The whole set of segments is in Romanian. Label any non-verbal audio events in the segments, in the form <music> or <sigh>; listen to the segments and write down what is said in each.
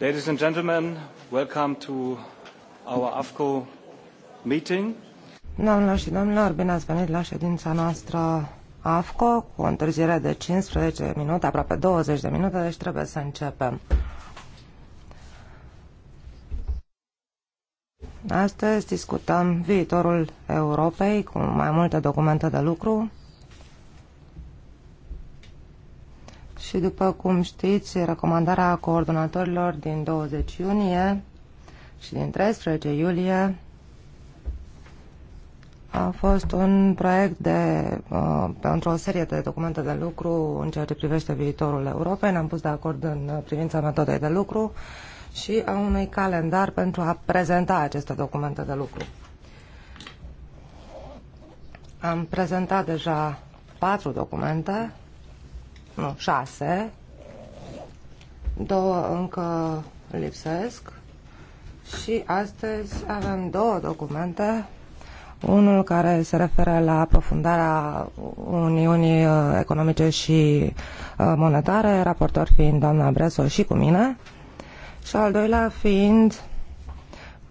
Ladies and gentlemen, welcome to our AFCO meeting. Doamnelor și domnilor, bine ați venit la ședința noastră AFCO cu o întârziere de 15 minute, aproape 20 de minute, deci trebuie să începem. Astăzi discutăm viitorul Europei cu mai multe documente de lucru, Și după cum știți, recomandarea coordonatorilor din 20 iunie și din 13 iulie a fost un proiect de, uh, pentru o serie de documente de lucru în ceea ce privește viitorul Europei. Ne-am pus de acord în uh, privința metodei de lucru și a unui calendar pentru a prezenta aceste documente de lucru. Am prezentat deja patru documente nu, șase. Două încă lipsesc. Și astăzi avem două documente. Unul care se referă la aprofundarea Uniunii uh, Economice și uh, Monetare, raportor fiind doamna Bresol și cu mine, și al doilea fiind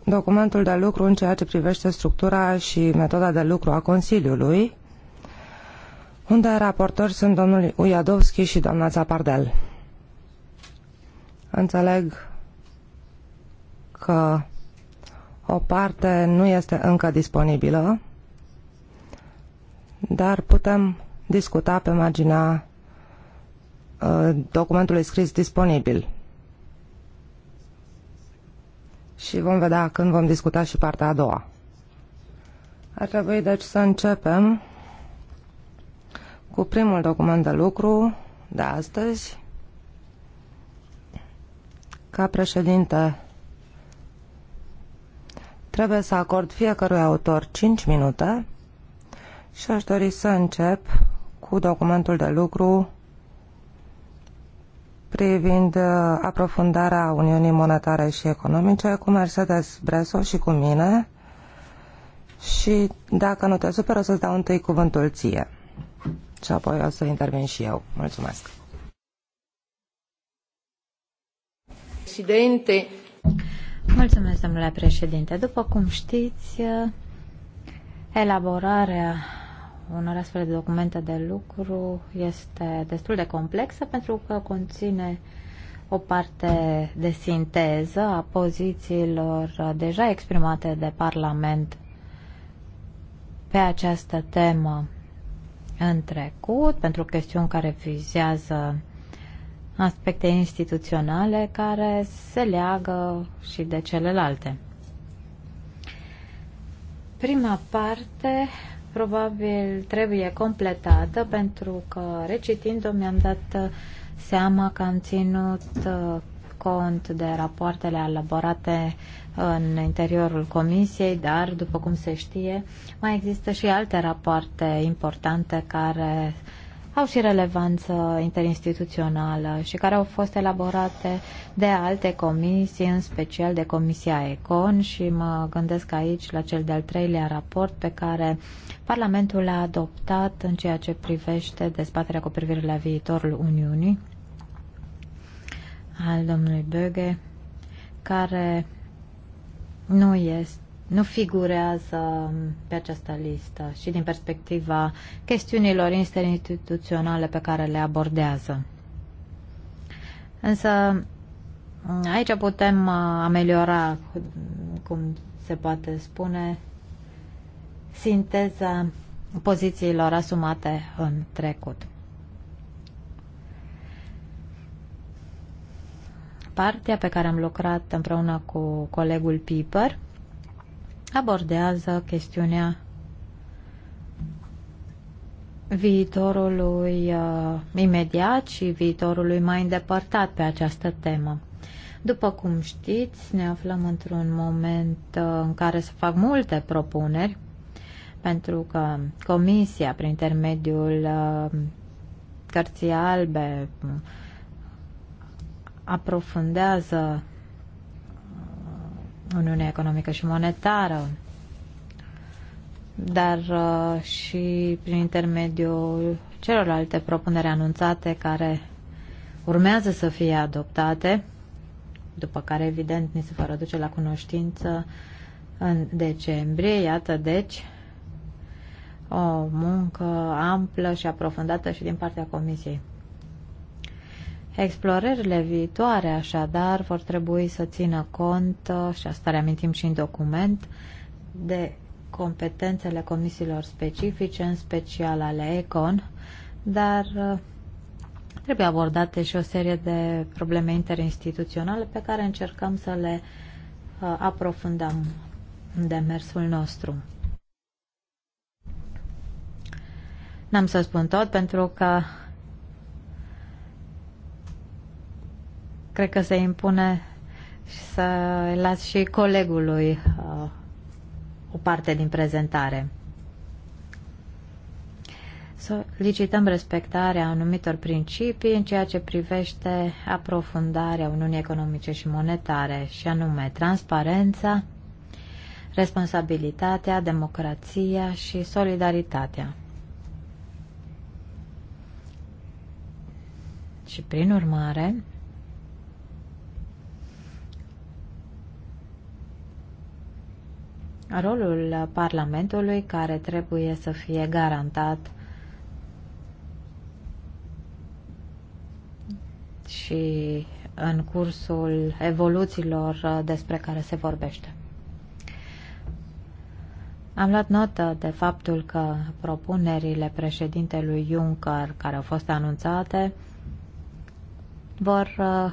documentul de lucru în ceea ce privește structura și metoda de lucru a Consiliului, unde raportori sunt domnul Ujadovski și doamna Zapardel? Înțeleg că o parte nu este încă disponibilă, dar putem discuta pe marginea uh, documentului scris disponibil. Și vom vedea când vom discuta și partea a doua. Ar trebui deci să începem cu primul document de lucru de astăzi. Ca președinte, trebuie să acord fiecărui autor 5 minute și aș dori să încep cu documentul de lucru privind uh, aprofundarea Uniunii Monetare și Economice cu Mercedes Breso și cu mine și dacă nu te super o să-ți dau întâi cuvântul ție și apoi o să intervin și eu. Mulțumesc. Presidente. Mulțumesc, domnule președinte. După cum știți, elaborarea unor astfel de documente de lucru este destul de complexă pentru că conține o parte de sinteză a pozițiilor deja exprimate de Parlament pe această temă în trecut pentru chestiuni care vizează aspecte instituționale care se leagă și de celelalte. Prima parte probabil trebuie completată pentru că recitind-o mi-am dat seama că am ținut uh, cont de rapoartele elaborate în interiorul comisiei, dar, după cum se știe, mai există și alte rapoarte importante care au și relevanță interinstituțională și care au fost elaborate de alte comisii, în special de Comisia Econ și mă gândesc aici la cel de-al treilea raport pe care Parlamentul l-a adoptat în ceea ce privește dezbaterea cu privire la viitorul Uniunii al domnului Böge, care nu este nu figurează pe această listă și din perspectiva chestiunilor interinstituționale pe care le abordează. Însă aici putem uh, ameliora, cum se poate spune, sinteza pozițiilor asumate în trecut. partea pe care am lucrat împreună cu colegul Piper abordează chestiunea viitorului uh, imediat și viitorului mai îndepărtat pe această temă. După cum știți, ne aflăm într-un moment uh, în care se fac multe propuneri, pentru că Comisia, prin intermediul uh, cărții albe, aprofundează uh, Uniunea Economică și Monetară, dar uh, și prin intermediul celorlalte propuneri anunțate care urmează să fie adoptate, după care, evident, ni se va reduce la cunoștință în decembrie. Iată, deci, o muncă amplă și aprofundată și din partea Comisiei. Explorările viitoare, așadar, vor trebui să țină cont, uh, și asta reamintim și în document, de competențele comisiilor specifice, în special ale ECON, dar uh, trebuie abordate și o serie de probleme interinstituționale pe care încercăm să le uh, aprofundăm în demersul nostru. N-am să spun tot pentru că Cred că se impune să las și colegului uh, o parte din prezentare. Solicităm respectarea anumitor principii în ceea ce privește aprofundarea Uniunii Economice și Monetare, și anume transparența, responsabilitatea, democrația și solidaritatea. Și prin urmare, rolul Parlamentului care trebuie să fie garantat și în cursul evoluțiilor despre care se vorbește. Am luat notă de faptul că propunerile președintelui Juncker care au fost anunțate vor uh,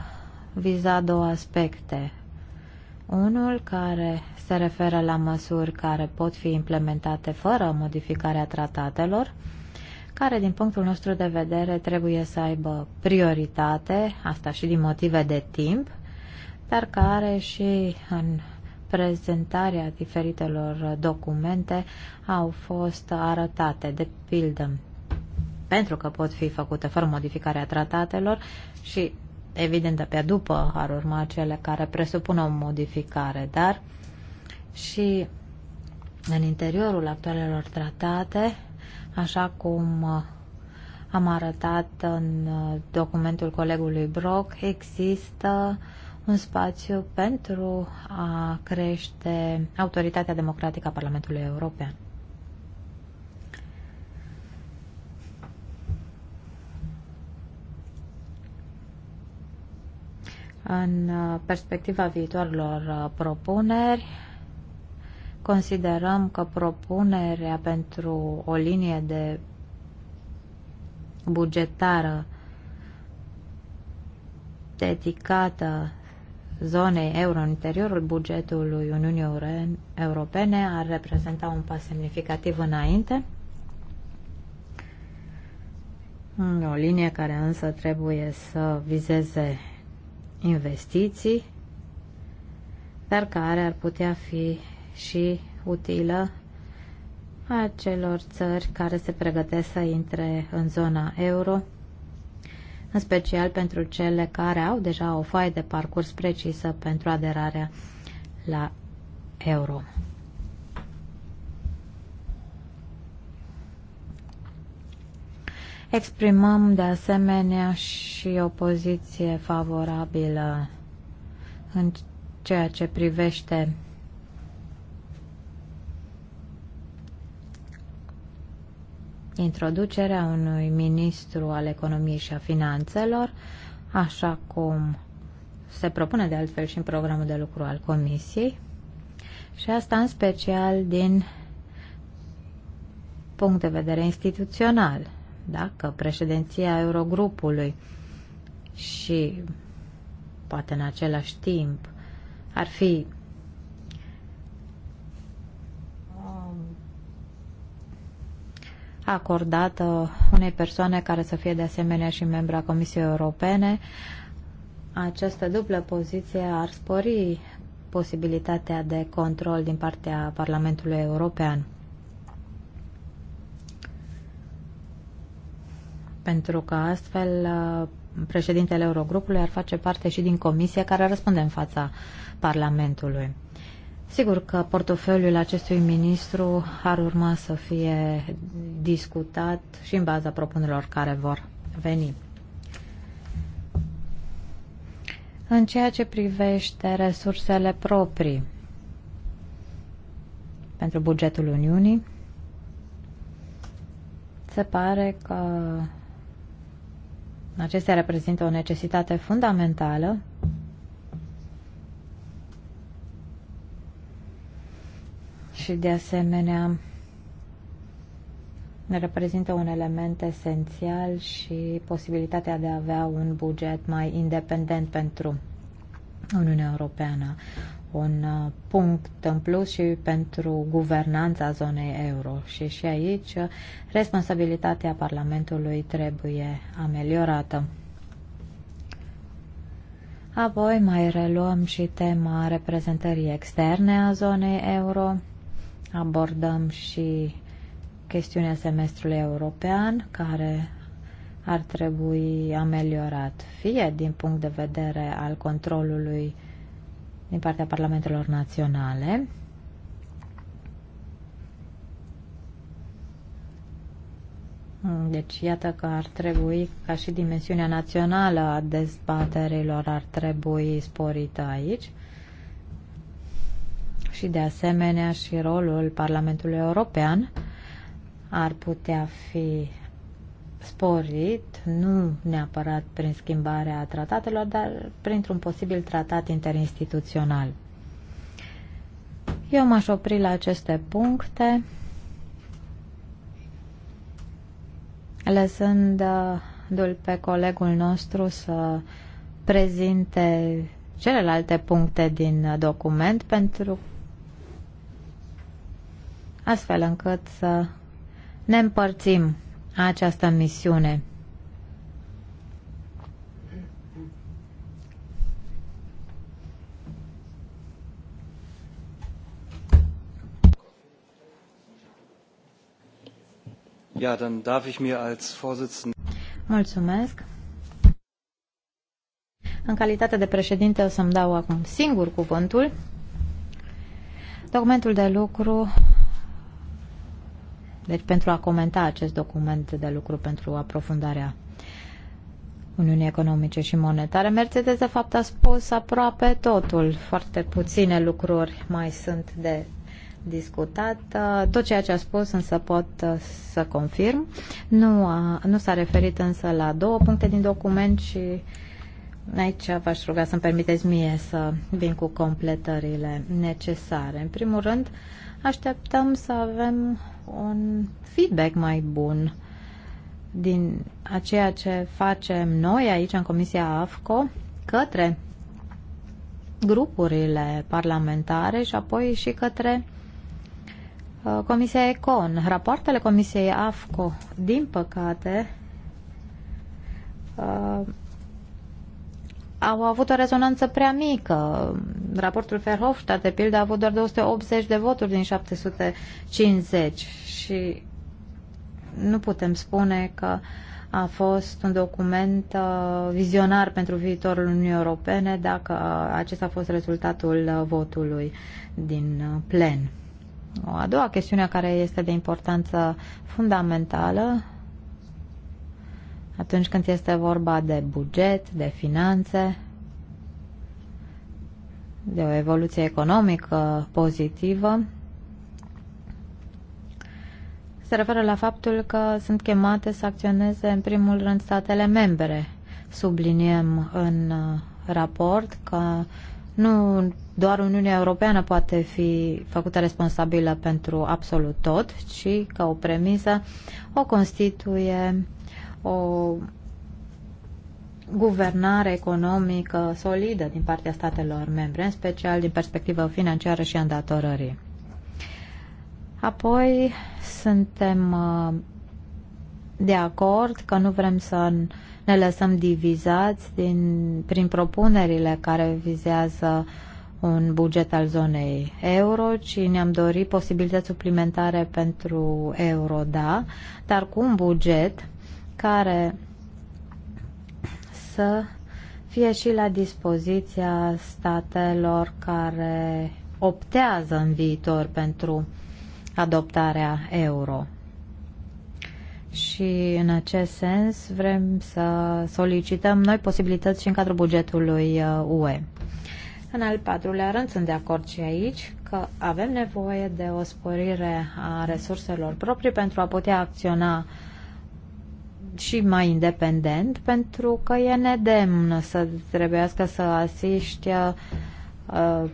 viza două aspecte. Unul care se referă la măsuri care pot fi implementate fără modificarea tratatelor, care din punctul nostru de vedere trebuie să aibă prioritate, asta și din motive de timp, dar care și în prezentarea diferitelor documente au fost arătate, de pildă, pentru că pot fi făcute fără modificarea tratatelor și evident, pe după ar urma cele care presupun o modificare, dar și în interiorul actualelor tratate, așa cum am arătat în documentul colegului Brock, există un spațiu pentru a crește autoritatea democratică a Parlamentului European. În uh, perspectiva viitoarelor uh, propuneri, considerăm că propunerea pentru o linie de bugetară dedicată zonei euro în interiorul bugetului Uniunii Europene ar reprezenta un pas semnificativ înainte. O linie care însă trebuie să vizeze investiții, dar care ar putea fi și utilă acelor țări care se pregătesc să intre în zona euro, în special pentru cele care au deja o foaie de parcurs precisă pentru aderarea la euro. Exprimăm de asemenea și o poziție favorabilă în ceea ce privește introducerea unui ministru al economiei și a finanțelor, așa cum se propune de altfel și în programul de lucru al Comisiei. Și asta în special din punct de vedere instituțional dacă președinția Eurogrupului și poate în același timp ar fi um, acordată unei persoane care să fie de asemenea și membra Comisiei Europene, această dublă poziție ar spori posibilitatea de control din partea Parlamentului European. pentru că astfel uh, președintele Eurogrupului ar face parte și din comisie care răspunde în fața Parlamentului. Sigur că portofoliul acestui ministru ar urma să fie discutat și în baza propunerilor care vor veni. În ceea ce privește resursele proprii pentru bugetul Uniunii, se pare că Acestea reprezintă o necesitate fundamentală și de asemenea ne reprezintă un element esențial și posibilitatea de a avea un buget mai independent pentru Uniunea Europeană un uh, punct în plus și pentru guvernanța zonei euro. Și și aici uh, responsabilitatea Parlamentului trebuie ameliorată. Apoi mai reluăm și tema reprezentării externe a zonei euro. Abordăm și chestiunea semestrului european, care ar trebui ameliorat fie din punct de vedere al controlului din partea parlamentelor naționale. Deci iată că ar trebui ca și dimensiunea națională a dezbaterilor ar trebui sporită aici și de asemenea și rolul Parlamentului European ar putea fi sporit, nu neapărat prin schimbarea tratatelor, dar printr-un posibil tratat interinstituțional. Eu m-aș opri la aceste puncte, lăsând uh, l pe colegul nostru să prezinte celelalte puncte din uh, document pentru astfel încât să ne împărțim această misiune. Ja, dann darf ich mir als Vorsitzende... Mulțumesc. În calitate de președinte o să-mi dau acum singur cuvântul. Documentul de lucru deci pentru a comenta acest document de lucru pentru aprofundarea Uniunii Economice și Monetare, Mercedes de fapt a spus aproape totul. Foarte puține lucruri mai sunt de discutat. Tot ceea ce a spus însă pot să confirm. Nu, a, nu s-a referit însă la două puncte din document și aici v-aș ruga să-mi permiteți mie să vin cu completările necesare. În primul rând, așteptăm să avem un feedback mai bun din a ceea ce facem noi aici în Comisia AFCO către grupurile parlamentare și apoi și către uh, Comisia ECON. Rapoartele Comisiei AFCO, din păcate, uh, au avut o rezonanță prea mică. Raportul Verhofstadt, de pildă, a avut doar 280 de voturi din 750 și nu putem spune că a fost un document uh, vizionar pentru viitorul Uniunii Europene dacă acesta a fost rezultatul uh, votului din uh, plen. O a doua chestiune care este de importanță fundamentală atunci când este vorba de buget, de finanțe, de o evoluție economică pozitivă, se referă la faptul că sunt chemate să acționeze în primul rând statele membre. Subliniem în uh, raport că nu doar Uniunea Europeană poate fi făcută responsabilă pentru absolut tot, ci ca o premisă o constituie o guvernare economică solidă din partea statelor membre, în special din perspectivă financiară și îndatorării. Apoi suntem uh, de acord că nu vrem să ne lăsăm divizați din, prin propunerile care vizează un buget al zonei euro, ci ne-am dorit posibilități suplimentare pentru euro, da, dar cu un buget care să fie și la dispoziția statelor care optează în viitor pentru adoptarea euro. Și în acest sens vrem să solicităm noi posibilități și în cadrul bugetului UE. Uh, în al patrulea rând sunt de acord și aici că avem nevoie de o sporire a resurselor proprii pentru a putea acționa uh, și mai independent, pentru că e nedemn să trebuiască să asiști uh,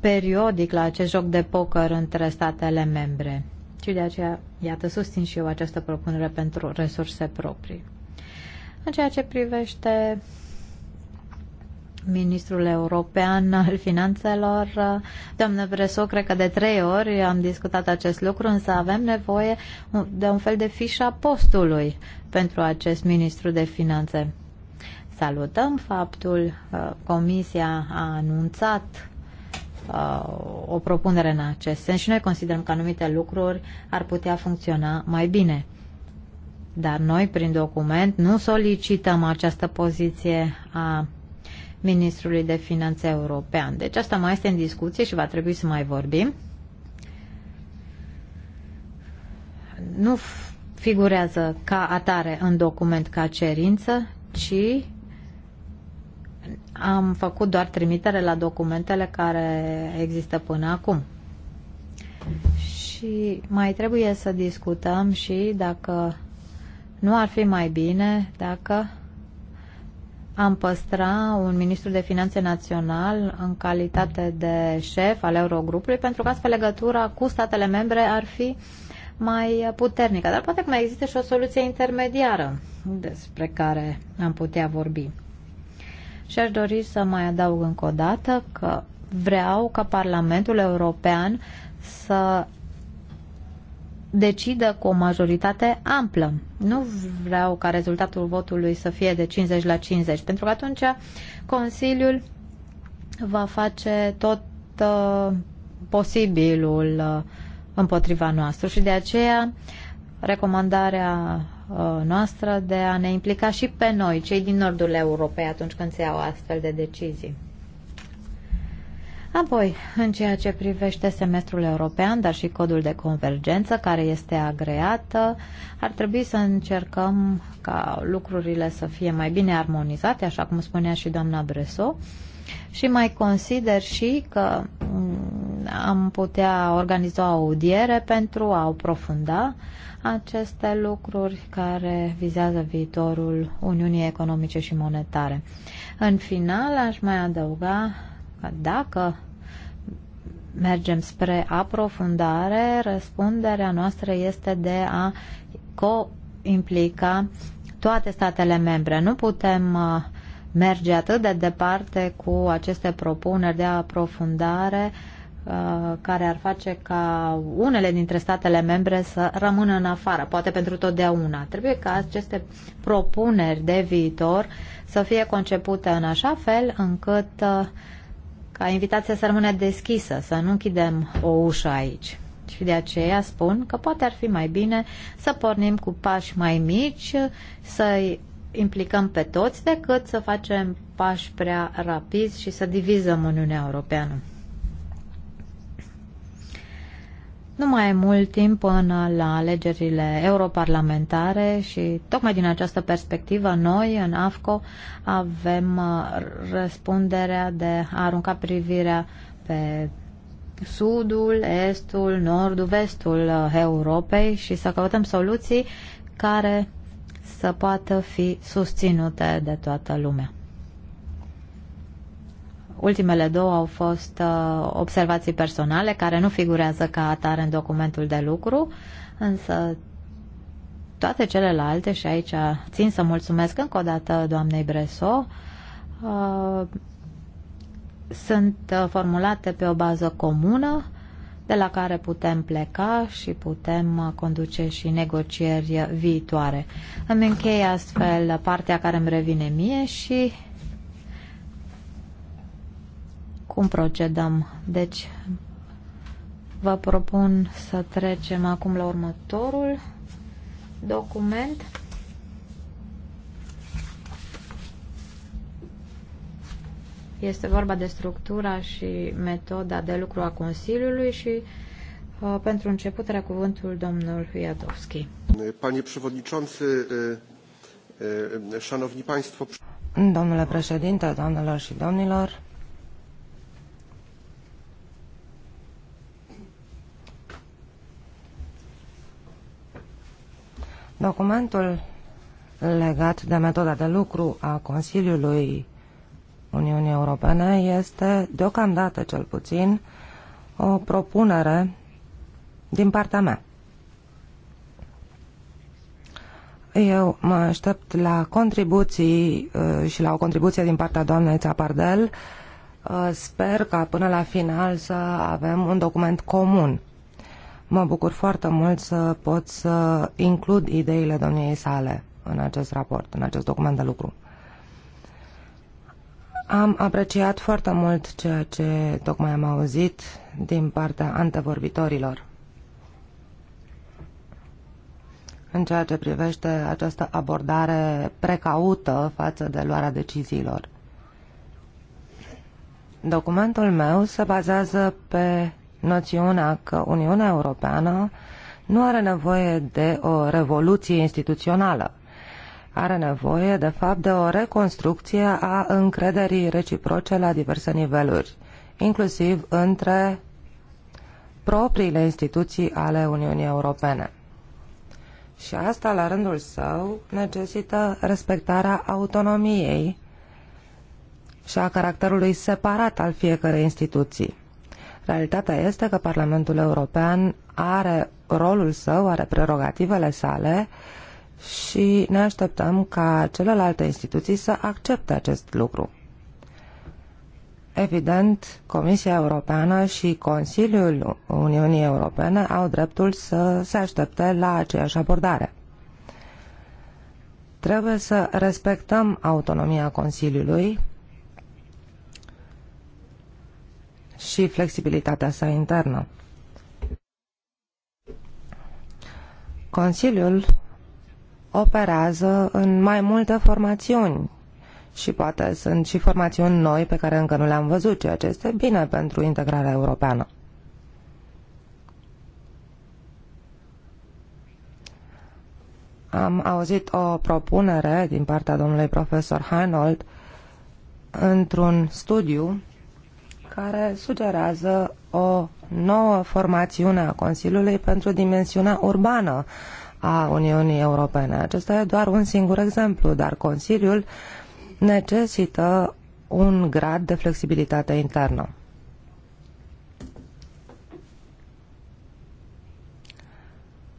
periodic la acest joc de poker între statele membre. Și de aceea, iată, susțin și eu această propunere pentru resurse proprii. În ceea ce privește ministrul european al finanțelor. Doamnă Bresu, cred că de trei ori am discutat acest lucru, însă avem nevoie de un fel de fișa postului pentru acest ministru de finanțe. Salutăm faptul că uh, Comisia a anunțat uh, o propunere în acest sens și noi considerăm că anumite lucruri ar putea funcționa mai bine. Dar noi, prin document, nu solicităm această poziție a ministrului de finanțe european. Deci asta mai este în discuție și va trebui să mai vorbim. Nu figurează ca atare în document ca cerință, ci am făcut doar trimitere la documentele care există până acum. Și mai trebuie să discutăm și dacă nu ar fi mai bine dacă am păstra un ministru de finanțe național în calitate de șef al Eurogrupului, pentru că astfel legătura cu statele membre ar fi mai puternică. Dar poate că mai există și o soluție intermediară despre care am putea vorbi. Și aș dori să mai adaug încă o dată că vreau ca Parlamentul European să decidă cu o majoritate amplă. Nu vreau ca rezultatul votului să fie de 50 la 50, pentru că atunci Consiliul va face tot uh, posibilul uh, împotriva noastră și de aceea recomandarea uh, noastră de a ne implica și pe noi, cei din nordul Europei, atunci când se iau astfel de decizii. Apoi, în ceea ce privește semestrul european, dar și codul de convergență care este agreat, ar trebui să încercăm ca lucrurile să fie mai bine armonizate, așa cum spunea și doamna Breso, și mai consider și că mm, am putea organiza o audiere pentru a aprofunda aceste lucruri care vizează viitorul Uniunii Economice și Monetare. În final, aș mai adăuga dacă mergem spre aprofundare, răspunderea noastră este de a co-implica toate statele membre. Nu putem uh, merge atât de departe cu aceste propuneri de aprofundare uh, care ar face ca unele dintre statele membre să rămână în afară, poate pentru totdeauna. Trebuie ca aceste propuneri de viitor să fie concepute în așa fel încât uh, ca invitația să rămână deschisă, să nu închidem o ușă aici. Și de aceea spun că poate ar fi mai bine să pornim cu pași mai mici, să-i implicăm pe toți, decât să facem pași prea rapizi și să divizăm Uniunea Europeană. Nu mai e mult timp până la alegerile europarlamentare și tocmai din această perspectivă noi în AFCO avem uh, răspunderea de a arunca privirea pe sudul, estul, nordul, vestul uh, Europei și să căutăm soluții care să poată fi susținute de toată lumea. Ultimele două au fost uh, observații personale care nu figurează ca atare în documentul de lucru, însă toate celelalte și aici țin să mulțumesc încă o dată doamnei Breso, uh, sunt uh, formulate pe o bază comună de la care putem pleca și putem uh, conduce și negocieri viitoare. Îmi închei astfel partea care îmi revine mie și cum procedăm. Deci, vă propun să trecem acum la următorul document. Este vorba de structura și metoda de lucru a Consiliului și uh, pentru început era cuvântul domnul Jadowski. Panie przewodniczący, szanowni państwo. Domnule președinte, doamnelor și domnilor, Documentul legat de metoda de lucru a Consiliului Uniunii Europene este, deocamdată cel puțin, o propunere din partea mea. Eu mă aștept la contribuții uh, și la o contribuție din partea doamnei Țapardel. Uh, sper ca până la final să avem un document comun Mă bucur foarte mult să pot să includ ideile domniei sale în acest raport, în acest document de lucru. Am apreciat foarte mult ceea ce tocmai am auzit din partea antevorbitorilor în ceea ce privește această abordare precaută față de luarea deciziilor. Documentul meu se bazează pe noțiunea că Uniunea Europeană nu are nevoie de o revoluție instituțională. Are nevoie, de fapt, de o reconstrucție a încrederii reciproce la diverse niveluri, inclusiv între propriile instituții ale Uniunii Europene. Și asta, la rândul său, necesită respectarea autonomiei și a caracterului separat al fiecărei instituții. Realitatea este că Parlamentul European are rolul său, are prerogativele sale și ne așteptăm ca celelalte instituții să accepte acest lucru. Evident, Comisia Europeană și Consiliul Uniunii Europene au dreptul să se aștepte la aceeași abordare. Trebuie să respectăm autonomia Consiliului și flexibilitatea sa internă. Consiliul operează în mai multe formațiuni și poate sunt și formațiuni noi pe care încă nu le-am văzut, ceea ce este bine pentru integrarea europeană. Am auzit o propunere din partea domnului profesor Heinold într-un studiu care sugerează o nouă formațiune a Consiliului pentru dimensiunea urbană a Uniunii Europene. Acesta e doar un singur exemplu, dar Consiliul necesită un grad de flexibilitate internă.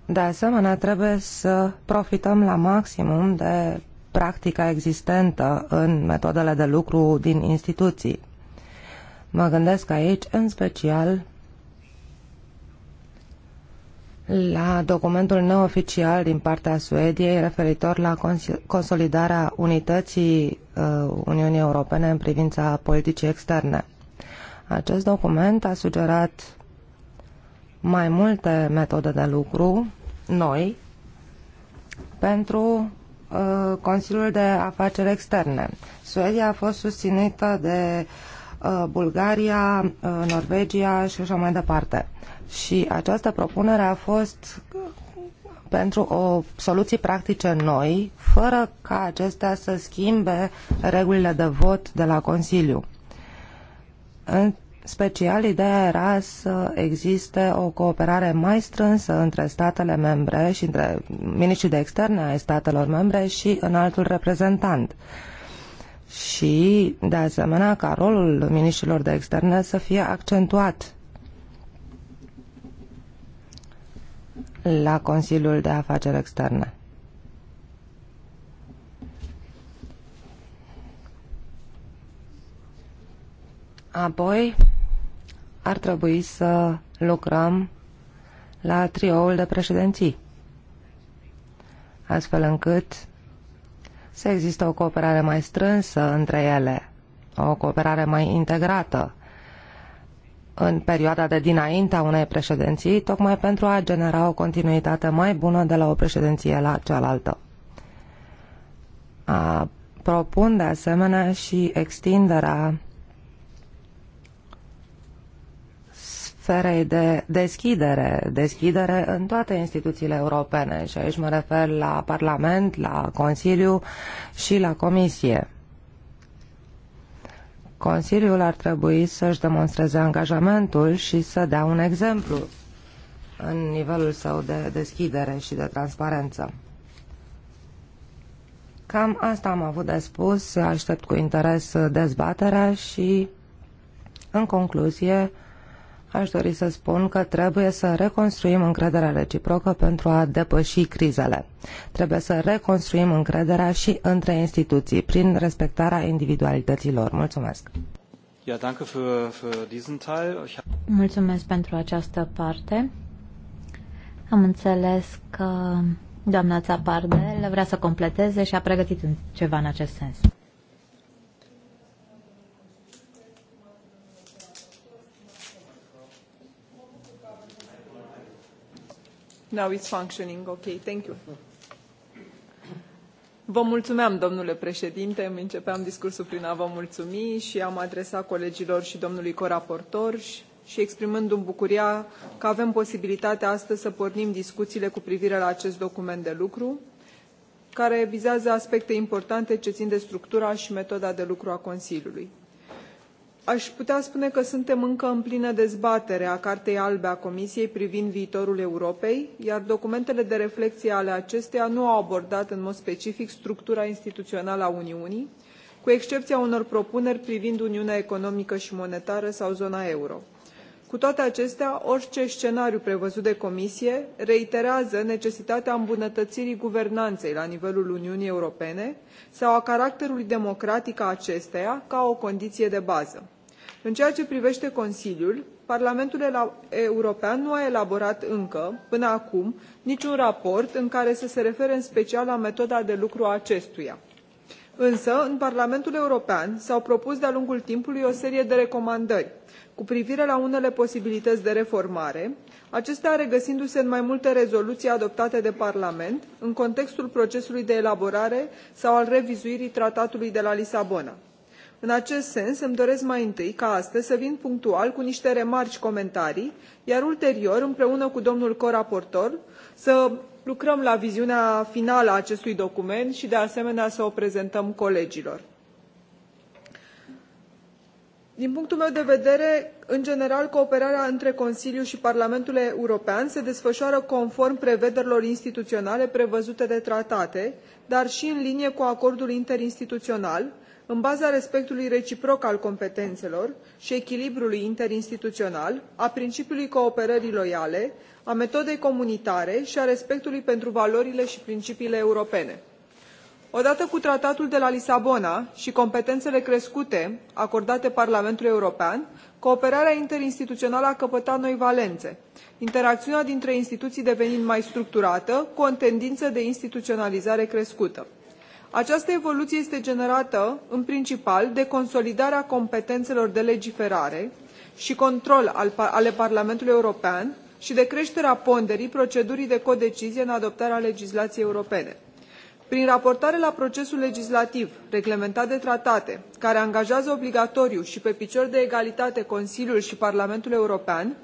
De asemenea, trebuie să profităm la maximum de practica existentă în metodele de lucru din instituții, Mă gândesc aici în special la documentul neoficial din partea Suediei referitor la consolidarea unității uh, Uniunii Europene în privința politicii externe. Acest document a sugerat mai multe metode de lucru noi pentru uh, Consiliul de Afaceri Externe. Suedia a fost susținută de uh, Uh, Bulgaria, uh, Norvegia și așa mai departe. Și această propunere a fost pentru o soluții practice noi, fără ca acestea să schimbe regulile de vot de la Consiliu. În special, ideea era să existe o cooperare mai strânsă între statele membre și între miniștrii de externe ai statelor membre și înaltul reprezentant. reprezentant și, de asemenea, ca rolul miniștrilor de externe să fie accentuat la Consiliul de Afaceri Externe. Apoi, ar trebui să lucrăm la trioul de președinții, astfel încât să există o cooperare mai strânsă între ele, o cooperare mai integrată în perioada de dinaintea unei președinții, tocmai pentru a genera o continuitate mai bună de la o președinție la cealaltă. A propun de asemenea și extinderea sferei de deschidere, deschidere în toate instituțiile europene și aici mă refer la Parlament, la Consiliu și la Comisie. Consiliul ar trebui să-și demonstreze angajamentul și să dea un exemplu în nivelul său de deschidere și de transparență. Cam asta am avut de spus, aștept cu interes dezbaterea și, în concluzie, aș dori să spun că trebuie să reconstruim încrederea reciprocă pentru a depăși crizele. Trebuie să reconstruim încrederea și între instituții prin respectarea individualităților. Mulțumesc! Mulțumesc pentru această parte. Am înțeles că doamna Țapardel vrea să completeze și a pregătit ceva în acest sens. Now it's functioning. Ok, thank you. Vă mulțumeam, domnule președinte. Îmi începeam discursul prin a vă mulțumi și am adresat colegilor și domnului coraportor și, și exprimându-mi bucuria că avem posibilitatea astăzi să pornim discuțiile cu privire la acest document de lucru, care vizează aspecte importante ce țin de structura și metoda de lucru a Consiliului aș putea spune că suntem încă în plină dezbatere a cartei albe a comisiei privind viitorul europei iar documentele de reflecție ale acesteia nu au abordat în mod specific structura instituțională a uniunii cu excepția unor propuneri privind uniunea economică și monetară sau zona euro. cu toate acestea orice scenariu prevăzut de comisie reiterează necesitatea îmbunătățirii guvernanței la nivelul uniunii europene sau a caracterului democratic al acesteia ca o condiție de bază în ceea ce privește Consiliul, Parlamentul European nu a elaborat încă, până acum, niciun raport în care să se refere în special la metoda de lucru a acestuia. Însă, în Parlamentul European s-au propus de-a lungul timpului o serie de recomandări cu privire la unele posibilități de reformare, acestea regăsindu-se în mai multe rezoluții adoptate de Parlament în contextul procesului de elaborare sau al revizuirii Tratatului de la Lisabona în acest sens îmi doresc mai întâi ca astăzi să vin punctual cu niște remarci comentarii iar ulterior împreună cu domnul coraportor să lucrăm la viziunea finală a acestui document și de asemenea să o prezentăm colegilor. din punctul meu de vedere în general cooperarea între consiliu și parlamentul european se desfășoară conform prevederilor instituționale prevăzute de tratate dar și în linie cu acordul interinstituțional în baza respectului reciproc al competențelor și echilibrului interinstituțional a principiului cooperării loiale a metodei comunitare și a respectului pentru valorile și principiile europene. odată cu tratatul de la lisabona și competențele crescute acordate parlamentului european cooperarea interinstituțională a căpătat noi valențe interacțiunea dintre instituții devenind mai structurată cu o tendință de instituționalizare crescută această evoluție este generată în principal de consolidarea competențelor de legiferare și control al, ale parlamentului european și de creșterea ponderii procedurii de codecizie în adoptarea legislației europene prin raportare la procesul legislativ reglementat de tratate care angajează obligatoriu și pe picior de egalitate consiliul și parlamentul european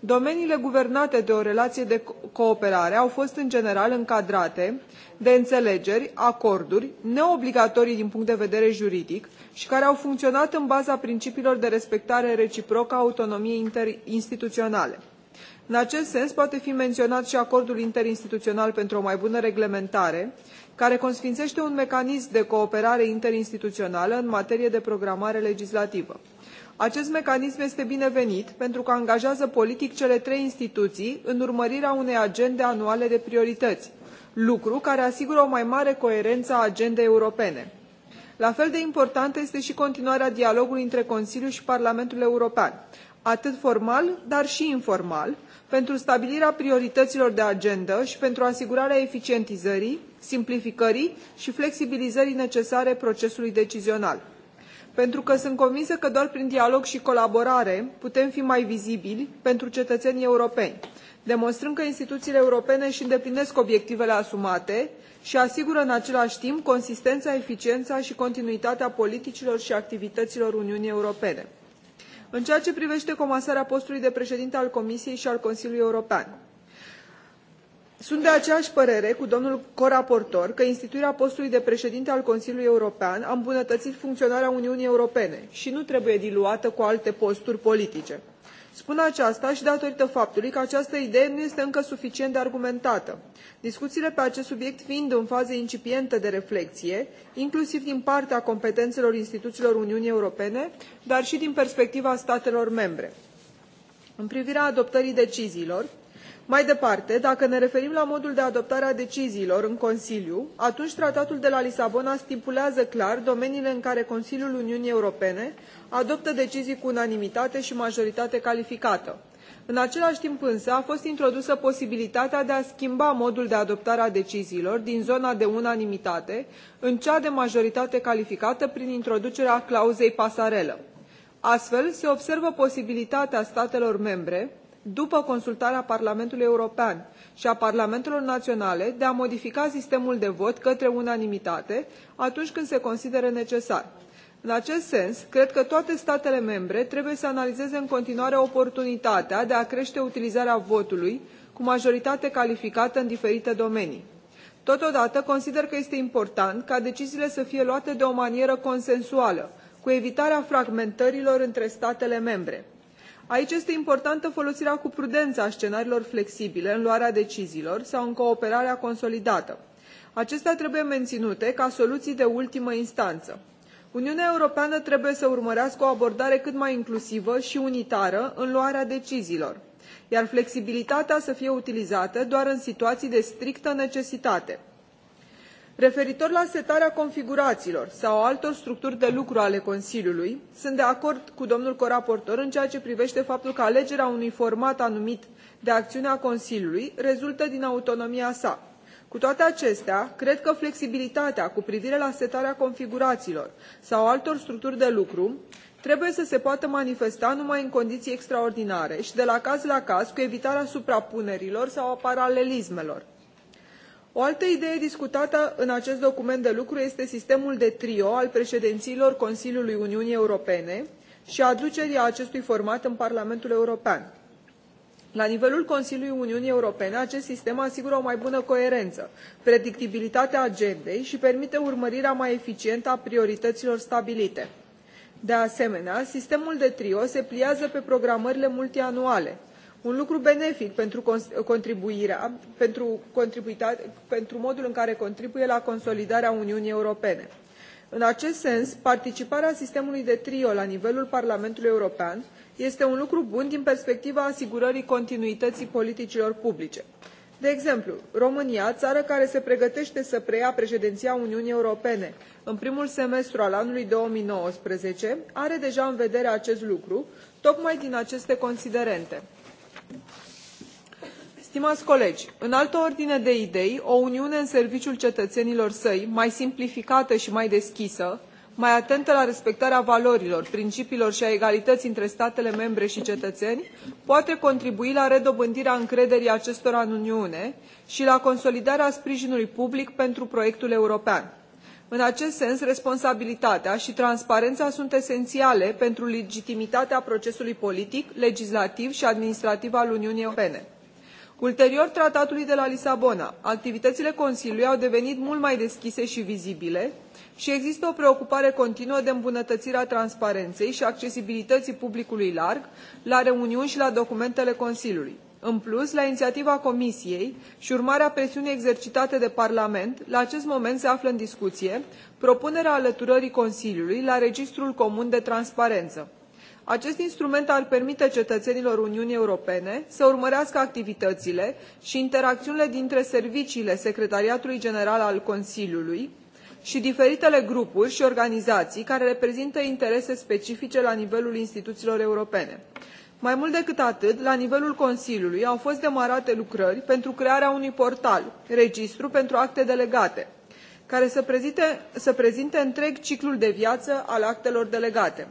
domeniile guvernate de o relație de cooperare au fost în general încadrate de înțelegeri acorduri neobligatorii din punct de vedere juridic și care au funcționat în baza principiilor de respectare reciprocă a autonomiei interinstituționale. în acest sens poate fi menționat și acordul interinstituțional pentru o mai bună reglementare care consfințește un mecanism de cooperare interinstituțională în materie de programare legislativă. Acest mecanism este binevenit pentru că angajează politic cele trei instituții în urmărirea unei agende anuale de priorități, lucru care asigură o mai mare coerență a agendei europene. La fel de importantă este și continuarea dialogului între Consiliu și Parlamentul European, atât formal, dar și informal, pentru stabilirea priorităților de agendă și pentru asigurarea eficientizării simplificării și flexibilizării necesare procesului decizional pentru că sunt convinsă că doar prin dialog și colaborare putem fi mai vizibili pentru cetățenii europeni demonstrând că instituțiile europene își îndeplinesc obiectivele asumate și asigură în același timp consistența eficiența și continuitatea politicilor și activităților uniunii europene în ceea ce privește comasarea postului de președinte al Comisiei și al Consiliului European. Sunt de aceeași părere cu domnul coraportor că instituirea postului de președinte al Consiliului European a îmbunătățit funcționarea Uniunii Europene și nu trebuie diluată cu alte posturi politice spun aceasta și datorită faptului că această idee nu este încă suficient de argumentată discuțiile pe acest subiect fiind în fază incipientă de reflecție inclusiv din partea competențelor instituțiilor uniunii europene dar și din perspectiva statelor membre. în privirea adoptării deciziilor mai departe dacă ne referim la modul de adoptare a deciziilor în consiliu atunci tratatul de la lisabona stipulează clar domeniile în care consiliul uniunii europene adoptă decizii cu unanimitate și majoritate calificată. în același timp însă a fost introdusă posibilitatea de a schimba modul de adoptare a deciziilor din zona de unanimitate în cea de majoritate calificată prin introducerea clauzei pasarelă. astfel se observă posibilitatea statelor membre după consultarea Parlamentului European și a Parlamentelor Naționale, de a modifica sistemul de vot către unanimitate atunci când se consideră necesar. În acest sens, cred că toate statele membre trebuie să analizeze în continuare oportunitatea de a crește utilizarea votului cu majoritate calificată în diferite domenii. Totodată, consider că este important ca deciziile să fie luate de o manieră consensuală, cu evitarea fragmentărilor între statele membre aici este importantă folosirea cu prudență a scenariilor flexibile în luarea deciziilor sau în cooperarea consolidată. acestea trebuie menținute ca soluții de ultimă instanță. uniunea europeană trebuie să urmărească o abordare cât mai inclusivă și unitară în luarea deciziilor iar flexibilitatea să fie utilizată doar în situații de strictă necesitate referitor la setarea configurațiilor sau altor structuri de lucru ale consiliului sunt de acord cu domnul coraportor în ceea ce privește faptul că alegerea unui format anumit de acțiune a consiliului rezultă din autonomia sa. cu toate acestea cred că flexibilitatea cu privire la setarea configurațiilor sau altor structuri de lucru trebuie să se poată manifesta numai în condiții extraordinare și de la caz la caz cu evitarea suprapunerilor sau a paralelismelor. O altă idee discutată în acest document de lucru este sistemul de trio al președințiilor Consiliului Uniunii Europene și aducerea acestui format în Parlamentul European. La nivelul Consiliului Uniunii Europene, acest sistem asigură o mai bună coerență, predictibilitatea agendei și permite urmărirea mai eficientă a priorităților stabilite. De asemenea, sistemul de trio se pliază pe programările multianuale, un lucru benefic pentru, contribuirea, pentru, pentru modul în care contribuie la consolidarea Uniunii Europene. În acest sens, participarea sistemului de trio la nivelul Parlamentului European este un lucru bun din perspectiva asigurării continuității politicilor publice. De exemplu, România, țară care se pregătește să preia președinția Uniunii Europene în primul semestru al anului 2019, are deja în vedere acest lucru, tocmai din aceste considerente. Stimați colegi, în altă ordine de idei, o Uniune în serviciul cetățenilor săi, mai simplificată și mai deschisă, mai atentă la respectarea valorilor, principiilor și a egalității între statele membre și cetățeni, poate contribui la redobândirea încrederii acestora în Uniune și la consolidarea sprijinului public pentru proiectul european în acest sens responsabilitatea și transparența sunt esențiale pentru legitimitatea procesului politic legislativ și administrativ al uniunii europene. ulterior tratatului de la lisabona activitățile consiliului au devenit mult mai deschise și vizibile și există o preocupare continuă de îmbunătățirea transparenței și accesibilității publicului larg la reuniuni și la documentele consiliului în plus la inițiativa comisiei și urmare a presiunii exercitate de parlament la acest moment se află în discuție propunerea alăturării consiliului la registrul comun de transparență. acest instrument ar permite cetățenilor uniunii europene să urmărească activitățile și interacțiunile dintre serviciile secretariatului general al consiliului și diferitele grupuri și organizații care reprezintă interese specifice la nivelul instituțiilor europene mai mult decât atât la nivelul consiliului au fost demarate lucrări pentru crearea unui portal registru pentru acte delegate care să prezinte, să prezinte întreg ciclul de viață al actelor delegate.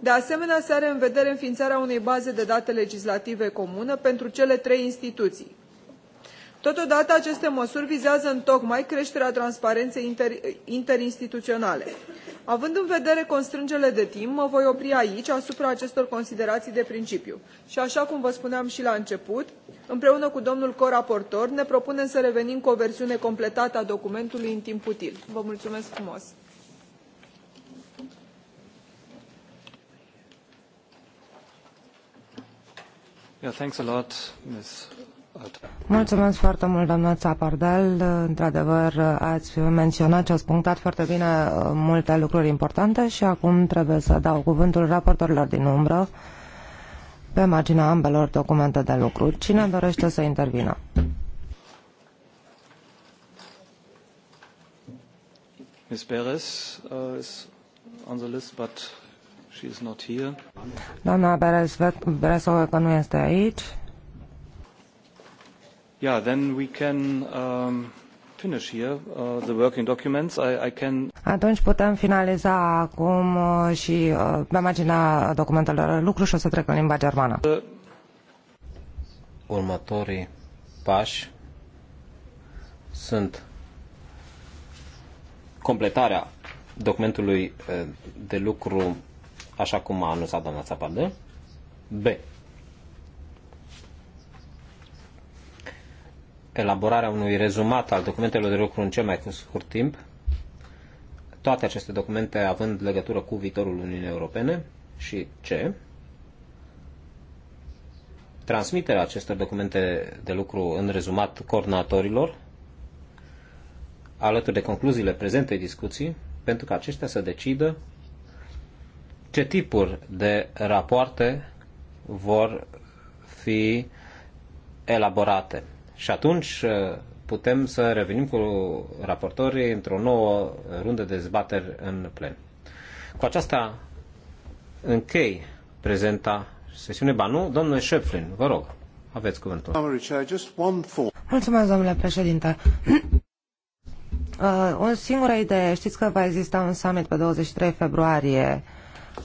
De asemenea, se are în vedere înființarea unei baze de date legislative comună pentru cele trei instituții. Totodată, aceste măsuri vizează întocmai creșterea transparenței inter, interinstituționale având în vedere constrângerile de timp mă voi opri aici asupra acestor considerații de principiu și așa cum vă spuneam și la început împreună cu domnul coraportor ne propunem să revenim cu o versiune completată a documentului în timp util. vă mulțumesc frumos! Yeah, thanks a lot, Ms. Mulțumesc foarte mult, doamna Țapardel. Într-adevăr, ați menționat și ați punctat foarte bine uh, multe lucruri importante și acum trebuie să dau cuvântul raportorilor din umbră pe marginea ambelor documente de lucru. Cine dorește să intervină? Ms. Beres uh, is on the list, but she is not here. Doamna Beres, Beres că nu este aici. Yeah, then we can um, finish here uh, the working documents. I, I can... Atunci putem finaliza acum uh, și uh, pe imaginea documentelor lucru și o să trec în limba germană. Uh, următorii pași sunt completarea documentului uh, de lucru așa cum a anunțat doamna Țapadă. B elaborarea unui rezumat al documentelor de lucru în cel mai scurt timp, toate aceste documente având legătură cu viitorul Uniunii Europene și ce? Transmiterea acestor documente de lucru în rezumat coordonatorilor, alături de concluziile prezentei discuții, pentru că aceștia să decidă ce tipuri de rapoarte vor fi elaborate. Și atunci uh, putem să revenim cu raportorii într-o nouă rundă de dezbateri în plen. Cu aceasta închei prezenta sesiune Banu. Domnule Șeflin, vă rog, aveți cuvântul. Mulțumesc, domnule președinte. <clears throat> Uh, o singură idee. Știți că va exista un summit pe 23 februarie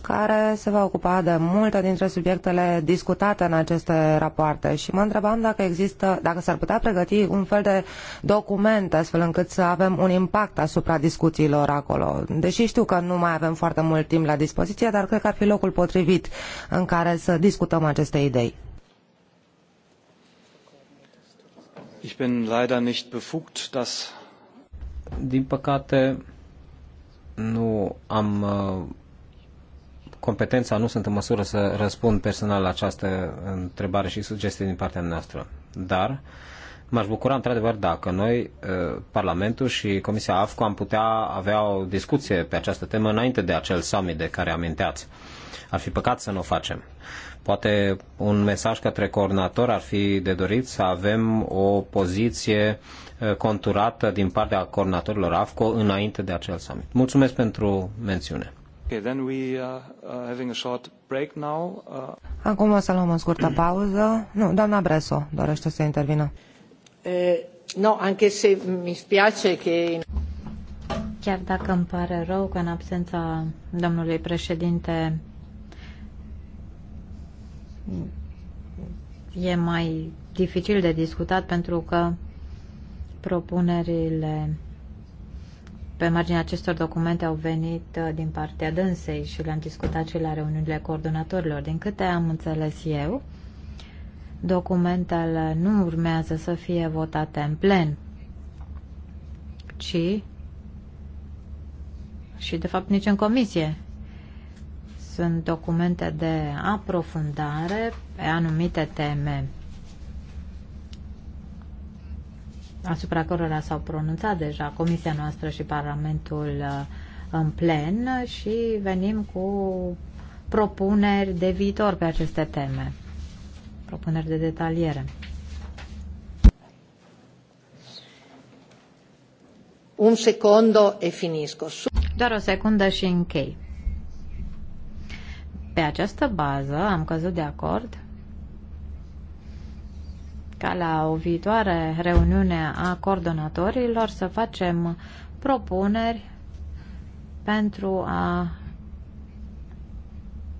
care se va ocupa de multe dintre subiectele discutate în aceste rapoarte și mă întrebam dacă există, dacă s-ar putea pregăti un fel de document astfel încât să avem un impact asupra discuțiilor acolo. Deși știu că nu mai avem foarte mult timp la dispoziție, dar cred că ar fi locul potrivit în care să discutăm aceste idei. Ich bin leider nicht befugt, das din păcate nu am uh, competența, nu sunt în măsură să răspund personal la această întrebare și sugestii din partea noastră. Dar m-aș bucura într-adevăr dacă noi, uh, Parlamentul și Comisia AFCO, am putea avea o discuție pe această temă înainte de acel summit de care aminteați. Ar fi păcat să nu o facem. Poate un mesaj către coordonator ar fi de dorit să avem o poziție uh, conturată din partea coordonatorilor AFCO înainte de acel summit. Mulțumesc pentru mențiune. Okay, then we are uh, uh, having a short break now. Uh. Acum o să luăm o scurtă pauză. Nu, doamna Breso dorește să intervină. Eh, no, anche se mi spiace che... Chiar dacă îmi pare rău că în absența domnului președinte e mai dificil de discutat pentru că propunerile pe marginea acestor documente au venit uh, din partea dânsei și le-am discutat și la reuniunile coordonatorilor. Din câte am înțeles eu, documentele nu urmează să fie votate în plen, ci și de fapt nici în comisie. Sunt documente de aprofundare pe anumite teme asupra cărora s-au pronunțat deja Comisia noastră și Parlamentul uh, în plen și venim cu propuneri de viitor pe aceste teme, propuneri de detaliere. Un secondo e finisco. Doar o secundă și închei. Pe această bază am căzut de acord ca la o viitoare reuniune a coordonatorilor să facem propuneri pentru a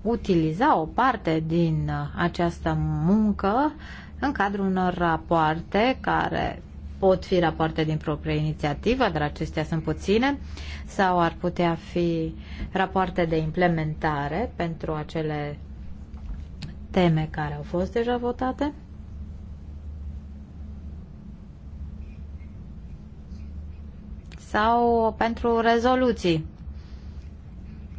utiliza o parte din această muncă în cadrul unor rapoarte care pot fi rapoarte din proprie inițiativă, dar acestea sunt puține, sau ar putea fi rapoarte de implementare pentru acele teme care au fost deja votate. sau pentru rezoluții.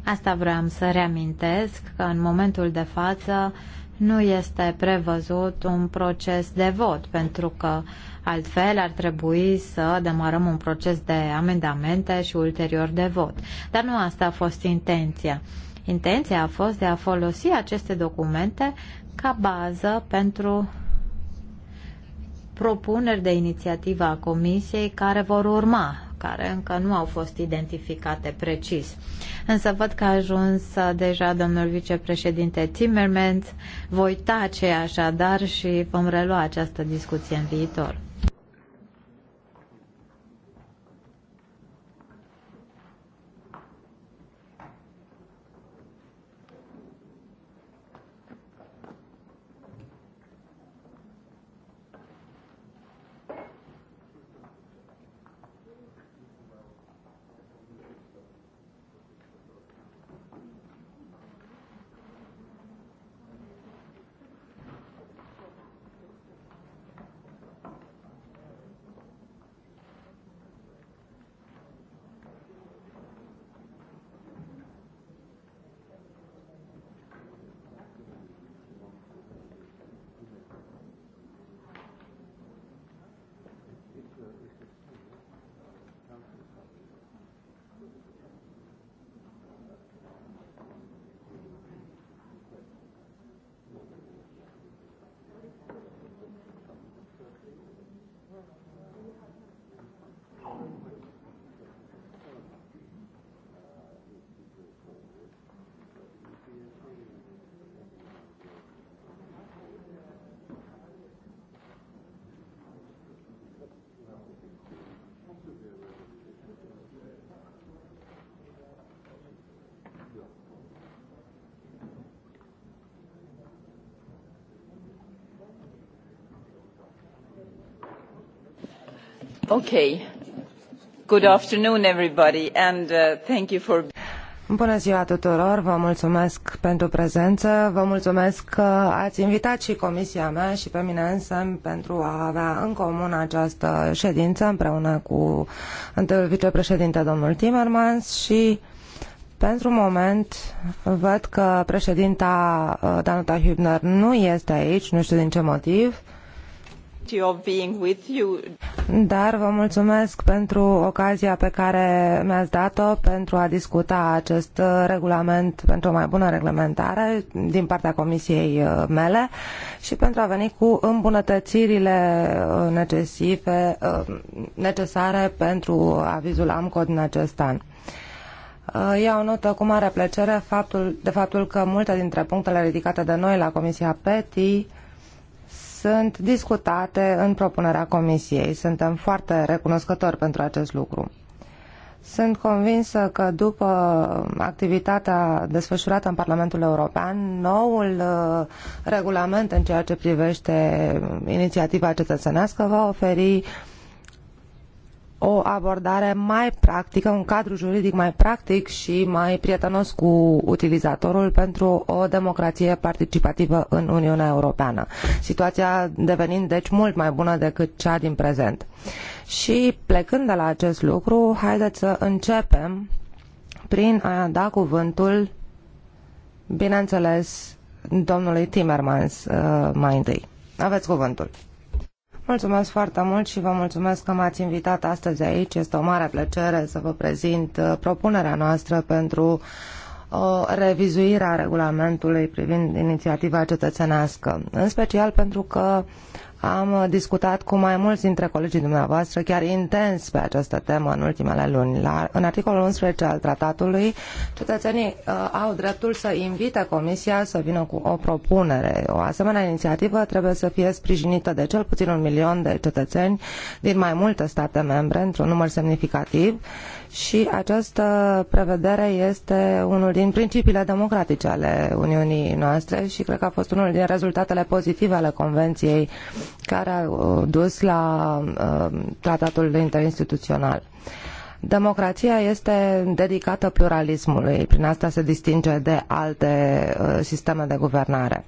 Asta vreau să reamintesc, că în momentul de față nu este prevăzut un proces de vot, pentru că altfel ar trebui să demarăm un proces de amendamente și ulterior de vot. Dar nu asta a fost intenția. Intenția a fost de a folosi aceste documente ca bază pentru propuneri de inițiativă a Comisiei care vor urma care încă nu au fost identificate precis. Însă văd că a ajuns deja domnul vicepreședinte Timmermans. Voi tace așadar și vom relua această discuție în viitor. Uh, Bună ziua tuturor, vă mulțumesc pentru prezență, vă mulțumesc că ați invitat și comisia mea și pe mine însă pentru a avea în comun această ședință împreună cu vicepreședinte domnul Timmermans și pentru moment văd că președinta uh, Danuta Hübner nu este aici, nu știu din ce motiv. Dar vă mulțumesc pentru ocazia pe care mi-ați dat-o pentru a discuta acest uh, regulament pentru o mai bună reglementare din partea comisiei uh, mele și pentru a veni cu îmbunătățirile uh, necesive, necesare pentru avizul AMCO din acest an. Iau notă cu mare plăcere faptul, de faptul că multe dintre punctele ridicate de noi la Comisia PETI sunt discutate în propunerea Comisiei. Suntem foarte recunoscători pentru acest lucru. Sunt convinsă că după activitatea desfășurată în Parlamentul European, noul uh, regulament în ceea ce privește inițiativa cetățenească va oferi uh, o abordare mai practică, un cadru juridic mai practic și mai prietenos cu utilizatorul pentru o democrație participativă în Uniunea Europeană. Situația devenind deci mult mai bună decât cea din prezent. Și plecând de la acest lucru, haideți să începem prin a da cuvântul, bineînțeles, domnului Timmermans uh, mai întâi. Aveți cuvântul. Mulțumesc foarte mult și vă mulțumesc că m-ați invitat astăzi aici. Este o mare plăcere să vă prezint uh, propunerea noastră pentru o uh, revizuire a regulamentului privind inițiativa cetățenească, în special pentru că am uh, discutat cu mai mulți dintre colegii dumneavoastră chiar intens pe această temă în ultimele luni. La, în articolul 11 al tratatului, cetățenii uh, au dreptul să invite Comisia să vină cu o propunere. O asemenea inițiativă trebuie să fie sprijinită de cel puțin un milion de cetățeni din mai multe state membre, într-un număr semnificativ, și această prevedere este unul din principiile democratice ale Uniunii noastre și cred că a fost unul din rezultatele pozitive ale Convenției care a uh, dus la uh, tratatul interinstituțional. Democrația este dedicată pluralismului, prin asta se distinge de alte uh, sisteme de guvernare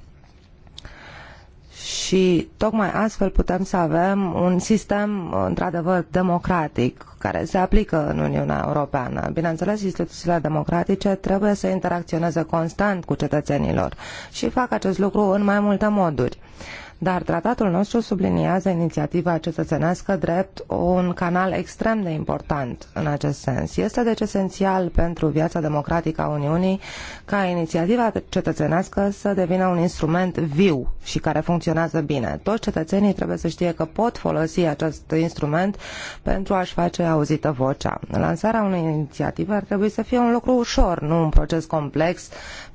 și tocmai astfel putem să avem un sistem uh, într-adevăr democratic care se aplică în Uniunea Europeană. Bineînțeles, instituțiile democratice trebuie să interacționeze constant cu cetățenilor și fac acest lucru în mai multe moduri. Uh, dar tratatul nostru subliniază inițiativa cetățenească drept un canal extrem de important în acest sens. Este deci esențial pentru viața democratică a Uniunii ca inițiativa cetățenească să devină un instrument viu și care funcționează bine. Toți cetățenii trebuie să știe că pot folosi acest instrument pentru a-și face auzită vocea. Lansarea unei inițiative ar trebui să fie un lucru ușor, nu un proces complex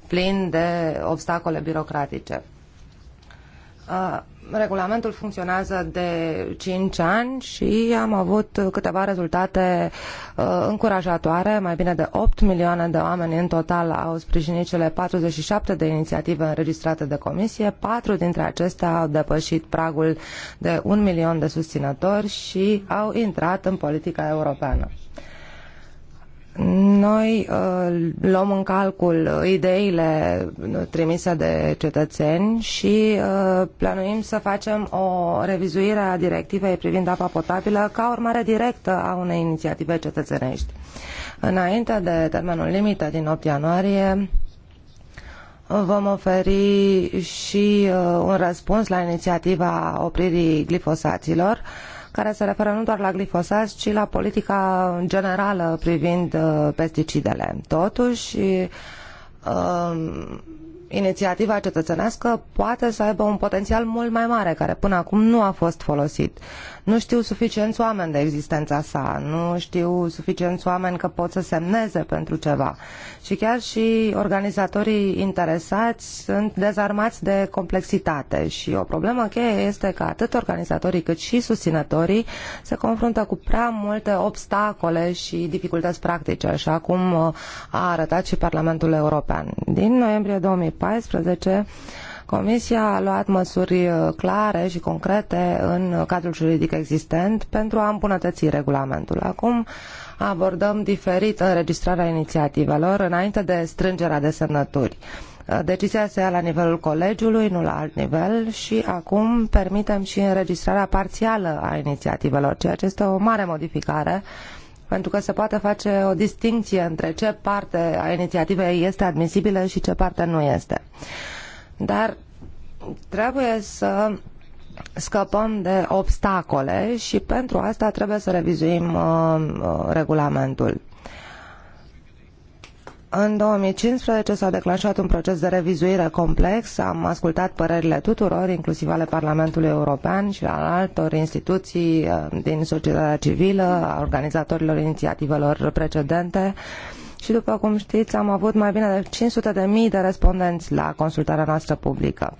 plin de obstacole birocratice. Regulamentul funcționează de 5 ani și am avut câteva rezultate uh, încurajatoare. Mai bine de 8 milioane de oameni în total au sprijinit cele 47 de inițiative înregistrate de comisie. Patru dintre acestea au depășit pragul de 1 milion de susținători și au intrat în politica europeană. Noi uh, luăm în calcul ideile trimise de cetățeni și uh, planuim să facem o revizuire a directivei privind apa potabilă ca urmare directă a unei inițiative cetățenești. Înainte de termenul limită din 8 ianuarie, vom oferi și uh, un răspuns la inițiativa opririi glifosaților uh, care se referă nu doar la glifosat, ci la politica generală privind uh, pesticidele. Totuși, um, inițiativa cetățenească poate să aibă un potențial mult mai mare, care până acum nu a fost folosit. Uh, nu știu suficienți oameni de existența sa, nu știu suficienți oameni că pot să semneze pentru ceva. Și chiar și organizatorii interesați sunt dezarmați de complexitate și o problemă cheie este că atât organizatorii cât și susținătorii se confruntă cu prea multe obstacole și dificultăți practice, așa cum uh, a arătat și Parlamentul European. Din noiembrie 2014, Comisia a luat măsuri uh, clare și concrete în cadrul juridic existent pentru a îmbunătăți regulamentul. Acum abordăm diferit înregistrarea inițiativelor înainte de strângerea de semnături. Uh, decizia se ia la nivelul colegiului, nu la alt nivel și acum permitem și înregistrarea parțială a inițiativelor, ceea ce este o mare modificare pentru că se poate face o distinție între ce parte a inițiativei este admisibilă și ce parte nu este. Dar trebuie să scăpăm de obstacole și pentru asta trebuie să revizuim uh, uh regulamentul. În 2015 s-a declanșat un proces de revizuire complex, am ascultat părerile tuturor, inclusiv ale Parlamentului European și al altor instituții uh, din societatea civilă, a organizatorilor inițiativelor precedente și, după cum știți, am avut mai bine de 500.000 de mii de respondenți la consultarea noastră publică.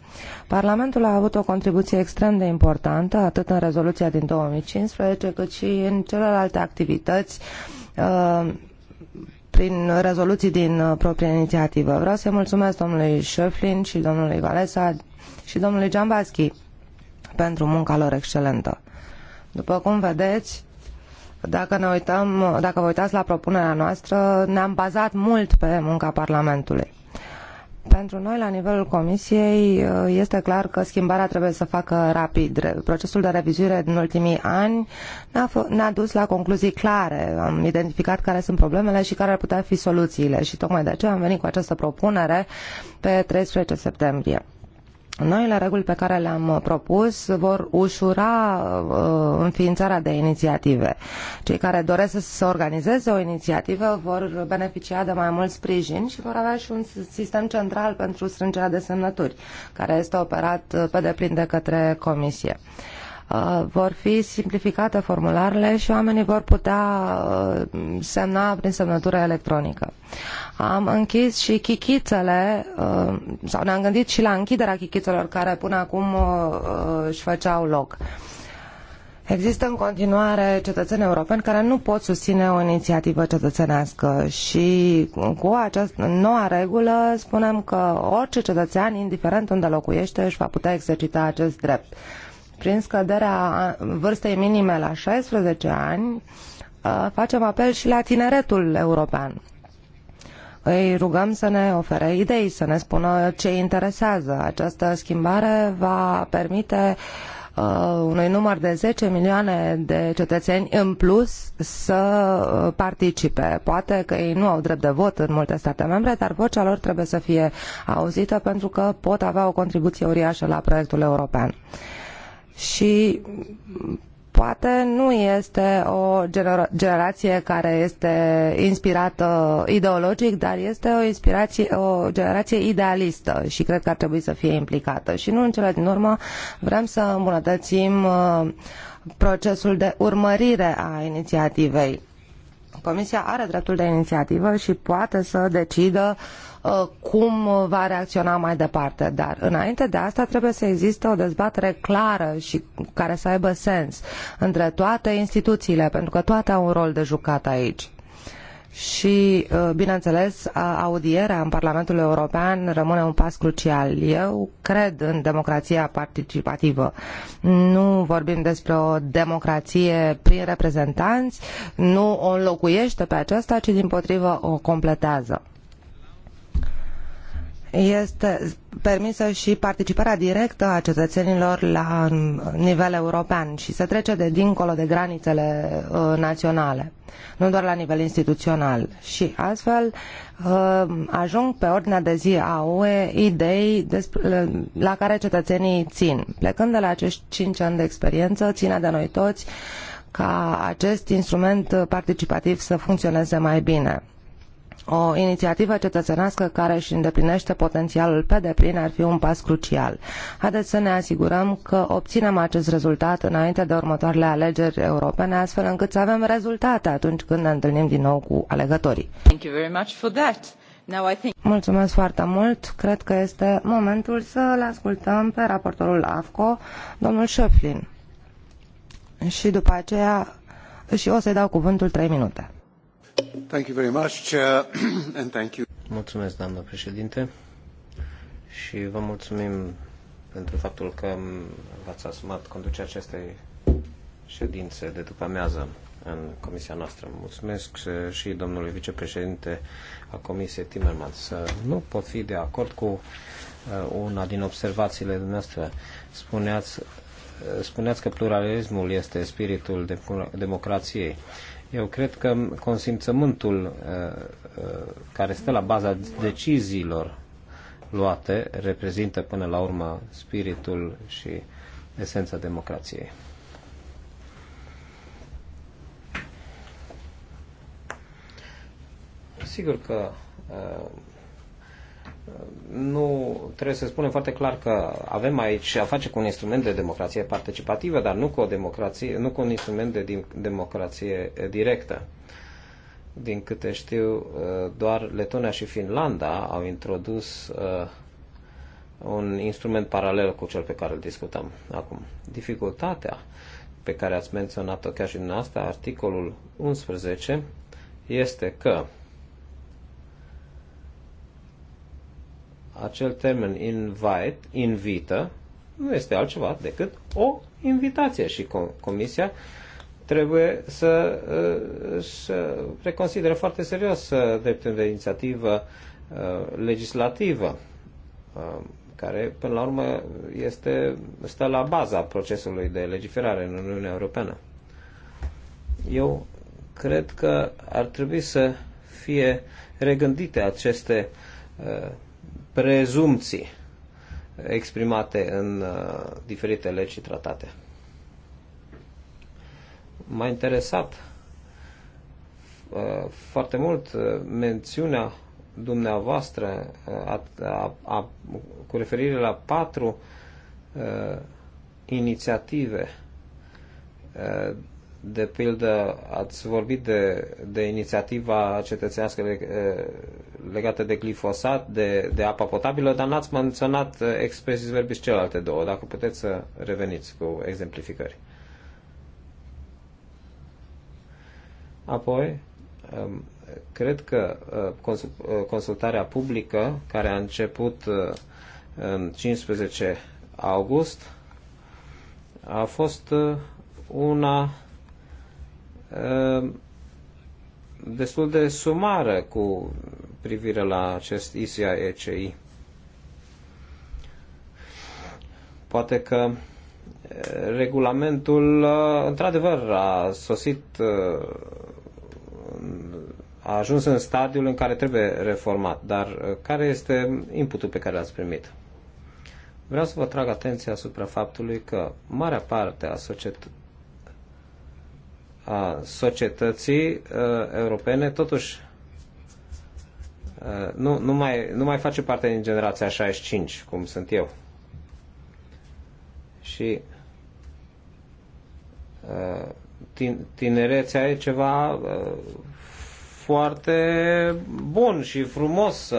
Parlamentul a avut o contribuție extrem de importantă, atât în rezoluția din 2015, cât și în celelalte activități uh, prin rezoluții din uh, proprie inițiativă. Vreau să mulțumesc domnului Șöflin și domnului Valesa și domnului Giambaschi pentru munca lor excelentă. După cum vedeți, dacă ne uităm, dacă vă uitați la propunerea noastră, ne-am bazat mult pe munca Parlamentului. Pentru noi, la nivelul Comisiei, este clar că schimbarea trebuie să facă rapid. Procesul de revizuire din ultimii ani ne-a, dus la concluzii clare. Am identificat care sunt problemele și care ar putea fi soluțiile și tocmai de aceea am venit cu această propunere pe 13 septembrie. Noile reguli pe care le-am uh, propus vor ușura uh, înființarea de inițiative. Cei care doresc să se organizeze o inițiativă vor beneficia de mai mult sprijin și vor avea și un sistem central pentru strângerea de semnături, care este operat uh, pe deplin de către Comisie. Uh, Uh, vor fi simplificate formularele și oamenii vor putea uh, semna prin semnătură electronică. Am închis și chichițele, uh, sau ne-am gândit și la închiderea chichițelor care până acum își făceau loc. Există în continuare cetățeni europeni care nu pot susține o inițiativă cetățenească și cu această noua regulă spunem că orice cetățean, indiferent unde locuiește, își va putea exercita acest drept prin scăderea vârstei minime la 16 ani, uh, facem apel și la tineretul european. Îi rugăm să ne ofere idei, să ne spună ce interesează. Această schimbare va permite uh, unui număr de 10 milioane de cetățeni în plus să uh, participe. Poate că ei nu au drept de vot în multe state membre, dar vocea lor trebuie să fie auzită pentru că pot avea o contribuție uriașă la proiectul european. Uh, și poate nu este o genera- generație care este inspirată ideologic, dar este o, inspirație, o generație idealistă și cred că ar trebui să fie implicată. Și nu în cele din urmă vrem să îmbunătățim uh, procesul de urmărire a inițiativei. Comisia are dreptul de inițiativă și poate să decidă uh, Uh, cum va reacționa mai departe. Dar înainte de asta trebuie să existe o dezbatere clară și care să aibă sens între toate instituțiile, pentru că toate au un rol de jucat aici. Și, uh, bineînțeles, audierea în Parlamentul European rămâne un pas crucial. Eu cred în democrația participativă. Nu vorbim despre o democrație prin reprezentanți, nu o înlocuiește pe aceasta, ci din potrivă o completează este permisă și participarea directă a cetățenilor la nivel european și se trece de dincolo de granițele uh, naționale, nu doar la nivel instituțional. Și astfel uh, ajung pe ordinea de zi a UE idei la care cetățenii țin. Plecând de la acești cinci ani de experiență, ține de noi toți ca acest instrument participativ să funcționeze mai bine o inițiativă cetățenească care își îndeplinește potențialul pe deplin ar fi un pas crucial. Haideți să ne asigurăm că obținem acest rezultat înainte de următoarele alegeri europene, astfel încât să avem rezultate atunci când ne întâlnim din nou cu alegătorii. Mulțumesc foarte mult. Cred că este momentul să-l ascultăm pe raportorul AFCO, domnul Șöflin. Și după aceea și o să-i dau cuvântul 3 minute. <clears throat> Mulțumesc, doamnă președinte, și vă mulțumim pentru faptul că v-ați asumat conducerea acestei ședințe de după amiază în comisia noastră. Mulțumesc și domnului vicepreședinte a comisiei Timmermans. Nu pot fi de acord cu uh, una din observațiile dumneavoastră. Spuneați, uh, spuneați că pluralismul este spiritul democrației. Eu cred că consimțământul uh, uh, care stă la baza deciziilor luate reprezintă până la urmă spiritul și esența democrației. Sigur că uh, nu trebuie să spunem foarte clar că avem aici a face cu un instrument de democrație participativă, dar nu cu, o democrație, nu cu un instrument de democrație directă. Din câte știu, uh, doar Letonia și Finlanda au introdus uh, un instrument paralel cu cel pe care îl discutăm acum. Dificultatea pe care ați menționat-o chiar și asta, articolul 11, este că acel termen invite, invită, nu este altceva decât o invitație și comisia trebuie să, ă, să reconsideră foarte serios ă, dreptul de inițiativă ă, legislativă care, până la urmă, este, stă la baza procesului de legiferare în Uniunea Europeană. Eu cred că ar trebui să fie regândite aceste uh, prezumții exprimate în uh, diferite legi și tratate. M-a interesat uh, foarte mult uh, mențiunea dumneavoastră a, a, a, cu referire la patru uh, inițiative uh, de pildă, ați vorbit de, de inițiativa cetățească legată de glifosat, de, de apa potabilă, dar n-ați menționat expresii verbis celelalte două. Dacă puteți să reveniți cu exemplificări. Apoi, um, cred că consultarea publică, care a început în 15 august, a fost una Ehm, destul de sumară cu privire la acest ICI-ECI. Poate că eh, regulamentul, eh, într-adevăr, a sosit, eh, a ajuns în stadiul în care trebuie reformat, dar care este inputul pe care l-ați primit? Vreau să vă trag atenția asupra faptului că marea parte a societății a societății uh, europene, totuși uh, nu, nu, mai, nu mai face parte din generația 65, cum sunt eu. Și uh, tinerețea e ceva foarte bun și frumos.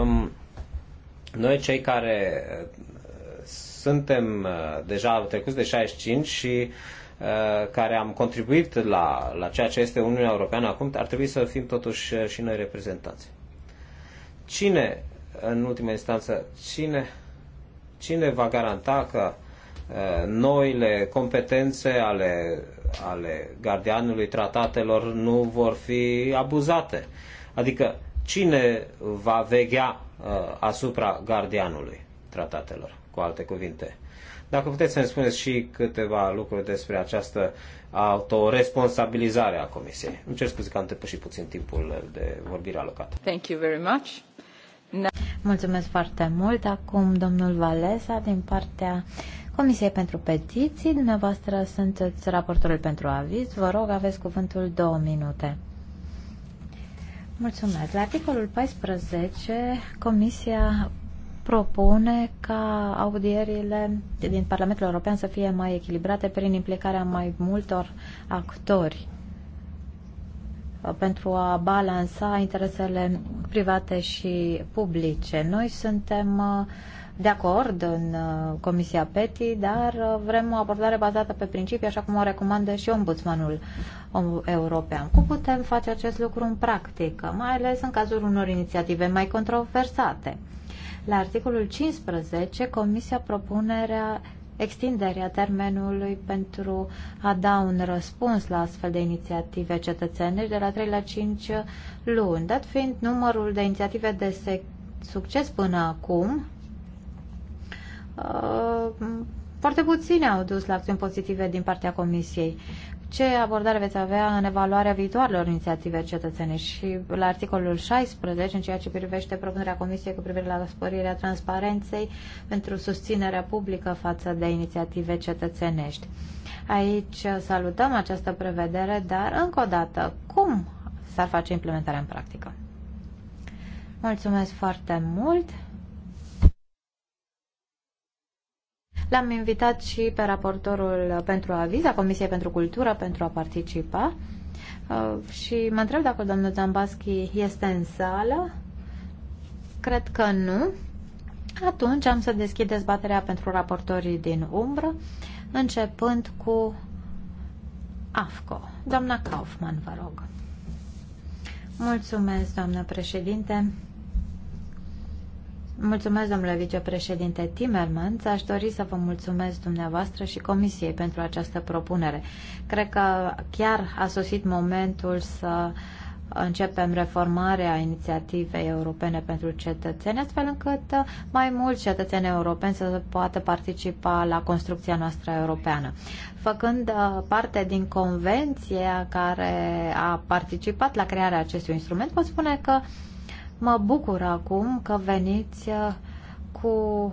Um, noi cei care suntem deja trecuți de 65 și Uh, care am contribuit la, la ceea ce este Uniunea Europeană acum, ar trebui să fim totuși uh, și noi reprezentanți. Cine, în ultima instanță, cine, cine va garanta că uh, noile competențe ale, ale gardianului tratatelor nu vor fi abuzate? Adică, cine va veghea asupra gardianului tratatelor, cu alte cuvinte? Dacă puteți să ne spuneți și câteva lucruri despre această autoresponsabilizare a Comisiei. Îmi cer scuze că am depășit puțin timpul de vorbire alocat. Thank you very much. Now... Mulțumesc foarte mult. Acum domnul Valesa din partea Comisiei pentru Petiții. Dumneavoastră sunteți raportorul pentru aviz. Vă rog, aveți cuvântul două minute. Mulțumesc. La articolul 14, Comisia propune ca audierile din Parlamentul European să fie mai echilibrate prin implicarea mai multor actori uh, pentru a balansa interesele private și publice. Noi suntem uh, de acord în uh, Comisia PETI, dar vrem o abordare bazată pe principii, așa cum o recomandă și Ombudsmanul um, European. Cum putem face acest lucru în practică, mai ales în cazul unor inițiative mai controversate? La articolul 15, Comisia propunerea extinderea termenului pentru a da un răspuns la astfel de inițiative cetățenești de la 3 la 5 luni, dat fiind numărul de inițiative de succes până acum, uh, foarte puține au dus la acțiuni pozitive din partea Comisiei ce abordare veți avea în evaluarea viitoarelor inițiative cetățene și la articolul 16, în ceea ce privește propunerea Comisiei cu privire la sporirea transparenței pentru susținerea publică față de inițiative cetățenești. Aici salutăm această prevedere, dar încă o dată, cum s-ar face implementarea în practică? Mulțumesc foarte mult! L-am invitat și pe raportorul pentru aviz a Comisiei pentru Cultură pentru a participa uh, și mă întreb dacă domnul Zambaschi este în sală. Cred că nu. Atunci am să deschid dezbaterea pentru raportorii din umbră, începând cu AFCO. Doamna Kaufman, vă rog. Mulțumesc, doamnă președinte. Mulțumesc, domnule vicepreședinte Timmermans. Aș dori să vă mulțumesc dumneavoastră și Comisiei pentru această propunere. Cred că chiar a sosit momentul să începem reformarea inițiativei europene pentru cetățeni, astfel încât mai mulți cetățeni europeni să poată participa la construcția noastră europeană. Făcând uh, parte din convenția care a participat la crearea acestui instrument, pot spune că uh, Mă bucur acum că veniți uh, cu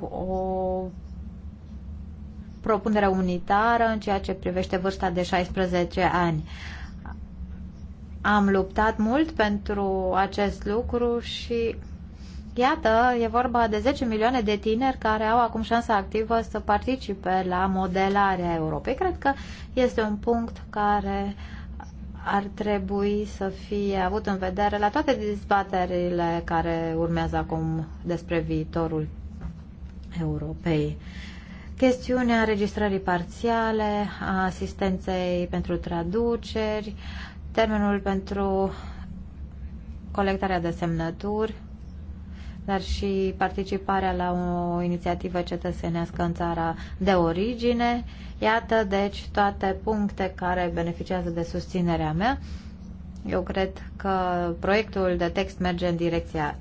o propunere unitară în ceea ce privește vârsta de 16 ani. Am luptat mult pentru acest lucru și Iată, e vorba de 10 milioane de tineri care au acum șansa activă să participe la modelarea Europei. Cred că este un punct care ar trebui să fie avut în vedere la toate dezbaterile care urmează acum despre viitorul Europei. Chestiunea înregistrării parțiale, a asistenței pentru traduceri, termenul pentru colectarea de semnături, dar și participarea la o inițiativă cetățenească în țara de origine. Iată, deci, toate puncte care beneficiază de susținerea mea. Eu cred că proiectul de text merge în direcția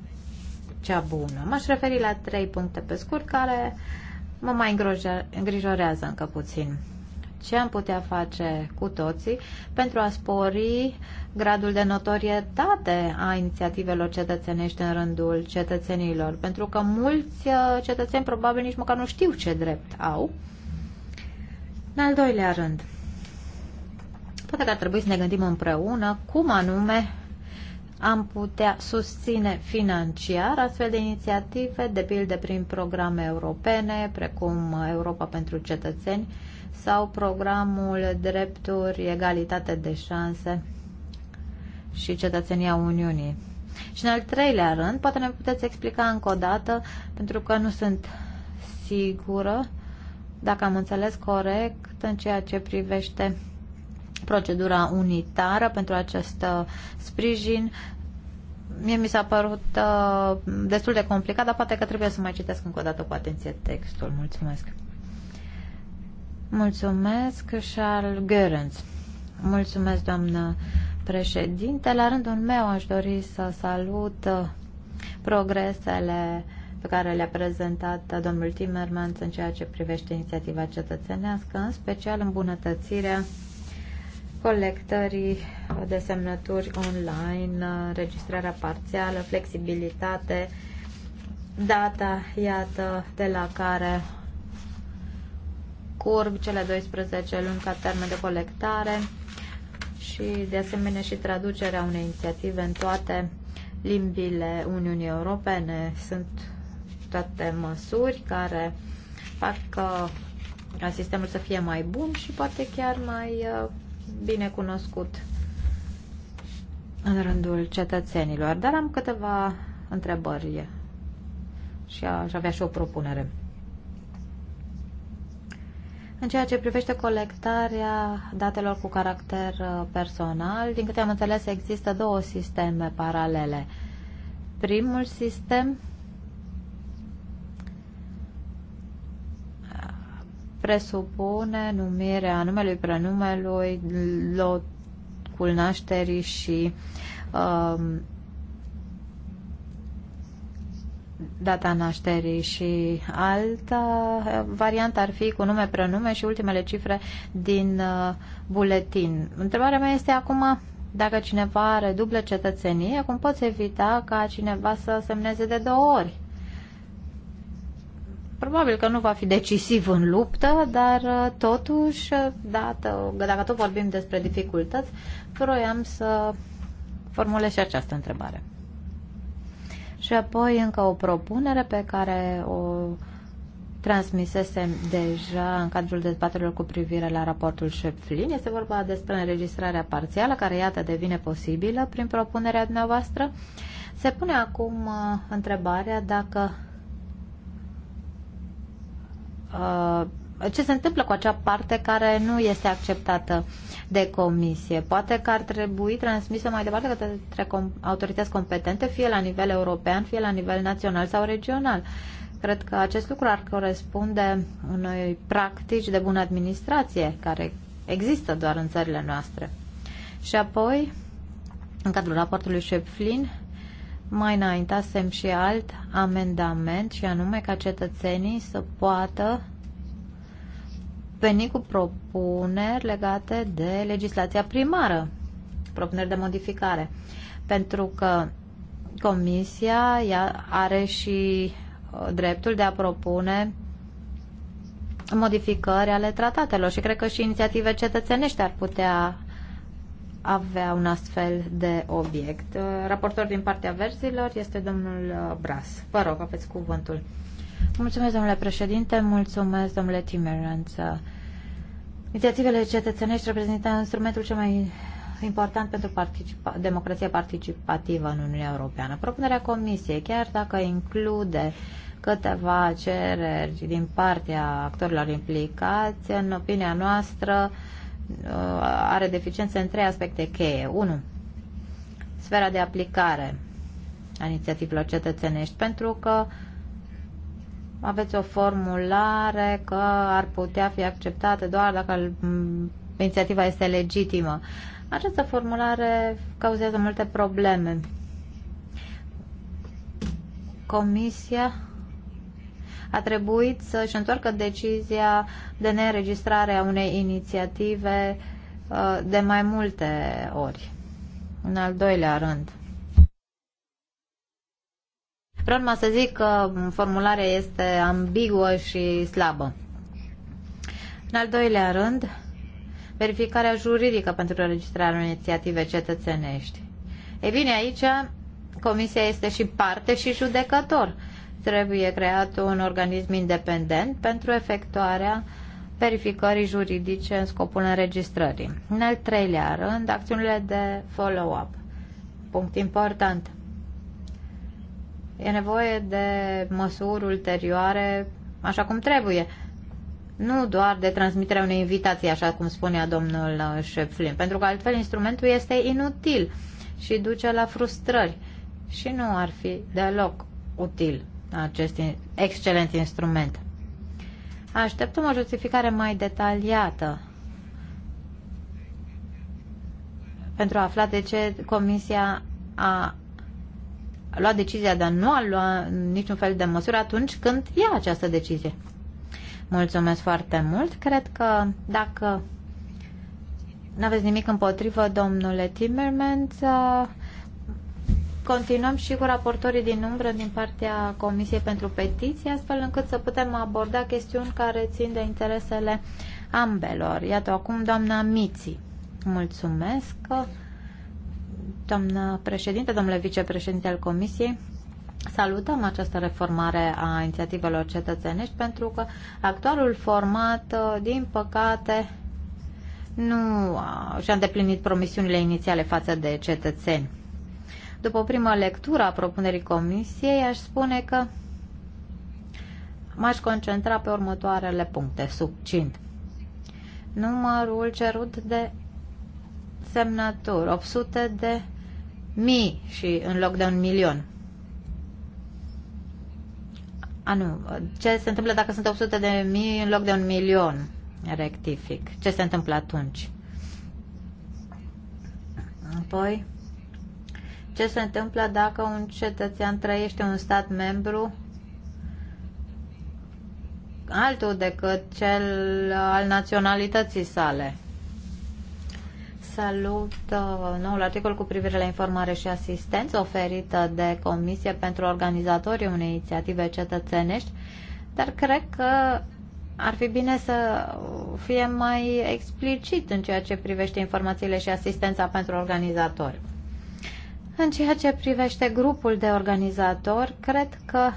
cea bună. M-aș referi la trei puncte pe scurt care mă mai îngrijorează încă puțin ce am putea face cu toții pentru a spori gradul de notorietate a inițiativelor cetățenești în rândul cetățenilor, pentru că mulți uh, cetățeni probabil nici măcar nu știu ce drept au. În al doilea rând, poate că ar trebui să ne gândim împreună cum anume am putea susține financiar astfel de inițiative, de pildă prin programe europene, precum Europa pentru cetățeni, sau programul Drepturi, Egalitate de Șanse și Cetățenia Uniunii. Și în al treilea rând, poate ne puteți explica încă o dată, pentru că nu sunt sigură dacă am înțeles corect în ceea ce privește procedura unitară pentru acest uh, sprijin. Mie mi s-a părut uh, destul de complicat, dar poate că trebuie să mai citesc încă o dată cu atenție textul. Mulțumesc! Mulțumesc, Charles Görens. Mulțumesc, doamnă președinte. La rândul meu aș dori să salut uh, progresele pe care le-a prezentat uh, domnul Timmermans în ceea ce privește inițiativa cetățenească, în special îmbunătățirea colectării de semnături online, uh, registrarea parțială, flexibilitate, data, iată, de la care scurg cele 12 luni ca termen de colectare și de asemenea și traducerea unei inițiative în toate limbile Uniunii Europene. Sunt toate măsuri care fac ca sistemul să fie mai bun și poate chiar mai uh, bine cunoscut în rândul cetățenilor. Dar am câteva întrebări și aș avea și o propunere. În ceea ce privește colectarea datelor cu caracter uh, personal, din câte am înțeles, există două sisteme paralele. Primul sistem uh, presupune numirea numelui, prenumelui, locul nașterii și um, data nașterii și alta eh, variantă ar fi cu nume, prenume și ultimele cifre din eh, buletin. Întrebarea mea este acum dacă cineva are dublă cetățenie, cum poți evita ca cineva să semneze de două ori? Probabil că nu va fi decisiv în luptă, dar eh, totuși, dată, dacă tot vorbim despre dificultăți, vroiam să formulez și această întrebare și apoi încă o propunere pe care o transmisesem deja în cadrul dezbaterilor cu privire la raportul Șepflin. Este vorba despre înregistrarea parțială, care iată devine posibilă prin propunerea dumneavoastră. Se pune acum uh, întrebarea dacă uh, ce se întâmplă cu acea parte care nu este acceptată de comisie? Poate că ar trebui transmisă mai departe către autorități competente, fie la nivel european, fie la nivel național sau regional. Cred că acest lucru ar corespunde unei practici de bună administrație care există doar în țările noastre. Și apoi, în cadrul raportului Shep Flynn, mai înaintasem și alt amendament și anume ca cetățenii să poată veni cu propuneri legate de legislația primară, propuneri de modificare, pentru că Comisia ea are și uh, dreptul de a propune modificări ale tratatelor și cred că și inițiative cetățenești ar putea avea un astfel de obiect. Uh, raportor din partea verzilor este domnul uh, Bras. Vă rog, aveți cuvântul. Mulțumesc, domnule președinte, mulțumesc, domnule Timmermans. Inițiativele cetățenești reprezintă instrumentul cel mai important pentru participa- democrația participativă în Uniunea Europeană. Propunerea Comisiei, chiar dacă include câteva cereri din partea actorilor implicați, în opinia noastră uh, are deficiențe în trei aspecte cheie. 1. Sfera de aplicare a inițiativelor cetățenești, pentru că uh, aveți o formulare că ar putea fi acceptată doar dacă inițiativa este legitimă. Această formulare cauzează multe probleme. Comisia a trebuit să-și întoarcă decizia de neregistrare a unei inițiative uh, de mai multe ori. În al doilea rând, Vreau numai să zic că formularea este ambiguă și slabă. În al doilea rând, verificarea juridică pentru înregistrarea unei inițiative cetățenești. Ei bine, aici Comisia este și parte și judecător. Trebuie creat un organism independent pentru efectuarea verificării juridice în scopul înregistrării. În al treilea rând, acțiunile de follow-up. Punct important e nevoie de măsuri ulterioare așa cum trebuie. Nu doar de transmiterea unei invitații, așa cum spunea domnul Șeflin, uh, pentru că altfel instrumentul este inutil și duce la frustrări și nu ar fi deloc util acest excelent instrument. Așteptăm o justificare mai detaliată pentru a afla de ce Comisia a luat decizia de a nu a lua niciun fel de măsură atunci când ia această decizie. Mulțumesc foarte mult. Cred că dacă nu aveți nimic împotrivă, domnule Timmermans, uh, continuăm și cu raportorii din umbră din partea Comisiei pentru Petiții, astfel încât să putem aborda chestiuni care țin de interesele ambelor. Iată acum doamna Miții. Mulțumesc. Doamnă președinte, domnule vicepreședinte al Comisiei, salutăm această reformare a inițiativelor cetățenești pentru că actualul format, uh, din păcate, nu uh, și-a îndeplinit promisiunile inițiale față de cetățeni. După prima lectură a propunerii Comisiei, aș spune că m-aș concentra pe următoarele puncte, succint. Numărul cerut de semnături, 800 de mii și în loc de un milion. A, nu. Ce se întâmplă dacă sunt 800 de mii în loc de un milion? Rectific. Ce se întâmplă atunci? Apoi, ce se întâmplă dacă un cetățean trăiește un stat membru altul decât cel al naționalității sale? salut uh, noul articol cu privire la informare și asistență oferită de Comisie pentru organizatorii unei inițiative cetățenești, dar cred că ar fi bine să fie mai explicit în ceea ce privește informațiile și asistența pentru organizatori. În ceea ce privește grupul de organizatori, cred că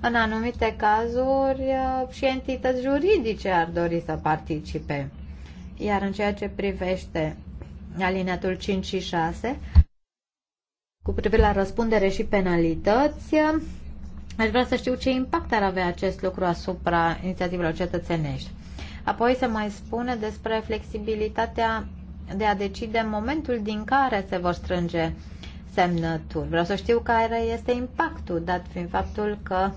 în anumite cazuri uh, și entități juridice ar dori să participe. Iar în ceea ce privește alineatul 5 și 6, cu privire la răspundere și penalități, aș vrea să știu ce impact ar avea acest lucru asupra inițiativelor cetățenești. Apoi se mai spune despre flexibilitatea de a decide momentul din care se vor strânge semnături. Vreau să știu care este impactul, dat fiind faptul că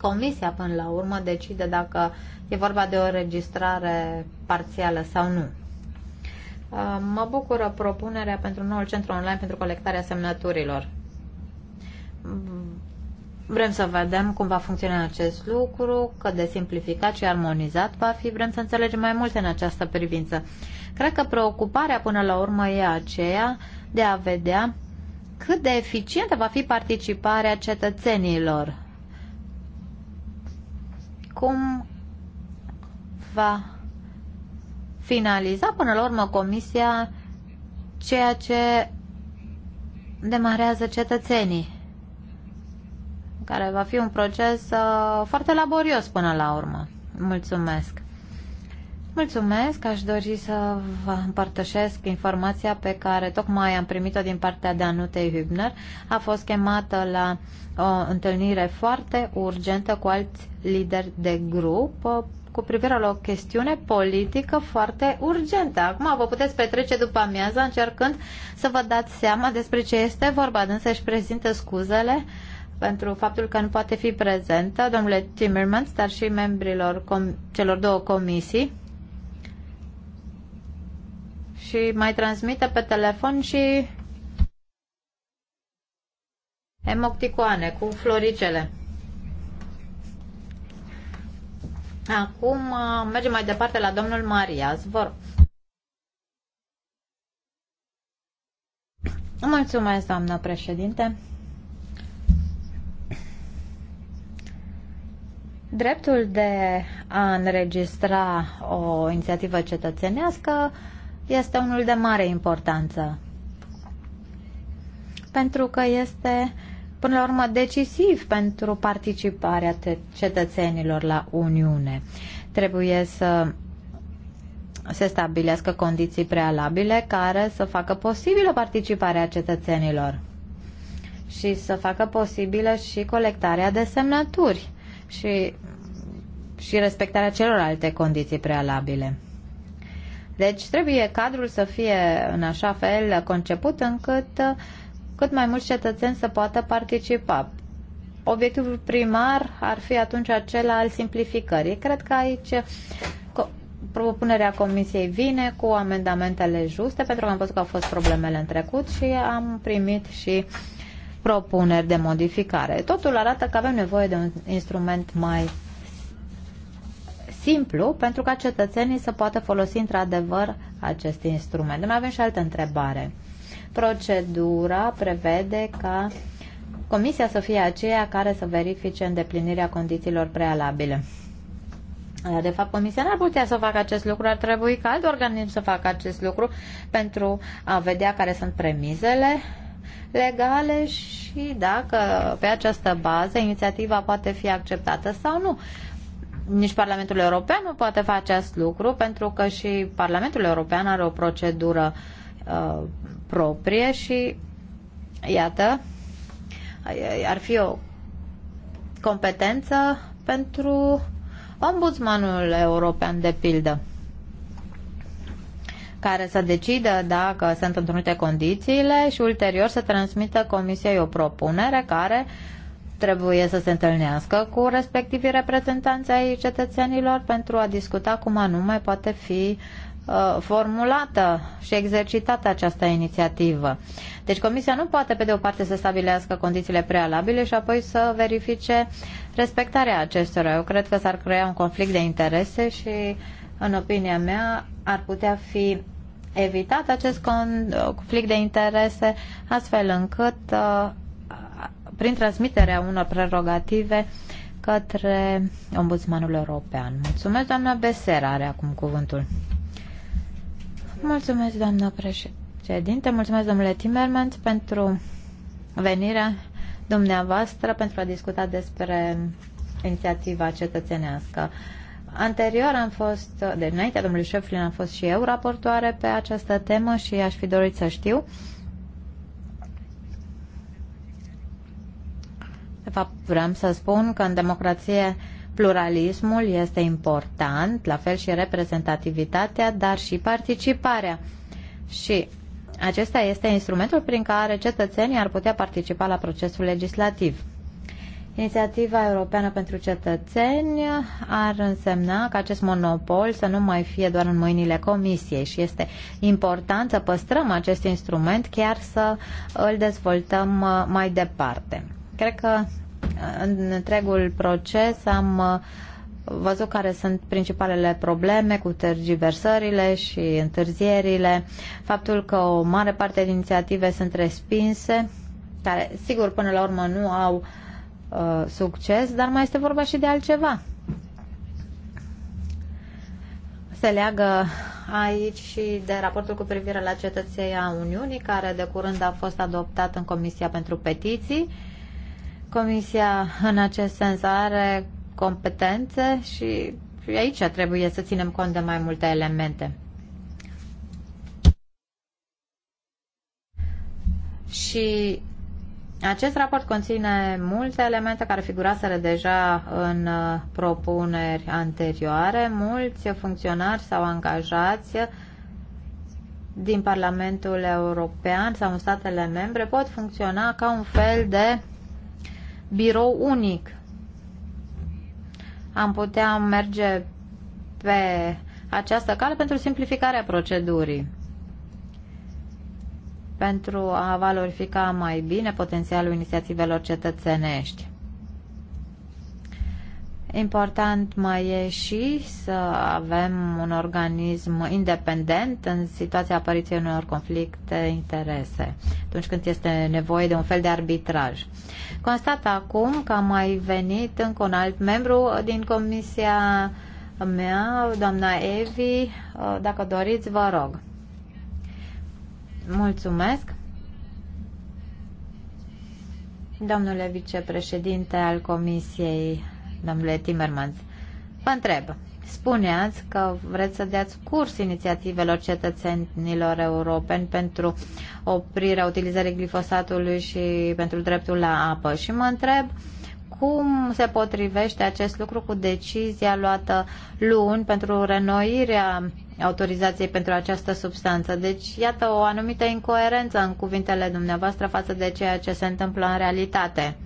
comisia până la urmă decide dacă e vorba de o registrare parțială sau nu. Uh, mă bucură propunerea pentru noul centru online pentru colectarea semnăturilor. Vrem să vedem cum va funcționa acest lucru, cât de simplificat și armonizat va fi. Vrem să înțelegem mai multe în această privință. Cred că preocuparea până la urmă e aceea de a vedea cât de eficientă va fi participarea cetățenilor. Cum va finaliza până la urmă comisia ceea ce demarează cetățenii, care va fi un proces uh, foarte laborios până la urmă. Mulțumesc! Mulțumesc, aș dori să vă împărtășesc informația pe care tocmai am primit-o din partea de Anutei Hübner. A fost chemată la o uh, întâlnire foarte urgentă cu alți lideri de grup uh, cu privire la o chestiune politică foarte urgentă. Acum vă puteți petrece după amiaza încercând să vă dați seama despre ce este vorba, însă își prezintă scuzele pentru faptul că nu poate fi prezentă, domnule Timmermans, dar și membrilor celor două comisii și mai transmite pe telefon și emocticoane cu floricele. Acum uh, mergem mai departe la domnul Maria. Zvor. Mulțumesc, doamnă președinte. Dreptul de a înregistra o inițiativă cetățenească este unul de mare importanță, pentru că este până la urmă decisiv pentru participarea cetățenilor la Uniune. Trebuie să se stabilească condiții prealabile care să facă posibilă participarea cetățenilor și să facă posibilă și colectarea de semnături și, și respectarea celorlalte condiții prealabile. Deci trebuie cadrul să fie în așa fel conceput încât cât mai mulți cetățeni să poată participa. Obiectivul primar ar fi atunci acela al simplificării. Cred că aici propunerea comisiei vine cu amendamentele juste, pentru că am văzut că au fost problemele în trecut și am primit și propuneri de modificare. Totul arată că avem nevoie de un instrument mai simplu pentru ca cetățenii să poată folosi într-adevăr acest instrument. Mai avem și altă întrebare. Procedura prevede ca comisia să fie aceea care să verifice îndeplinirea condițiilor prealabile. De fapt, comisia n-ar putea să facă acest lucru, ar trebui ca alt organism să facă acest lucru pentru a vedea care sunt premizele legale și dacă pe această bază inițiativa poate fi acceptată sau nu. Nici Parlamentul European nu poate face acest lucru pentru că și Parlamentul European are o procedură uh, Uh, proprie și iată, ar fi o competență pentru ombudsmanul european, de pildă, care să decidă dacă sunt întrunite condițiile și ulterior să transmită Comisiei o propunere care trebuie să se întâlnească cu respectivii reprezentanți ai cetățenilor pentru a discuta cum anume poate fi Uh, formulată și exercitată această inițiativă. Deci Comisia nu poate, pe de o parte, să stabilească condițiile prealabile și apoi să verifice respectarea acestora. Eu cred că s-ar crea un conflict de interese și, în opinia mea, ar putea fi evitat acest conflict de interese astfel încât, uh, prin transmiterea unor prerogative, către Ombudsmanul European. Mulțumesc, doamna Besera are acum cuvântul. Mulțumesc, doamnă președinte, mulțumesc, domnule Timmermans, pentru venirea dumneavoastră pentru a discuta despre inițiativa cetățenească. Anterior am fost, de înaintea domnului Șeflin, am fost și eu raportoare pe această temă și aș fi dorit să știu De fapt, vreau să spun că în democrație Pluralismul este important, la fel și reprezentativitatea, dar și participarea. Și acesta este instrumentul prin care cetățenii ar putea participa la procesul legislativ. Inițiativa Europeană pentru Cetățeni ar însemna că acest monopol să nu mai fie doar în mâinile Comisiei și este important să păstrăm acest instrument, chiar să îl dezvoltăm uh, mai departe. Cred că în întregul proces am uh, văzut care sunt principalele probleme cu tergiversările și întârzierile, faptul că o mare parte din inițiative sunt respinse, care sigur până la urmă nu au uh, succes, dar mai este vorba și de altceva. Se leagă aici și de raportul cu privire la cetățenia Uniunii, care de curând a fost adoptat în Comisia pentru Petiții. Uh, Comisia în acest sens are competențe și aici trebuie să ținem cont de mai multe elemente. Și acest raport conține multe elemente care figuraseră deja în uh, propuneri anterioare. Mulți funcționari sau angajați din Parlamentul European sau în statele membre pot funcționa ca un fel de birou unic. Am putea merge pe această cale pentru simplificarea procedurii, pentru a valorifica mai bine potențialul inițiativelor cetățenești. Important mai e și să avem un organism independent în situația apariției unor conflicte interese, atunci când este nevoie de un fel de arbitraj. Constat acum că a mai venit încă un alt membru din comisia mea, doamna Evi, dacă doriți, vă rog. Mulțumesc. Domnule vicepreședinte al Comisiei domnule Timmermans. Vă întreb, spuneați că vreți să dați curs inițiativelor cetățenilor europeni pentru oprirea utilizării glifosatului și pentru dreptul la apă. Și mă întreb cum se potrivește acest lucru cu decizia luată luni pentru renoirea autorizației pentru această substanță. Deci, iată o anumită incoerență în cuvintele dumneavoastră față de ceea ce se întâmplă în realitate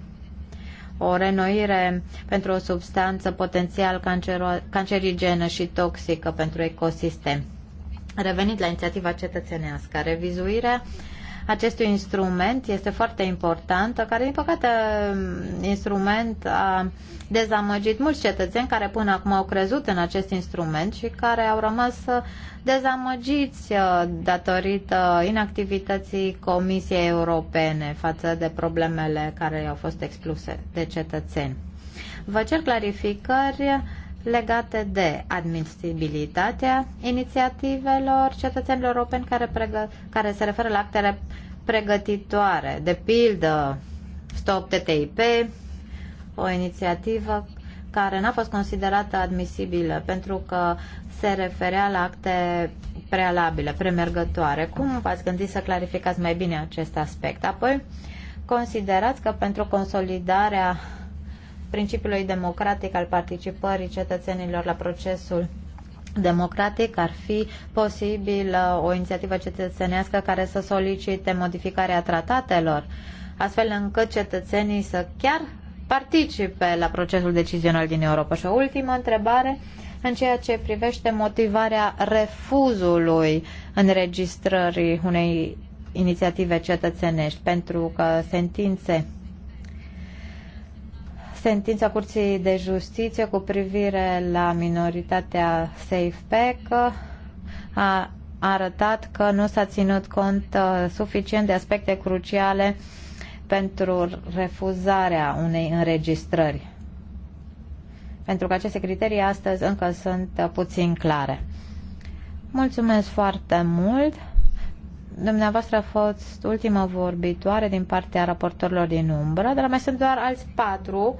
o renoire pentru o substanță potențial cancero- cancerigenă și toxică pentru ecosistem. Revenit la inițiativa cetățenească, revizuirea uh, acestui instrument este foarte importantă, care, din păcate, instrument a dezamăgit mulți cetățeni care până acum au crezut în acest instrument și care au rămas uh, dezamăgiți uh, datorită inactivității Comisiei Europene față de problemele care au fost expuse de cetățeni. Vă cer clarificări legate de admisibilitatea inițiativelor cetățenilor europeni care, pregă, care se referă la actele pregătitoare, de pildă Stop TTIP, o inițiativă care n-a fost considerată admisibilă pentru că se referea la acte prealabile, premergătoare. Cum v-ați gândit să clarificați mai bine acest aspect? Apoi, considerați că pentru consolidarea principiului democratic al participării cetățenilor la procesul democratic ar fi posibil uh, o inițiativă cetățenească care să solicite modificarea tratatelor, astfel încât cetățenii să chiar participe la procesul decizional din Europa. Și o ultimă întrebare în ceea ce privește motivarea refuzului înregistrării unei inițiative cetățenești, pentru că sentințe sentința Curții de Justiție cu privire la minoritatea SafePack a arătat că nu s-a ținut cont uh, suficient de aspecte cruciale pentru refuzarea unei înregistrări. Pentru că aceste criterii astăzi încă sunt uh, puțin clare. Mulțumesc foarte mult! Dumneavoastră a fost ultima vorbitoare din partea raportorilor din umbră, dar mai sunt doar alți patru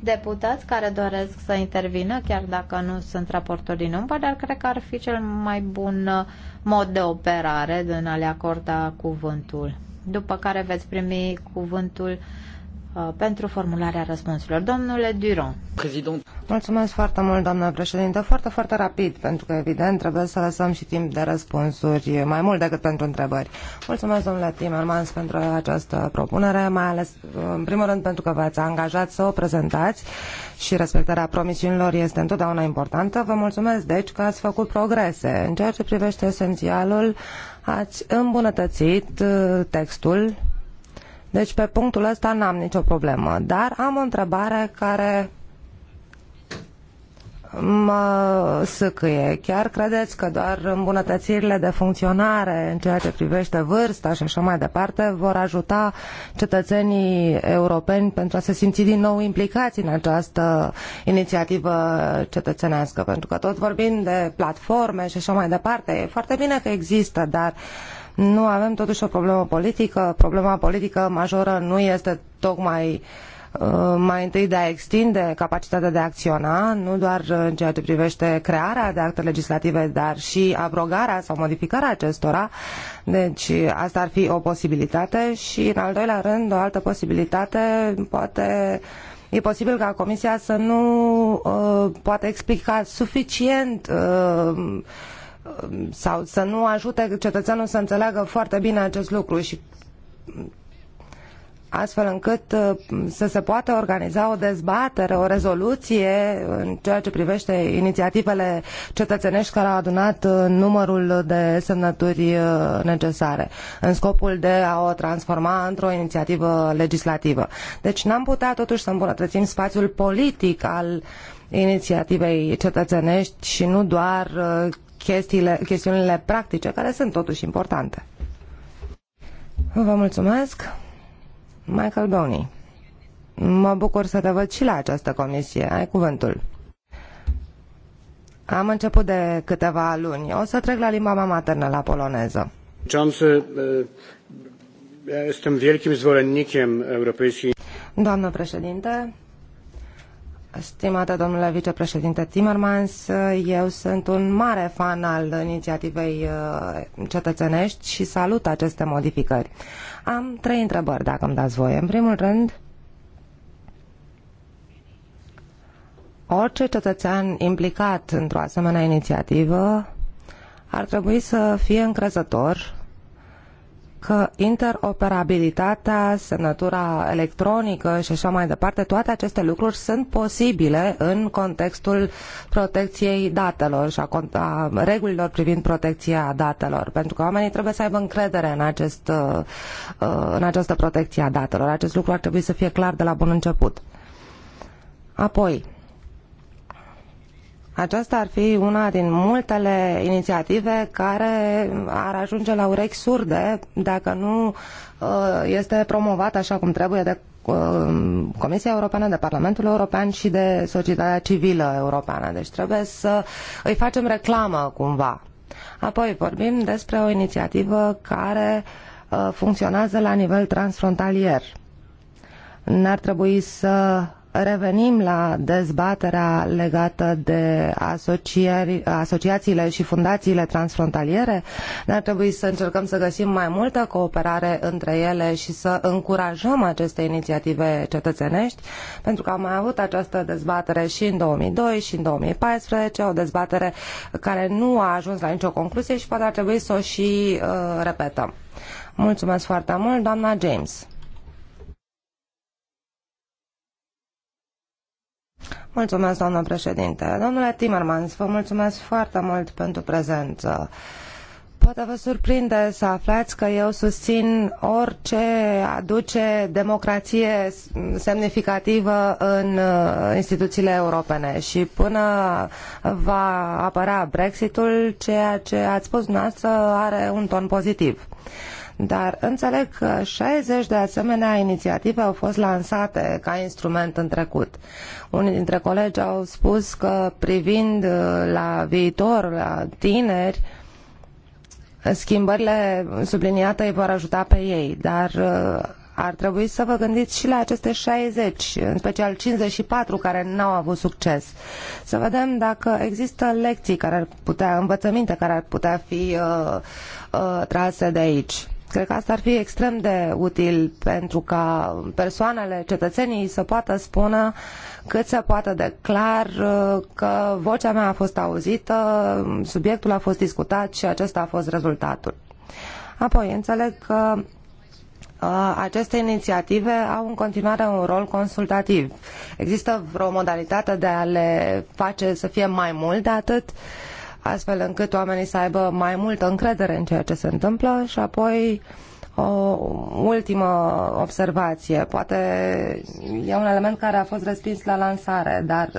deputați care doresc să intervină, chiar dacă nu sunt raportori din umbră, dar cred că ar fi cel mai bun mod de operare din a le acorda cuvântul. După care veți primi cuvântul Uh, pentru formularea răspunsurilor. Domnule Duron. Prezident. Mulțumesc foarte mult, doamnă președinte. Foarte, foarte rapid, pentru că, evident, trebuie să lăsăm și timp de răspunsuri, mai mult decât pentru întrebări. Mulțumesc, domnule Timmermans, pentru această propunere, mai ales, uh, în primul rând, pentru că v-ați angajat să o prezentați și respectarea promisiunilor este întotdeauna importantă. Vă mulțumesc, deci, că ați făcut progrese. În ceea ce privește esențialul, ați îmbunătățit uh, textul deci pe punctul ăsta n-am nicio problemă, dar am o întrebare care mă sâcâie. Chiar credeți că doar îmbunătățirile de funcționare în ceea ce privește vârsta și așa mai departe vor ajuta cetățenii europeni pentru a se simți din nou implicați în această inițiativă cetățenească? Pentru că tot vorbim de platforme și așa mai departe. E foarte bine că există, dar uh, nu avem totuși o problemă politică. Problema politică majoră nu este tocmai uh, mai întâi de a extinde capacitatea de a acționa, nu doar în ceea ce privește crearea de acte legislative, dar și abrogarea sau modificarea acestora. Deci asta ar fi o posibilitate și, în al doilea rând, o altă posibilitate poate e posibil ca Comisia să nu uh, poată explica suficient uh, sau să nu ajute cetățeanul să înțeleagă foarte bine acest lucru și astfel încât uh, să se poată organiza o dezbatere, o rezoluție în ceea ce privește inițiativele cetățenești care au adunat uh, numărul de semnături uh, necesare în scopul de a o transforma într-o inițiativă legislativă. Deci n-am putea totuși să îmbunătățim spațiul politic al inițiativei cetățenești și nu doar chestiile, chestiunile practice, care sunt totuși importante. Vă mulțumesc, Michael Downey. Mă bucur să te văd și la această comisie. Ai cuvântul. Am început de câteva luni. O să trec la limba mea maternă, la poloneză. Eh, eh, Doamnă președinte, Stimată domnule vicepreședinte Timmermans, eu sunt un mare fan al inițiativei uh, cetățenești și salut aceste modificări. Am trei întrebări, dacă îmi dați voie. În primul rând, orice cetățean implicat într-o asemenea inițiativă ar trebui să fie încrezător că interoperabilitatea, semnătura electronică și așa mai departe, toate aceste lucruri sunt posibile în contextul protecției datelor și a, a regulilor privind protecția datelor, pentru că oamenii trebuie să aibă încredere în, acest, uh, uh, în această protecție a datelor. Acest lucru ar trebui să fie clar de la bun început. Apoi, aceasta ar fi una din multele inițiative care ar ajunge la urechi surde dacă nu uh, este promovată așa cum trebuie de uh, Comisia Europeană, de Parlamentul European și de societatea civilă europeană. Deci trebuie să îi facem reclamă cumva. Apoi vorbim despre o inițiativă care uh, funcționează la nivel transfrontalier. N-ar trebui să revenim la dezbaterea legată de asociațiile și fundațiile transfrontaliere, ne-ar trebui să încercăm să găsim mai multă cooperare între ele și să încurajăm aceste inițiative cetățenești, pentru că am mai avut această dezbatere și în 2002 și în 2014, o dezbatere care nu a ajuns la nicio concluzie și poate ar trebui să o și uh, repetăm. Mulțumesc foarte mult, doamna James. Mulțumesc, doamnă președinte. Domnule Timmermans, vă mulțumesc foarte mult pentru prezență. Poate vă surprinde să aflați că eu susțin orice aduce democrație semnificativă în uh, instituțiile europene și până va apărea Brexitul, ceea ce ați spus dumneavoastră are un ton pozitiv. Uh, dar înțeleg că 60 de asemenea inițiative au fost lansate ca instrument în trecut. Unii dintre colegi au spus că privind uh, la viitor, la tineri, schimbările subliniate îi vor ajuta pe ei, dar uh, ar trebui să vă gândiți și la aceste 60, în special 54 care n-au avut succes. Să vedem dacă există lecții care ar putea, învățăminte care ar putea fi uh, uh, trase de aici. Cred că asta ar fi extrem de util pentru ca persoanele, cetățenii să poată spune cât se poate de clar uh, că vocea mea a fost auzită, subiectul a fost discutat și acesta a fost rezultatul. Apoi, înțeleg că uh, aceste inițiative au în continuare un rol consultativ. Există vreo modalitate de a le face să fie mai mult de atât? Uh, astfel încât oamenii să aibă mai multă încredere în ceea ce se întâmplă și apoi o ultimă observație. Poate e un element care a fost respins la lansare, dar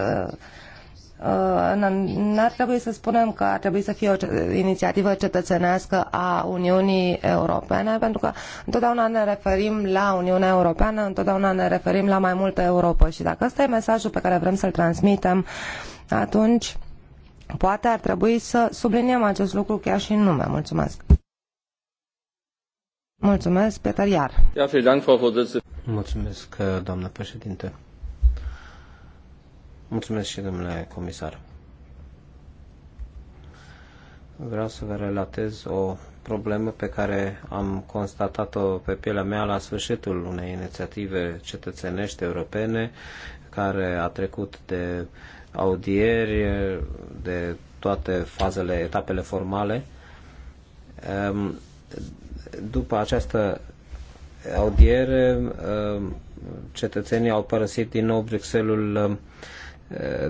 uh, n-ar trebui să spunem că ar trebui să fie o inițiativă cetățenească a Uniunii Europene, pentru că întotdeauna ne referim la Uniunea Europeană, întotdeauna ne referim la mai multă Europa și dacă ăsta e mesajul pe care vrem să-l transmitem, atunci Poate ar trebui să subliniem acest lucru chiar și în nume. Mulțumesc. Mulțumesc, Peter Iar. Mulțumesc, uh, doamnă președinte. Mulțumesc și domnule comisar. Vreau să vă relatez o problemă pe care am constatat-o pe pielea mea la sfârșitul unei inițiative cetățenești europene care a trecut de audieri, de toate fazele, etapele formale. Ehm, după această audiere, ehm, cetățenii au părăsit din nou Bruxelles ehm,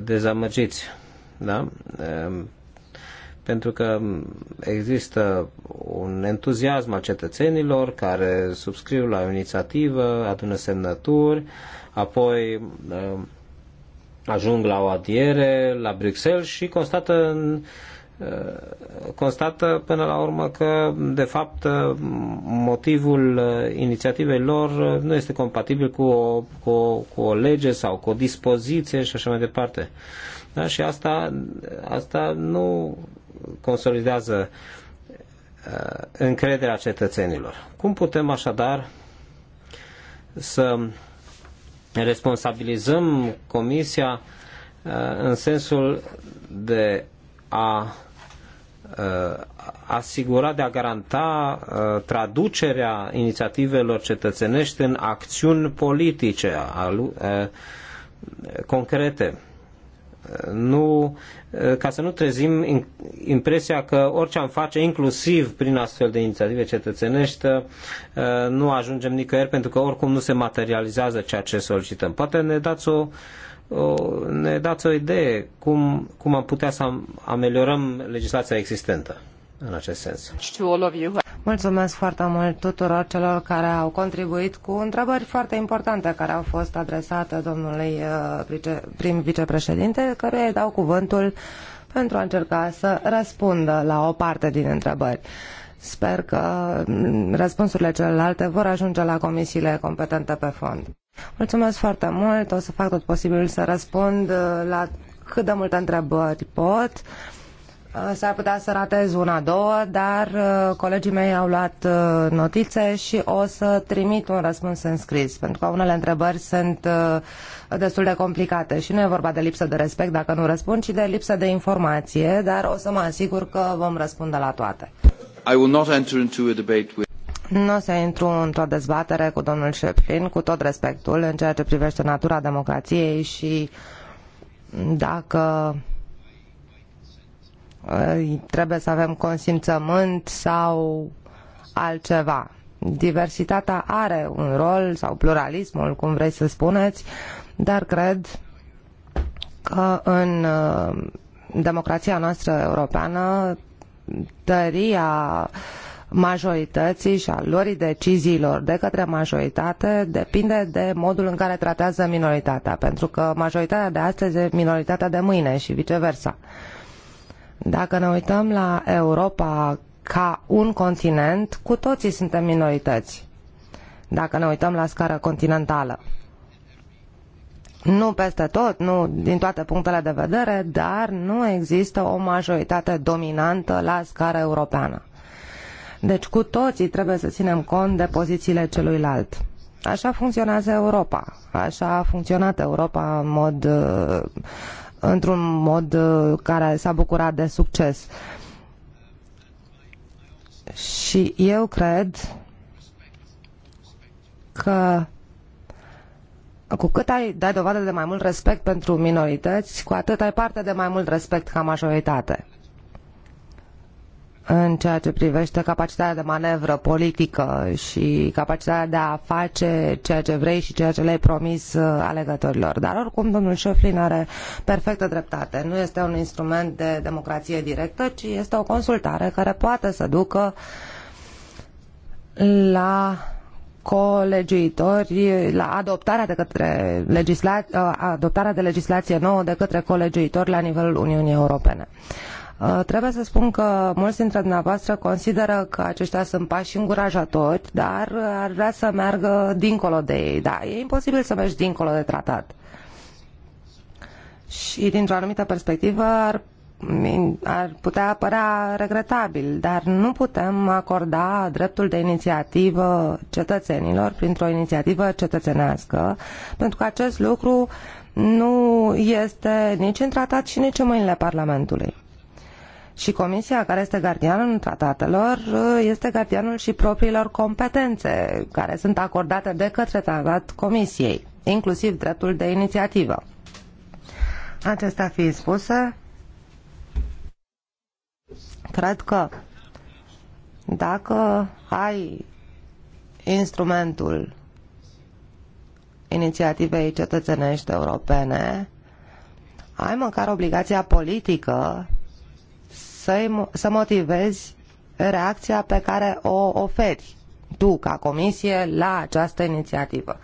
dezamăgiți. Da? Pentru că există un entuziasm al cetățenilor care subscriu la o inițiativă, adună semnături, apoi uh, ajung la o adiere la Bruxelles și constată în, uh, constată până la urmă că, de fapt, uh, motivul inițiativei lor nu este compatibil cu o, cu o, cu o lege sau cu o dispoziție și așa mai departe. Da? Și asta, asta nu consolidează încrederea cetățenilor. Cum putem așadar să responsabilizăm Comisia uh, în sensul de a uh, asigura, de a garanta uh, traducerea inițiativelor cetățenești în acțiuni politice concrete nu, eh, ca să nu trezim impresia că orice am face, inclusiv prin astfel de inițiative cetățenești, eh, nu ajungem nicăieri pentru că oricum nu se materializează ceea ce solicităm. Poate ne dați o, o, ne dați o idee cum, cum am putea să ameliorăm legislația existentă în acest sens. Mulțumesc foarte mult tuturor celor care au contribuit cu întrebări foarte importante care au fost adresate domnului uh, prim vicepreședinte, căruia îi dau cuvântul pentru a încerca să răspundă la o parte din întrebări. Sper că mm, răspunsurile celelalte vor ajunge la comisiile competente pe fond. Mulțumesc foarte mult, o să fac tot posibilul să răspund uh, la cât de multe întrebări pot. Uh, s-ar putea să ratez una, două, dar uh, colegii mei au luat uh, notițe și o să trimit un răspuns în scris, pentru că unele întrebări sunt destul de complicate și nu e vorba de lipsă de respect dacă nu răspund, ci de lipsă de informație, dar o să mă asigur că vom răspunde la toate. I will not enter into a debate with... Nu o să intru într-o dezbatere cu domnul Șeplin, cu tot respectul, în ceea ce privește natura democrației și dacă trebuie să avem consimțământ sau altceva. Diversitatea are un rol sau pluralismul, cum vrei să spuneți, dar cred că în uh, democrația noastră europeană tăria majorității și a luării deciziilor de către majoritate depinde de modul în care tratează minoritatea, pentru că majoritatea de astăzi e minoritatea de mâine și viceversa. Uh, dacă ne uităm la Europa ca un continent, cu toții suntem minorități, dacă ne uităm la scară continentală. Nu peste tot, nu din toate punctele de vedere, dar nu există o majoritate dominantă la scară europeană. Deci cu toții trebuie să ținem cont de pozițiile celuilalt. Așa funcționează Europa. Așa a funcționat Europa în mod într-un mod uh, care s-a bucurat de succes. Și eu cred că cu cât ai dai dovadă de mai mult respect pentru minorități, cu atât ai parte de mai mult respect ca majoritate în ceea ce privește capacitatea de manevră politică și capacitatea de a face ceea ce vrei și ceea ce le-ai promis uh, alegătorilor. Dar oricum, domnul Șeflin are perfectă dreptate. Nu este un instrument de democrație directă, ci este o consultare care poate să ducă la colegiuitori la adoptarea de, către legisla... Uh, adoptarea de legislație nouă de către colegiuitori la nivelul Uniunii Europene. Uh, trebuie să spun că mulți dintre dumneavoastră consideră că aceștia sunt pași încurajatori, dar ar vrea să meargă dincolo de ei. Da, e imposibil să mergi dincolo de tratat. Și dintr-o anumită perspectivă ar ar putea părea regretabil, dar nu putem acorda dreptul de inițiativă cetățenilor printr-o inițiativă cetățenească, pentru că acest lucru nu este nici în tratat și nici în mâinile Parlamentului. Și comisia, care este gardianul tratatelor, uh, este gardianul și propriilor competențe care sunt acordate de către tratat comisiei, inclusiv dreptul de inițiativă. Acestea fiind spuse, cred că dacă ai instrumentul inițiativei cetățenești europene, ai măcar obligația politică să, să motivezi reacția pe care o oferi tu ca comisie la această inițiativă.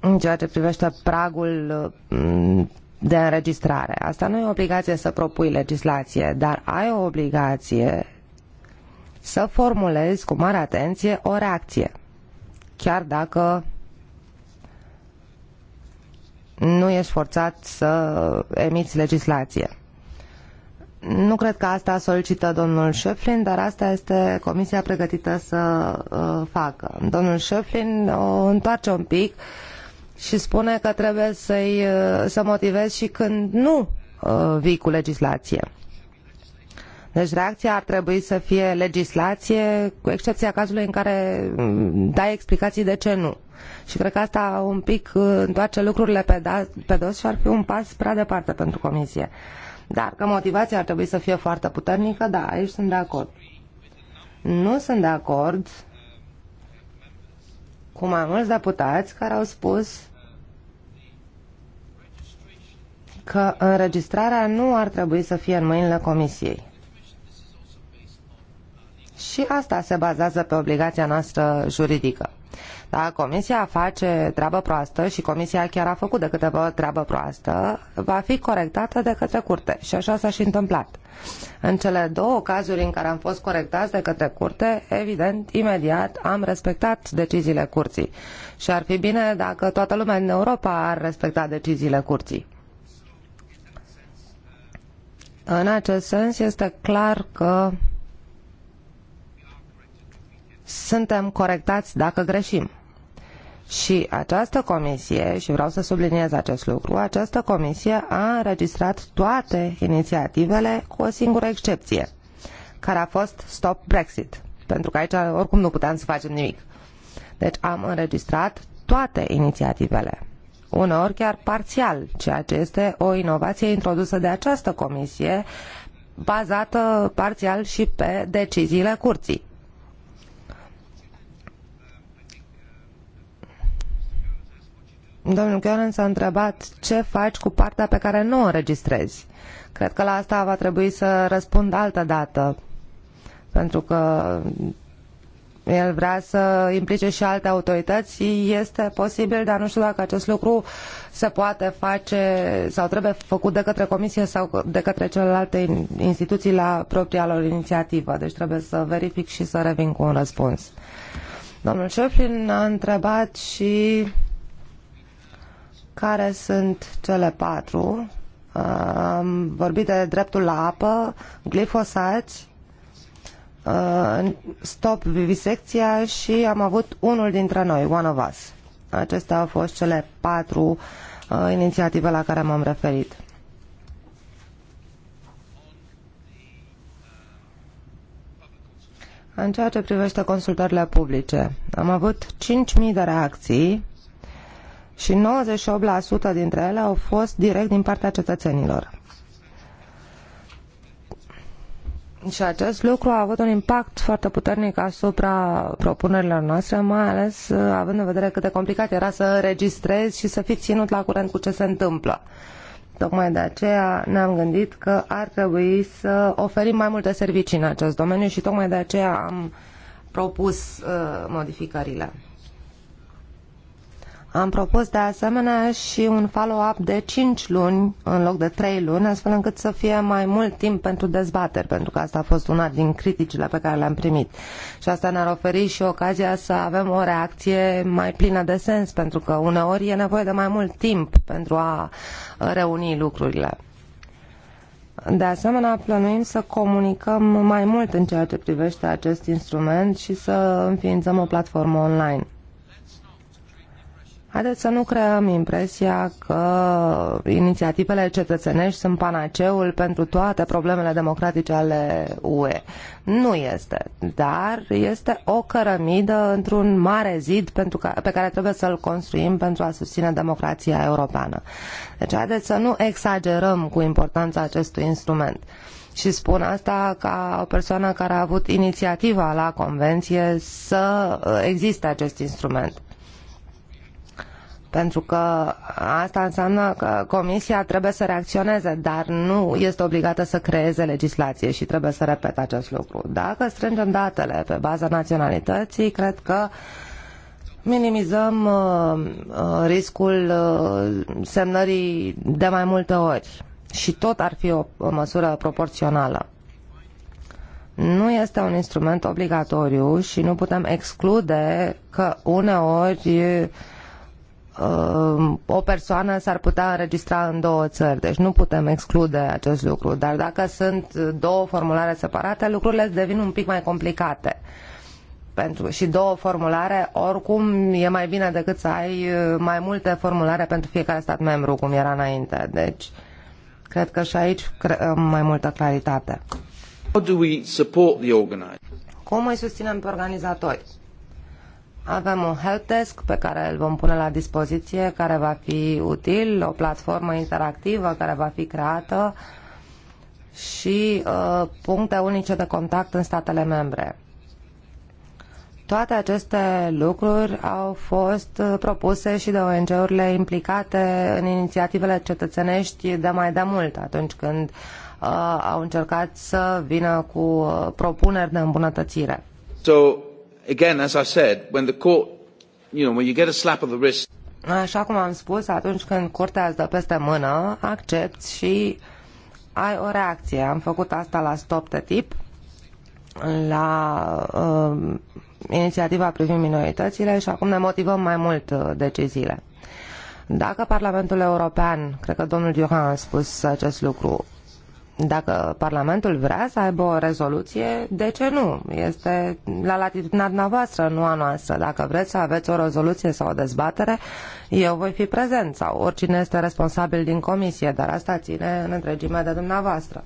În ceea ce privește pragul mm, de înregistrare. Asta nu e o obligație să propui legislație, dar ai o obligație să formulezi cu mare atenție o reacție. Chiar dacă nu ești forțat să emiți legislație. Nu cred că asta solicită domnul Schöflin, dar asta este comisia pregătită să uh, facă. Domnul Schöflin o întoarce un pic și spune că trebuie să-i, uh, să motivezi și când nu uh, vii cu legislație. Deci reacția ar trebui să fie legislație, cu excepția cazului în care mm, dai explicații de ce nu. Și cred că asta un pic uh, întoarce lucrurile pe, da, pe dos și ar fi un pas prea departe pentru comisie. Uh, dar că motivația ar trebui să fie foarte puternică, da, aici sunt de acord. Nu sunt de acord cu mai mulți deputați care au spus că înregistrarea nu ar trebui să fie în mâinile comisiei. Și asta se bazează pe obligația noastră juridică. Da, comisia face treabă proastă și comisia chiar a făcut de câteva treabă proastă, va fi corectată de către curte. Și așa s-a și întâmplat. În cele două cazuri în care am fost corectați de către curte, evident, imediat am respectat deciziile curții. Și ar fi bine dacă toată lumea în Europa ar respecta deciziile curții. În acest sens, este clar că suntem corectați dacă greșim. Și această comisie, și vreau să subliniez acest lucru, această comisie a înregistrat toate inițiativele cu o singură excepție, care a fost Stop Brexit, pentru că aici oricum nu puteam să facem nimic. Deci am înregistrat toate inițiativele, uneori chiar parțial, ceea ce este o inovație introdusă de această comisie, bazată parțial și pe deciziile curții. Domnul Chioren s-a întrebat ce faci cu partea pe care nu o înregistrezi. Cred că la asta va trebui să răspund altă dată, pentru că el vrea să implice și alte autorități. Este posibil, dar nu știu dacă acest lucru se poate face sau trebuie făcut de către Comisie sau de către celelalte instituții la propria lor inițiativă. Deci trebuie să verific și să revin cu un răspuns. Domnul Șeflin a întrebat și care sunt cele patru. Am vorbit de dreptul la apă, glifosați, uh, stop vivisecția și am avut unul dintre noi, One of Us. Acestea au fost cele patru uh, inițiative la care m-am referit. În ceea ce privește consultările publice, am avut 5.000 de reacții și 98% dintre ele au fost direct din partea cetățenilor. Și acest lucru a avut un impact foarte puternic asupra propunerilor noastre, mai ales uh, având în vedere cât de complicat era să registrezi și să fii ținut la curent cu ce se întâmplă. Tocmai de aceea ne-am gândit că ar trebui să oferim mai multe servicii în acest domeniu și tocmai de aceea am propus uh, modificările. Am propus de asemenea și un follow-up de 5 luni în loc de 3 luni, astfel încât să fie mai mult timp pentru dezbateri, pentru că asta a fost una din criticile pe care le-am primit. Și asta ne-ar oferi și ocazia să avem o reacție mai plină de sens, pentru că uneori e nevoie de mai mult timp pentru a reuni lucrurile. De asemenea, plănuim să comunicăm mai mult în ceea ce privește acest instrument și să înființăm o platformă online. Haideți să nu creăm impresia că inițiativele cetățenești sunt panaceul pentru toate problemele democratice ale UE. Nu este, dar este o cărămidă într-un mare zid pentru ca, pe care trebuie să-l construim pentru a susține democrația europeană. Deci haideți să nu exagerăm cu importanța acestui instrument. Și spun asta ca o persoană care a avut inițiativa la convenție să uh, existe acest instrument pentru că asta înseamnă că Comisia trebuie să reacționeze, dar nu este obligată să creeze legislație și trebuie să repet acest lucru. Dacă strângem datele pe baza naționalității, cred că minimizăm uh, uh, riscul uh, semnării de mai multe ori și tot ar fi o, o măsură proporțională. Nu este un instrument obligatoriu și nu putem exclude că uneori uh, Um, o persoană s-ar putea înregistra în două țări, deci nu putem exclude acest lucru. Dar dacă sunt două formulare separate, lucrurile devin un pic mai complicate. Pentru, și două formulare, oricum e mai bine decât să ai uh, mai multe formulare pentru fiecare stat membru, cum era înainte. Deci, cred că și aici mai multă claritate. Cum îi susținem pe organizatori? Avem un helpdesk pe care îl vom pune la dispoziție, care va fi util, o platformă interactivă care va fi creată și uh, puncte unice de contact în statele membre. Toate aceste lucruri au fost uh, propuse și de ONG-urile implicate în inițiativele cetățenești de mai de mult, atunci când uh, au încercat să vină cu uh, propuneri de îmbunătățire. So again, as I said, when the court, you know, when you get a slap on the wrist. Așa cum am spus, atunci când curtea îți dă peste mână, accepti și ai o reacție. Am făcut asta la Stop the Tip, la uh, inițiativa privind minoritățile și acum ne motivăm mai mult uh, deciziile. Dacă Parlamentul European, cred că domnul Johan a spus acest lucru, dacă Parlamentul vrea să aibă o rezoluție, de ce nu? Este la latitudinea dumneavoastră, nu a noastră. Dacă vreți să aveți o rezoluție sau o dezbatere, eu voi fi prezent sau oricine este responsabil din comisie, dar asta ține în întregime de dumneavoastră.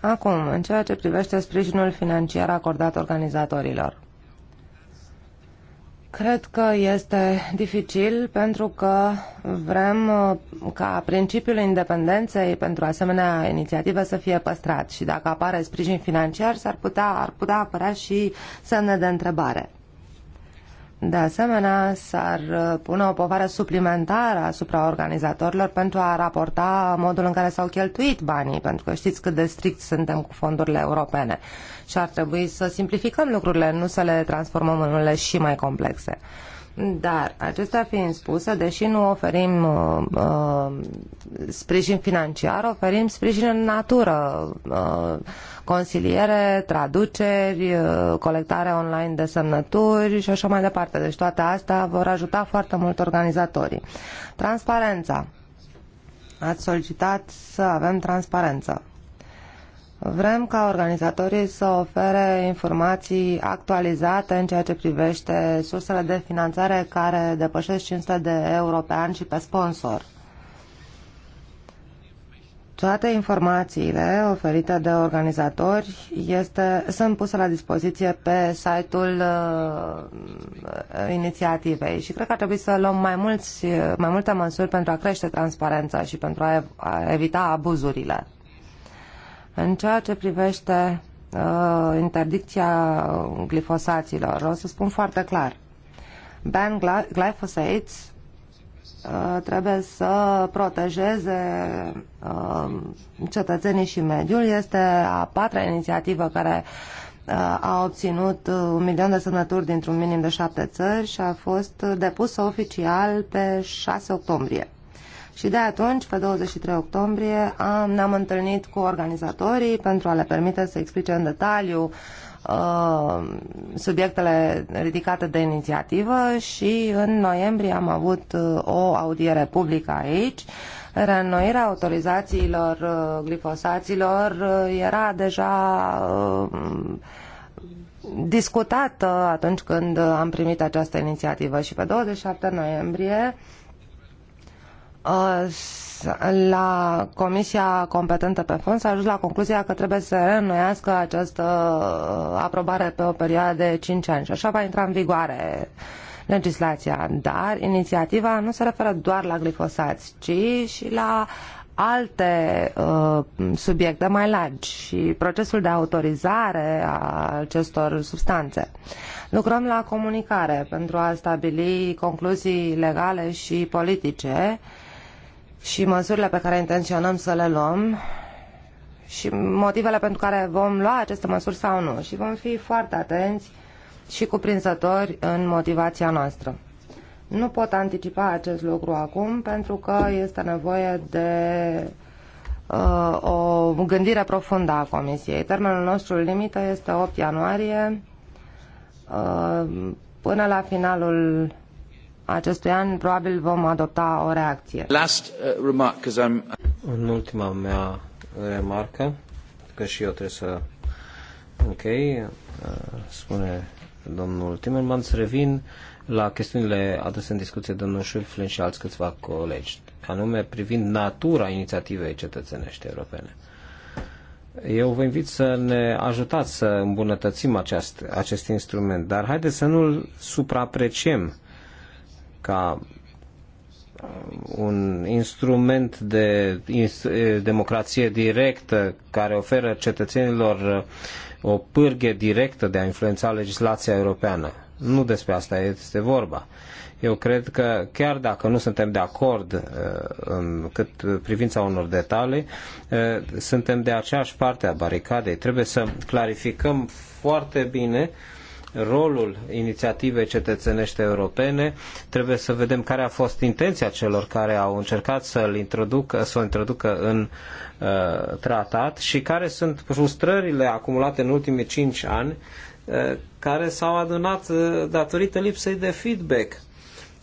Acum, în ceea ce privește sprijinul financiar acordat organizatorilor. Cred că este dificil pentru că vrem uh, ca principiul independenței pentru asemenea inițiative să fie păstrat și dacă apare sprijin financiar s-ar putea, ar putea apărea și semne de întrebare. De asemenea, s-ar uh, pune o povară suplimentară asupra organizatorilor pentru a raporta modul în care s-au cheltuit banii, pentru că știți cât de strict suntem cu fondurile europene și ar trebui să simplificăm lucrurile, nu să le transformăm în unele și mai complexe. Dar, acestea fiind spuse, deși nu oferim uh, uh, sprijin financiar, oferim sprijin în natură, uh, consiliere, traduceri, uh, colectare online de semnături și așa mai departe. Deci toate astea vor ajuta foarte mult organizatorii. Transparența. Ați solicitat să avem transparență. Vrem ca organizatorii să ofere informații actualizate în ceea ce privește sursele de finanțare care depășesc 500 de euro pe an și pe sponsor. Toate informațiile oferite de organizatori este, sunt puse la dispoziție pe site-ul uh, inițiativei și cred că ar trebui să luăm mai, mulți, mai multe măsuri pentru a crește transparența și pentru a, ev a evita abuzurile. În ceea ce privește uh, interdicția glifosaților, o să spun foarte clar. Ban glyphosate uh, trebuie să protejeze uh, cetățenii și mediul. Este a patra inițiativă care uh, a obținut uh, un milion de semnături dintr-un minim de șapte țări și a fost depusă oficial pe 6 octombrie. Și de atunci, pe 23 octombrie, am, ne-am întâlnit cu organizatorii pentru a le permite să explice în detaliu uh, subiectele ridicate de inițiativă și în noiembrie am avut uh, o audiere publică aici reînnoirea autorizațiilor uh, glifosaților era deja discutată atunci când am primit această inițiativă și pe 27 noiembrie Uh, la Comisia competentă pe fond s-a ajuns la concluzia că trebuie să reînnoiască această uh, aprobare pe o perioadă de 5 ani și așa va intra în vigoare legislația. Dar inițiativa nu se referă doar la glifosați, ci și la alte uh, subiecte mai largi și procesul de autorizare a acestor substanțe. Lucrăm la comunicare pentru a stabili concluzii legale și politice uh, și măsurile pe care intenționăm să le luăm și motivele pentru care vom lua aceste măsuri sau nu și vom fi foarte atenți și cuprinzători în motivația noastră. Nu pot anticipa acest lucru acum pentru că este nevoie de uh, o gândire profundă a Comisiei. Termenul nostru limită este 8 ianuarie. Uh, până la finalul acestui an probabil vom adopta o reacție. Last uh, remark, I'm... În ultima mea remarcă, că și eu trebuie să închei, uh, spune domnul Timmermans, revin la chestiunile aduse în discuție domnul Schulflin și alți câțiva colegi, anume privind natura inițiativei cetățenești europene. Eu vă invit să ne ajutați să îmbunătățim acest acest instrument, dar haideți să nu-l supraapreciem ca um, un instrument de democrație directă care oferă cetățenilor uh, o pârghie directă de a influența legislația europeană. Nu despre asta este vorba. Eu cred că chiar dacă nu suntem de acord uh, în cât uh, privința unor detalii, suntem de aceeași parte a baricadei. Trebuie să clarificăm foarte bine uh, rolul inițiativei cetățenești europene. Trebuie să vedem care a fost intenția celor care au încercat să-l introducă, să o introducă în uh, tratat și care sunt frustrările acumulate în ultimii cinci ani uh, care s-au adunat uh, datorită lipsei de feedback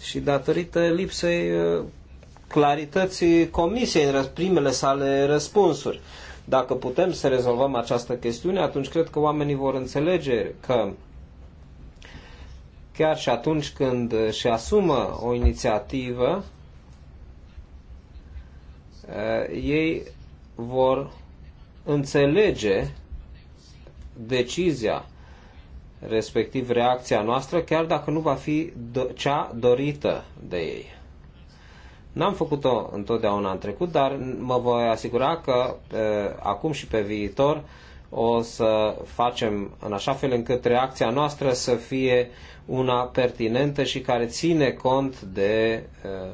și datorită lipsei uh, clarității comisiei în primele sale răspunsuri. Dacă putem să rezolvăm această chestiune, atunci cred că oamenii vor înțelege că chiar și atunci când își asumă o inițiativă, eh, ei vor înțelege decizia, respectiv reacția noastră, chiar dacă nu va fi cea dorită de ei. N-am făcut-o întotdeauna în trecut, dar mă voi asigura că eh, acum și pe viitor o să facem în așa fel încât reacția noastră să fie una pertinentă și care ține cont de uh,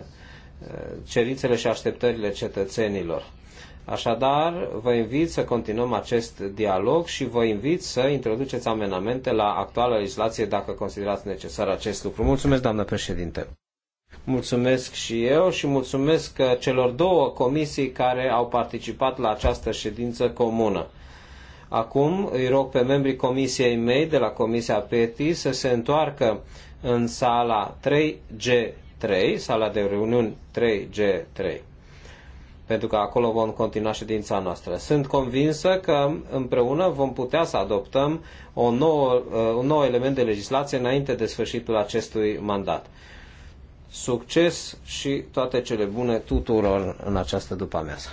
uh, cerințele și așteptările cetățenilor. Așadar, vă invit să continuăm acest dialog și vă invit să introduceți amenamente la actuala legislație dacă considerați necesar acest lucru. Mulțumesc, doamnă președinte! Mulțumesc și eu și mulțumesc celor două comisii care au participat la această ședință comună. Acum îi rog pe membrii comisiei mei de la Comisia PETI să se întoarcă în sala 3G3, sala de reuniuni 3G3 pentru că acolo vom continua ședința noastră. Sunt convinsă că împreună vom putea să adoptăm o nouă, uh, un nou element de legislație înainte de sfârșitul acestui mandat. Succes și toate cele bune tuturor în această după amiază.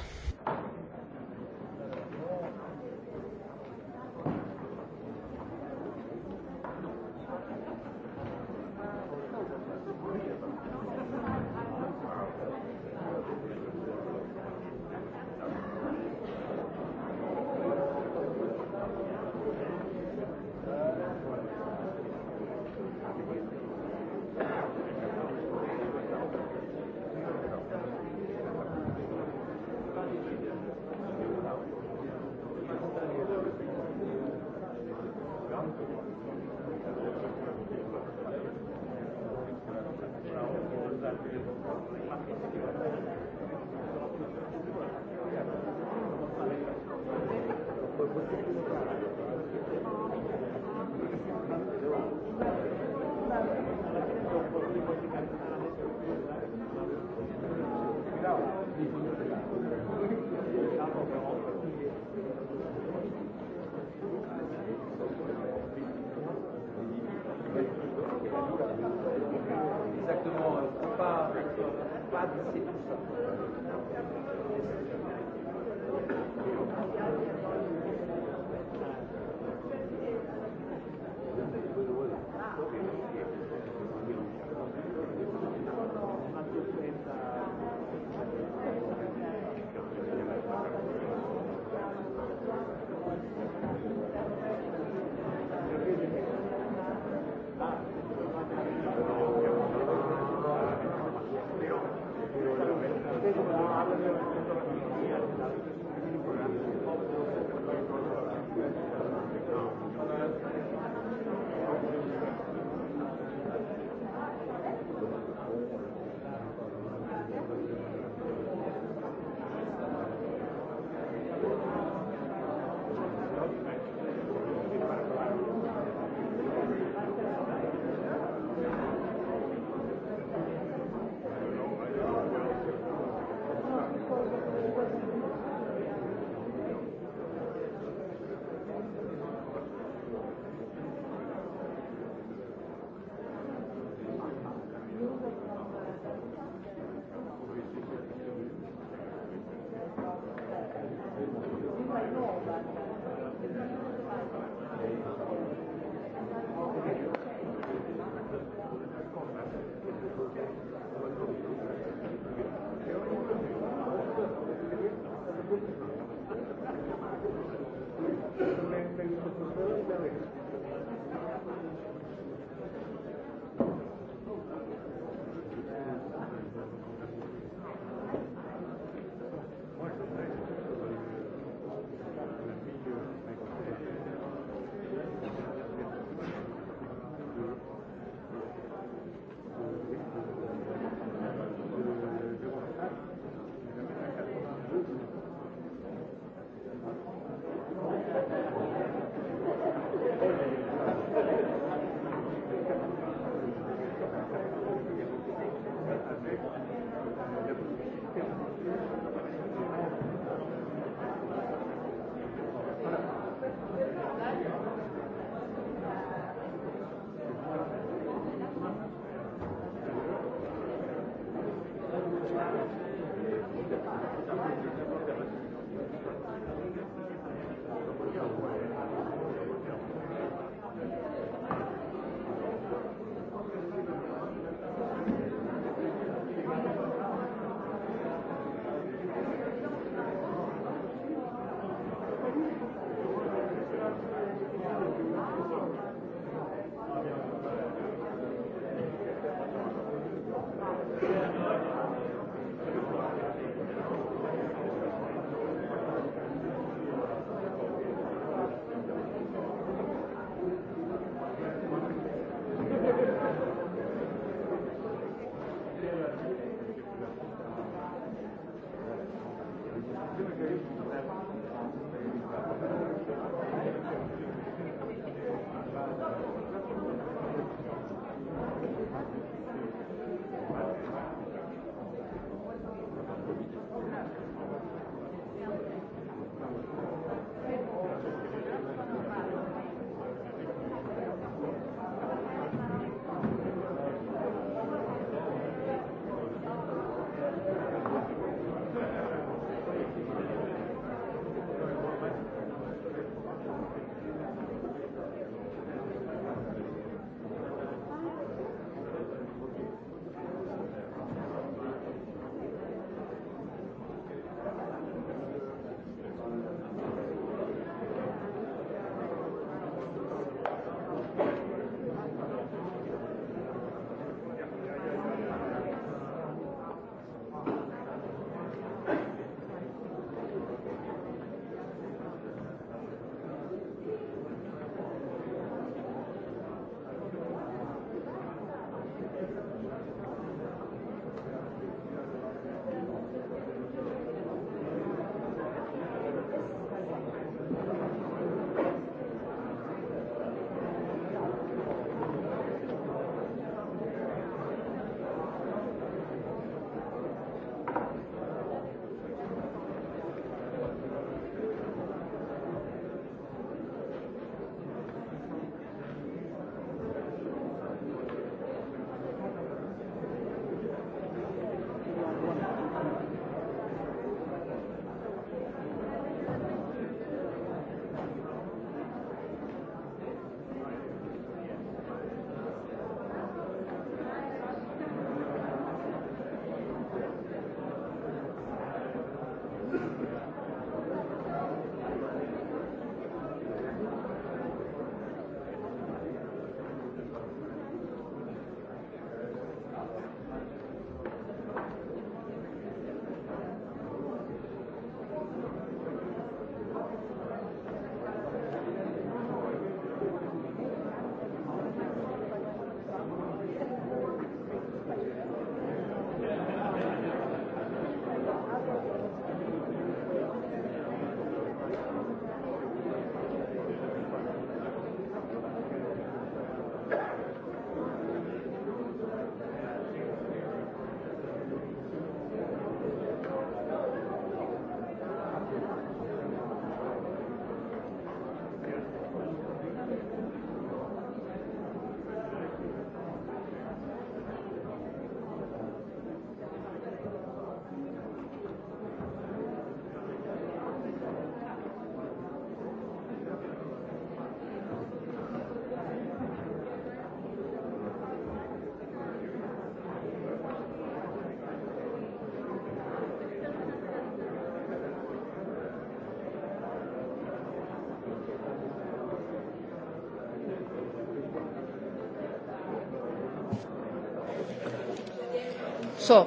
So. <laughs>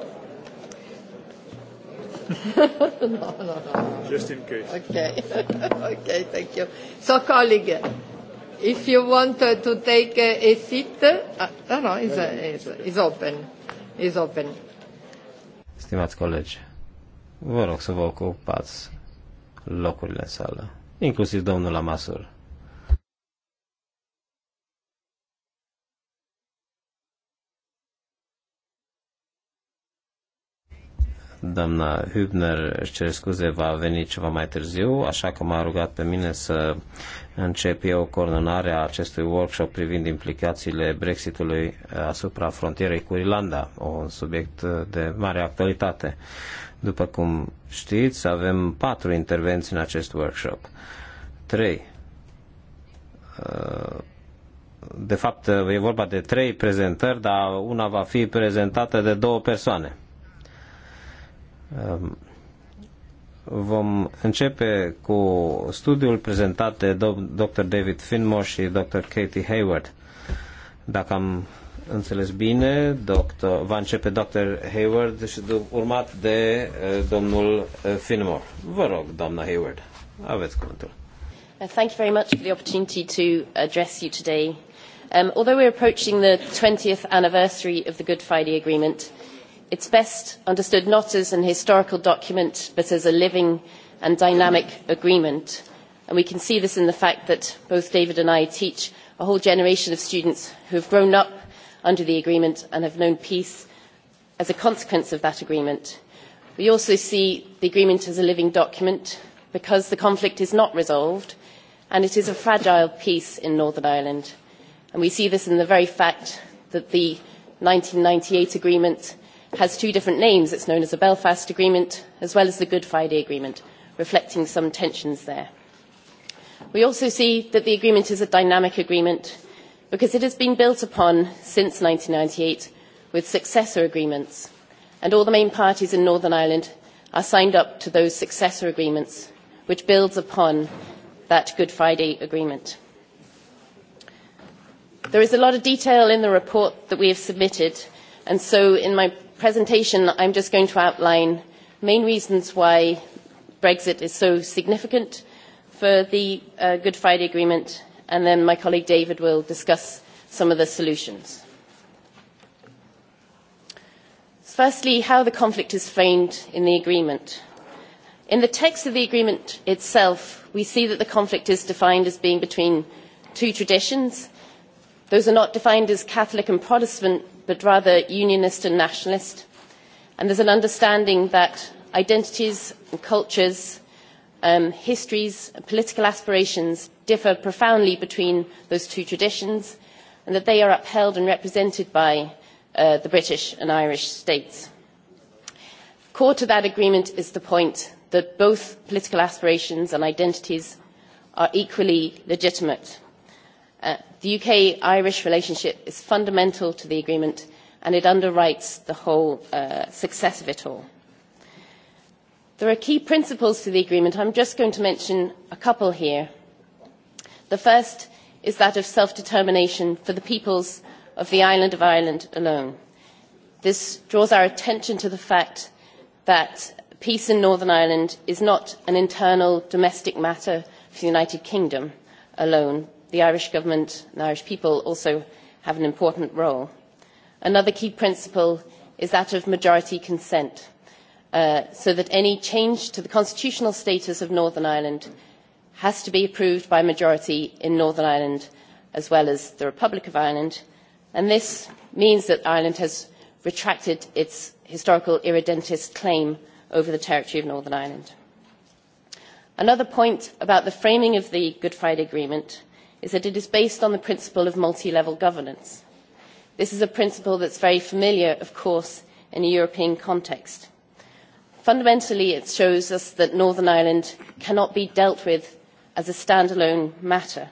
no, no, no. Just in case. Okay. <laughs> okay, thank you. So, colleague, if you want uh, to take uh, a seat, uh, no, no, it's, uh, it's, it's open. It's open. Stimați colegi, vă rog să vă ocupați locurile în sală, inclusiv domnul Amasur. Doamna Hübner își scuze, va veni ceva mai târziu, așa că m-a rugat pe mine să încep eu coordonarea acestui workshop privind implicațiile Brexitului asupra frontierei cu Irlanda, un subiect de mare actualitate. După cum știți, avem patru intervenții în acest workshop. Trei. De fapt, e vorba de trei prezentări, dar una va fi prezentată de două persoane Ehm, vom începe cu studiul prezentat de Dr. David Finmore și Dr. Katie Hayward. Dacă am înțeles bine, doctor, va începe Dr. Hayward și urmat de eh, domnul eh, Finmore. Vă rog, doamna Hayward, aveți cuvântul. Uh, thank you very much for the opportunity to address you today. Um, although we're approaching the 20th anniversary of the Good Friday Agreement, it is best understood not as an historical document but as a living and dynamic agreement and we can see this in the fact that both david and i teach a whole generation of students who have grown up under the agreement and have known peace as a consequence of that agreement. we also see the agreement as a living document because the conflict is not resolved and it is a fragile peace in northern ireland and we see this in the very fact that the one thousand nine hundred and ninety eight agreement has two different names. It's known as the Belfast Agreement as well as the Good Friday Agreement, reflecting some tensions there. We also see that the agreement is a dynamic agreement because it has been built upon since 1998 with successor agreements, and all the main parties in Northern Ireland are signed up to those successor agreements, which builds upon that Good Friday Agreement. There is a lot of detail in the report that we have submitted, and so in my presentation, I'm just going to outline main reasons why Brexit is so significant for the uh, Good Friday Agreement, and then my colleague David will discuss some of the solutions. Firstly, how the conflict is framed in the agreement. In the text of the agreement itself, we see that the conflict is defined as being between two traditions. Those are not defined as Catholic and Protestant, but rather unionist and nationalist. And there's an understanding that identities and cultures, um, histories and political aspirations differ profoundly between those two traditions and that they are upheld and represented by uh, the British and Irish states. Core to that agreement is the point that both political aspirations and identities are equally legitimate. Uh, the uk irish relationship is fundamental to the agreement and it underwrites the whole uh, success of it all. there are key principles to the agreement. i am just going to mention a couple here. the first is that of self determination for the peoples of the island of ireland alone. this draws our attention to the fact that peace in northern ireland is not an internal domestic matter for the united kingdom alone the irish government and irish people also have an important role. another key principle is that of majority consent uh, so that any change to the constitutional status of northern ireland has to be approved by a majority in northern ireland as well as the republic of ireland and this means that ireland has retracted its historical irredentist claim over the territory of northern ireland. another point about the framing of the good friday agreement is that it is based on the principle of multi-level governance. This is a principle that is very familiar, of course, in a European context. Fundamentally, it shows us that Northern Ireland cannot be dealt with as a standalone matter.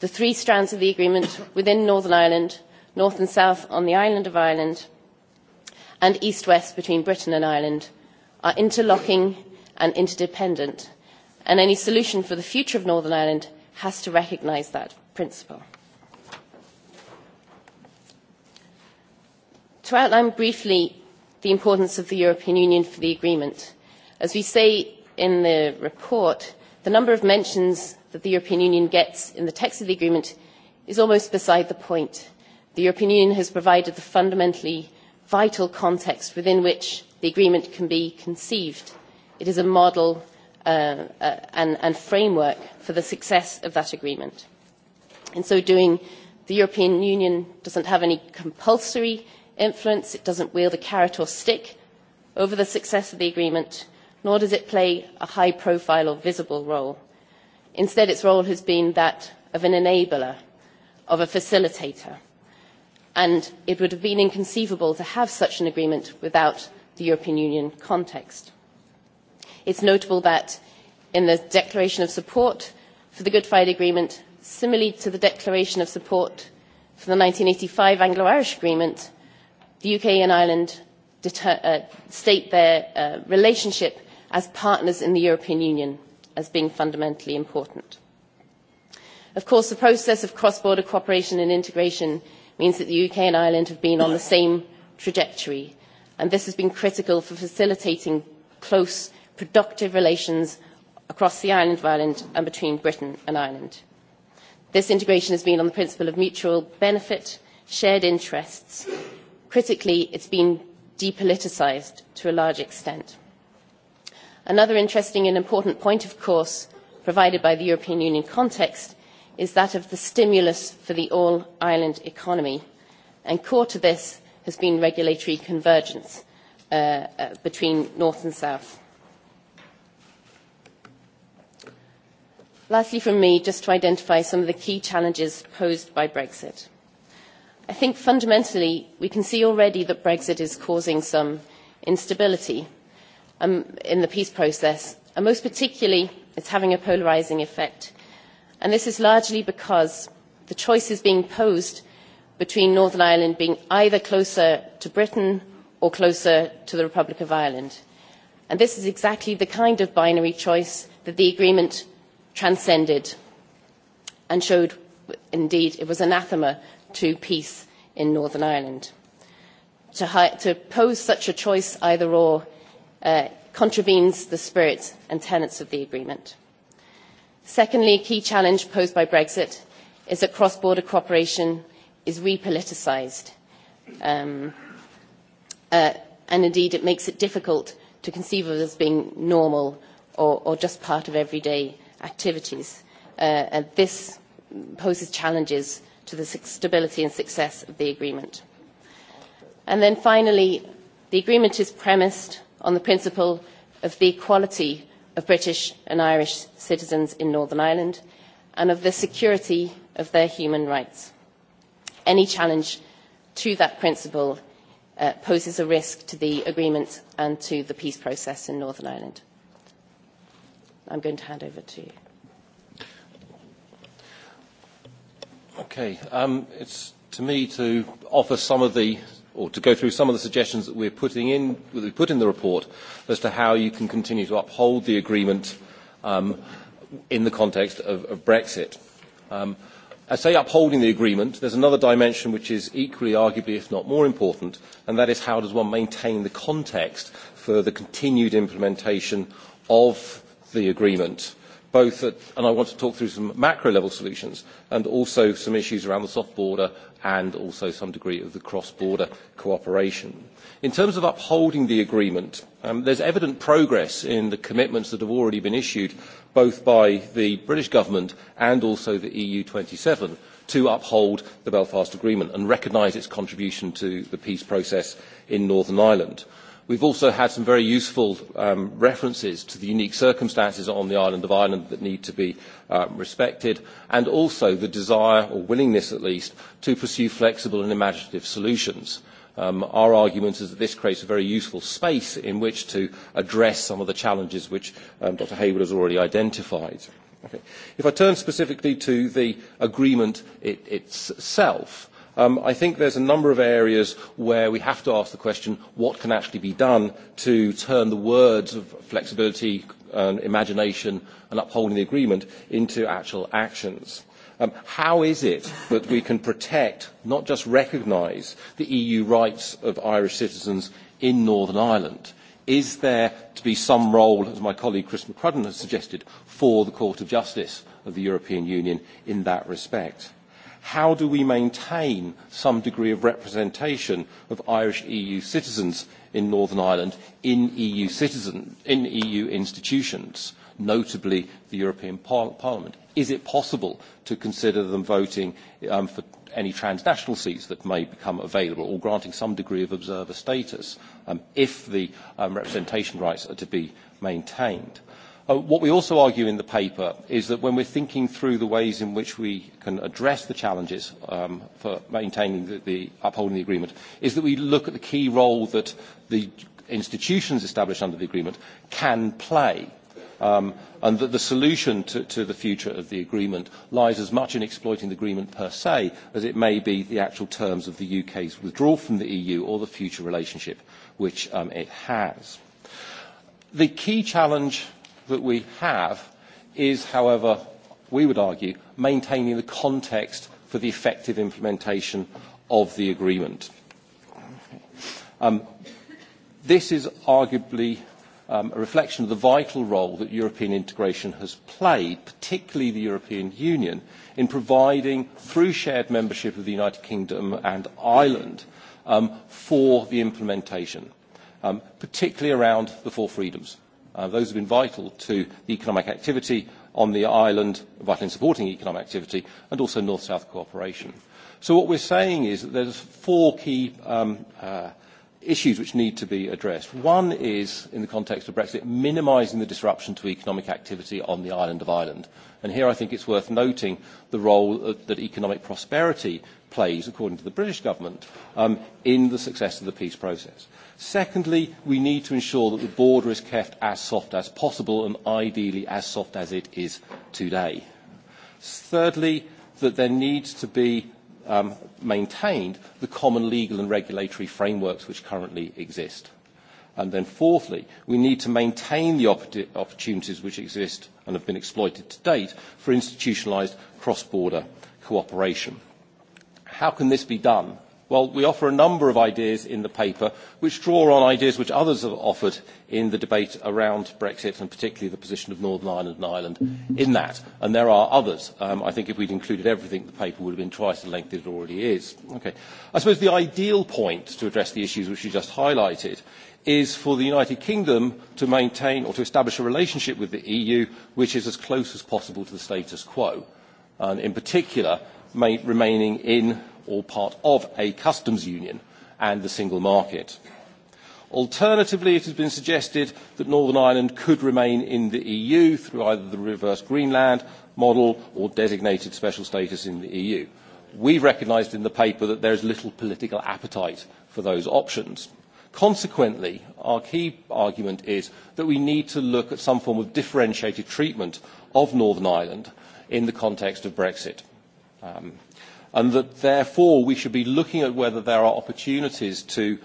The three strands of the agreement within Northern Ireland, North and South on the island of Ireland, and East-West between Britain and Ireland are interlocking and interdependent, and any solution for the future of Northern Ireland has to recognise that principle. To outline briefly the importance of the European Union for the agreement, as we say in the report, the number of mentions that the European Union gets in the text of the agreement is almost beside the point. The European Union has provided the fundamentally vital context within which the agreement can be conceived. It is a model and, uh, uh, and framework for the success of that agreement. In so doing, the European Union doesn't have any compulsory influence, it doesn't wield a carrot or stick over the success of the agreement, nor does it play a high profile or visible role. Instead, its role has been that of an enabler, of a facilitator. And it would have been inconceivable to have such an agreement without the European Union context. It's notable that in the declaration of support for the Good Friday Agreement, similarly to the declaration of support for the 1985 Anglo-Irish Agreement, the UK and Ireland uh, state their uh, relationship as partners in the European Union as being fundamentally important. Of course, the process of cross-border cooperation and integration means that the UK and Ireland have been on the same trajectory, and this has been critical for facilitating close productive relations across the island of Ireland and between Britain and Ireland. This integration has been on the principle of mutual benefit, shared interests. Critically, it's been depoliticised to a large extent. Another interesting and important point, of course, provided by the European Union context is that of the stimulus for the all-Ireland economy. And core to this has been regulatory convergence uh, uh, between North and South. lastly from me just to identify some of the key challenges posed by brexit i think fundamentally we can see already that brexit is causing some instability um, in the peace process and most particularly it's having a polarising effect and this is largely because the choice is being posed between northern ireland being either closer to britain or closer to the republic of ireland and this is exactly the kind of binary choice that the agreement transcended and showed indeed it was anathema to peace in Northern Ireland. To, to pose such a choice, either or, uh, contravenes the spirit and tenets of the agreement. Secondly, a key challenge posed by Brexit is that cross-border cooperation is repoliticised, um, uh, and indeed it makes it difficult to conceive of as being normal or, or just part of everyday activities uh, and this poses challenges to the stability and success of the agreement. And then finally, the agreement is premised on the principle of the equality of British and Irish citizens in Northern Ireland and of the security of their human rights. Any challenge to that principle uh, poses a risk to the agreement and to the peace process in Northern Ireland. I'm going to hand over to you. Okay. Um, it's to me to offer some of the or to go through some of the suggestions that we're putting in, that we put in the report as to how you can continue to uphold the agreement um, in the context of, of Brexit. Um, I say upholding the agreement, there's another dimension which is equally, arguably, if not more important, and that is how does one maintain the context for the continued implementation of the agreement, both at, and I want to talk through some macro level solutions and also some issues around the soft border and also some degree of the cross-border cooperation. In terms of upholding the agreement, um, there's evident progress in the commitments that have already been issued both by the British government and also the EU27 to uphold the Belfast Agreement and recognise its contribution to the peace process in Northern Ireland. We've also had some very useful um, references to the unique circumstances on the island of Ireland that need to be um, respected, and also the desire, or willingness at least, to pursue flexible and imaginative solutions. Um, our argument is that this creates a very useful space in which to address some of the challenges which um, Dr. Hayward has already identified. Okay. If I turn specifically to the agreement it, itself, Um, I think there's a number of areas where we have to ask the question, what can actually be done to turn the words of flexibility and imagination and upholding the agreement into actual actions? Um, how is it that we can protect, not just recognise, the EU rights of Irish citizens in Northern Ireland? Is there to be some role, as my colleague Chris McCrudden has suggested, for the Court of Justice of the European Union in that respect? how do we maintain some degree of representation of Irish EU citizens in Northern Ireland in EU, citizen, in EU institutions, notably the European par Parliament? Is it possible to consider them voting um, for any transnational seats that may become available or granting some degree of observer status um, if the um, representation rights are to be maintained? Uh, what we also argue in the paper is that when we're thinking through the ways in which we can address the challenges um, for maintaining the, the upholding the agreement is that we look at the key role that the institutions established under the agreement can play um, and that the solution to, to the future of the agreement lies as much in exploiting the agreement per se as it may be the actual terms of the UK's withdrawal from the EU or the future relationship which um, it has. The key challenge that we have is, however, we would argue, maintaining the context for the effective implementation of the agreement. Um, this is arguably um, a reflection of the vital role that European integration has played, particularly the European Union, in providing, through shared membership of the United Kingdom and Ireland, um, for the implementation, um, particularly around the four freedoms Uh, those have been vital to the economic activity on the island, vital in supporting economic activity, and also north-south cooperation. So what we're saying is that there's four key um, uh, issues which need to be addressed. One is, in the context of Brexit, minimising the disruption to economic activity on the island of Ireland. And here I think it's worth noting the role that economic prosperity plays, according to the British government, um, in the success of the peace process. Secondly, we need to ensure that the border is kept as soft as possible and ideally as soft as it is today. Thirdly, that there needs to be um, maintained the common legal and regulatory frameworks which currently exist. And then fourthly, we need to maintain the opportunities which exist and have been exploited to date for institutionalised cross-border cooperation how can this be done? Well, we offer a number of ideas in the paper which draw on ideas which others have offered in the debate around Brexit and particularly the position of Northern Ireland and Ireland in that. And there are others. Um, I think if we'd included everything, the paper would have been twice the length it already is. Okay. I suppose the ideal point to address the issues which you just highlighted is for the United Kingdom to maintain or to establish a relationship with the EU which is as close as possible to the status quo. And in particular, remaining in or part of a customs union and the single market. Alternatively, it has been suggested that Northern Ireland could remain in the EU through either the reverse Greenland model or designated special status in the EU. We've recognised in the paper that there is little political appetite for those options. Consequently, our key argument is that we need to look at some form of differentiated treatment of Northern Ireland in the context of Brexit. Um, and that therefore we should be looking at whether there are opportunities to,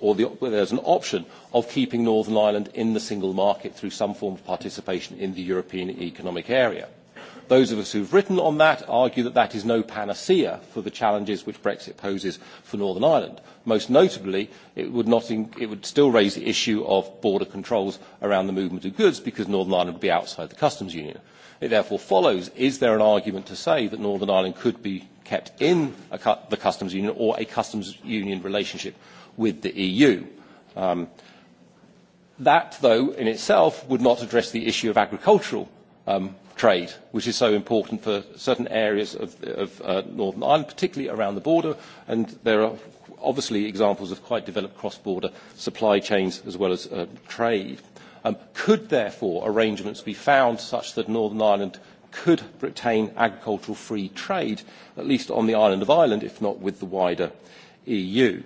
or the, whether there's an option of keeping Northern Ireland in the single market through some form of participation in the European Economic Area. Those of us who've written on that argue that that is no panacea for the challenges which Brexit poses for Northern Ireland. Most notably, it would, not in, it would still raise the issue of border controls around the movement of goods because Northern Ireland would be outside the customs union. It therefore follows, is there an argument to say that Northern Ireland could be kept in cu the customs union or a customs union relationship with the EU? Um, that, though, in itself would not address the issue of agricultural um, trade, which is so important for certain areas of, of uh, Northern Ireland, particularly around the border, and there are obviously examples of quite developed cross-border supply chains as well as uh, trade. Um, could therefore arrangements be found such that Northern Ireland could retain agricultural free trade, at least on the island of Ireland, if not with the wider EU?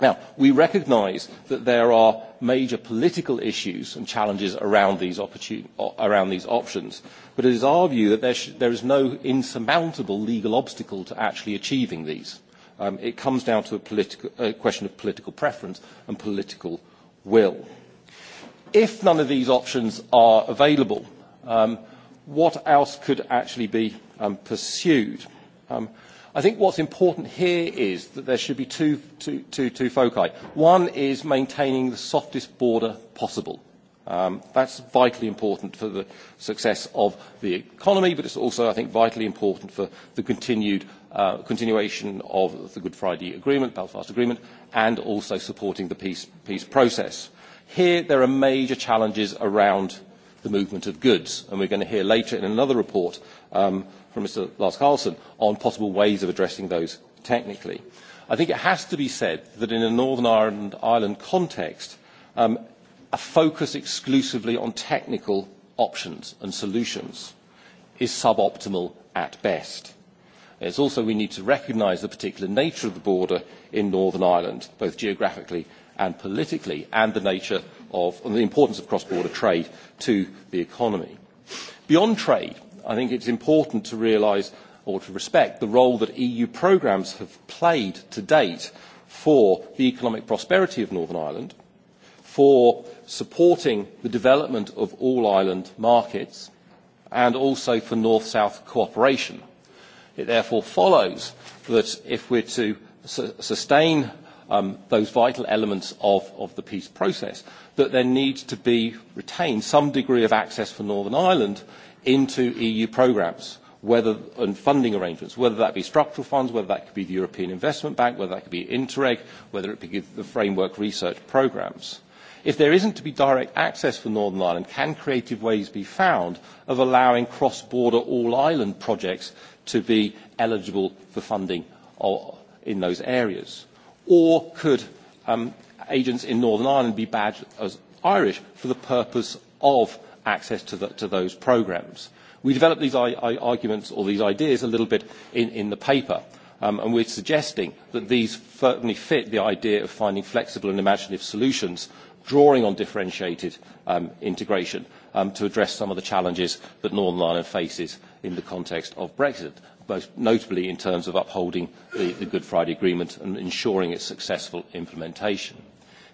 Now, we recognise that there are major political issues and challenges around these, around these options, but it is our view that there, there is no insurmountable legal obstacle to actually achieving these. Um, it comes down to a, a question of political preference and political will if none of these options are available, um, what else could actually be um, pursued? Um, I think what's important here is that there should be two, two, two, two foci. One is maintaining the softest border possible. Um, that's vitally important for the success of the economy, but it's also, I think, vitally important for the continued uh, continuation of the Good Friday Agreement, Belfast Agreement, and also supporting the peace, peace process. Here there are major challenges around the movement of goods, and we're going to hear later in another report um, from Mr Lars Carlson on possible ways of addressing those technically. I think it has to be said that in a Northern Ireland, Ireland context, um, a focus exclusively on technical options and solutions is suboptimal at best. It's also we need to recognise the particular nature of the border in Northern Ireland, both geographically and politically and the nature of and the importance of cross-border trade to the economy. Beyond trade, I think it's important to realise or to respect the role that EU programmes have played to date for the economic prosperity of Northern Ireland, for supporting the development of all-island markets, and also for north-south cooperation. It therefore follows that if we're to su sustain um, those vital elements of, of the peace process, that there needs to be retained some degree of access for Northern Ireland into EU programmes whether and funding arrangements, whether that be structural funds, whether that could be the European Investment Bank, whether that could be Interreg, whether it be the framework research programmes. If there isn't to be direct access for Northern Ireland, can creative ways be found of allowing cross-border all-island projects to be eligible for funding in those areas? or could um, agents in Northern Ireland be badged as Irish for the purpose of access to, the, to those programs? We developed these I, I arguments or these ideas a little bit in, in the paper, um, and we're suggesting that these certainly fit the idea of finding flexible and imaginative solutions drawing on differentiated um, integration um, to address some of the challenges that Northern Ireland faces in the context of Brexit most notably in terms of upholding the, the Good Friday Agreement and ensuring its successful implementation.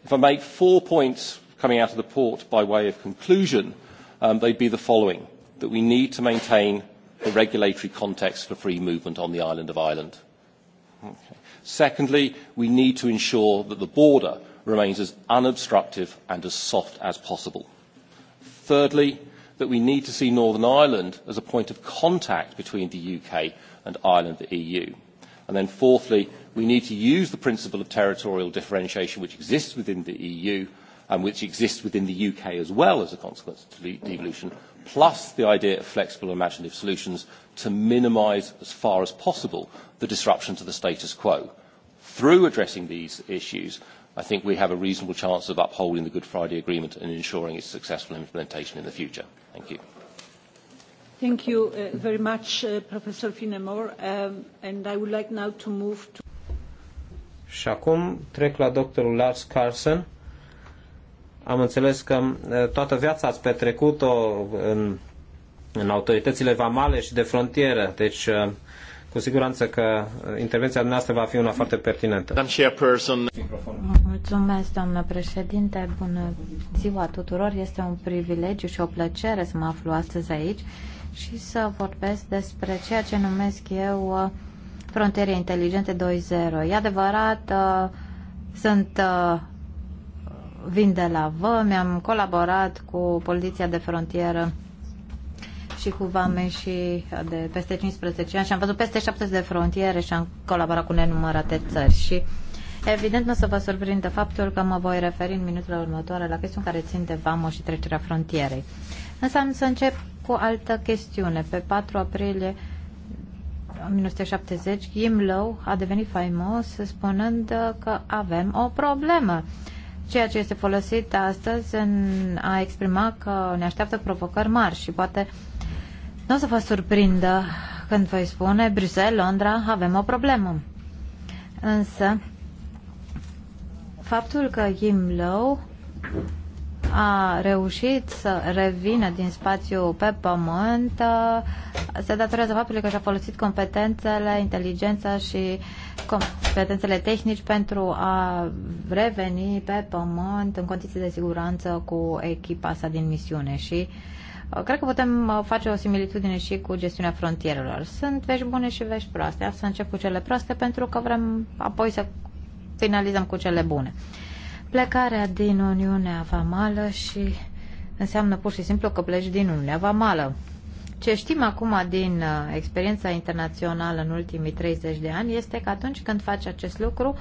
If I make four points coming out of the port by way of conclusion, um, they'd be the following, that we need to maintain the regulatory context for free movement on the island of Ireland. Okay. Secondly, we need to ensure that the border remains as unobstructive and as soft as possible. Thirdly, that we need to see Northern Ireland as a point of contact between the UK and Ireland, the EU. And then fourthly, we need to use the principle of territorial differentiation which exists within the EU and which exists within the UK as well as a consequence of devolution, plus the idea of flexible imaginative solutions to minimise as far as possible the disruption to the status quo through addressing these issues I think we have a reasonable chance of upholding the Good Friday Agreement and ensuring its successful implementation in the future. Thank you. Thank you uh, very much, uh, Professor Finemore. Um, and I would like now to move to... Și acum trec la doctorul Lars Carlsen. Am înțeles că uh, toată viața ați petrecut-o în, în autoritățile vamale și de frontieră, deci uh, cu siguranță că uh, intervenția noastră va fi una foarte pertinentă. Mulțumesc, doamnă președinte. Bună ziua tuturor. Este un privilegiu și o plăcere să mă aflu astăzi aici și să vorbesc despre ceea ce numesc eu uh, frontiere inteligente 2.0. E adevărat, uh, sunt vin de la vă, mi-am colaborat cu poliția de frontieră și cu vame și de peste 15 ani și am văzut peste 70 de frontiere și am colaborat cu nenumărate țări și Evident, nu o să vă surprindă faptul că mă voi referi în minutele următoare la chestiuni care țin de vamă și trecerea frontierei. Însă am să încep cu o altă chestiune. Pe 4 aprilie 1970, Jim Lowe a devenit faimos spunând că avem o problemă. Ceea ce este folosit astăzi în a exprima că ne așteaptă provocări mari și poate uh, nu o să vă surprindă când voi spune Bruxelles, Londra, avem o problemă. Însă, faptul că Low a reușit să revină din spațiu pe pământ uh, se datorează faptului că și-a folosit competențele, inteligența și competențele tehnici pentru a reveni pe pământ în condiții de siguranță cu echipa sa din misiune și Uh, cred că putem uh, face o similitudine și cu gestiunea frontierelor. Sunt vești bune și vești proaste. Asta încep cu cele proaste pentru că vrem apoi să finalizăm cu cele bune. Plecarea din Uniunea Vamală și înseamnă pur și simplu că pleci din Uniunea Vamală. Ce știm acum din uh, experiența internațională în ultimii 30 de ani este că atunci când faci acest lucru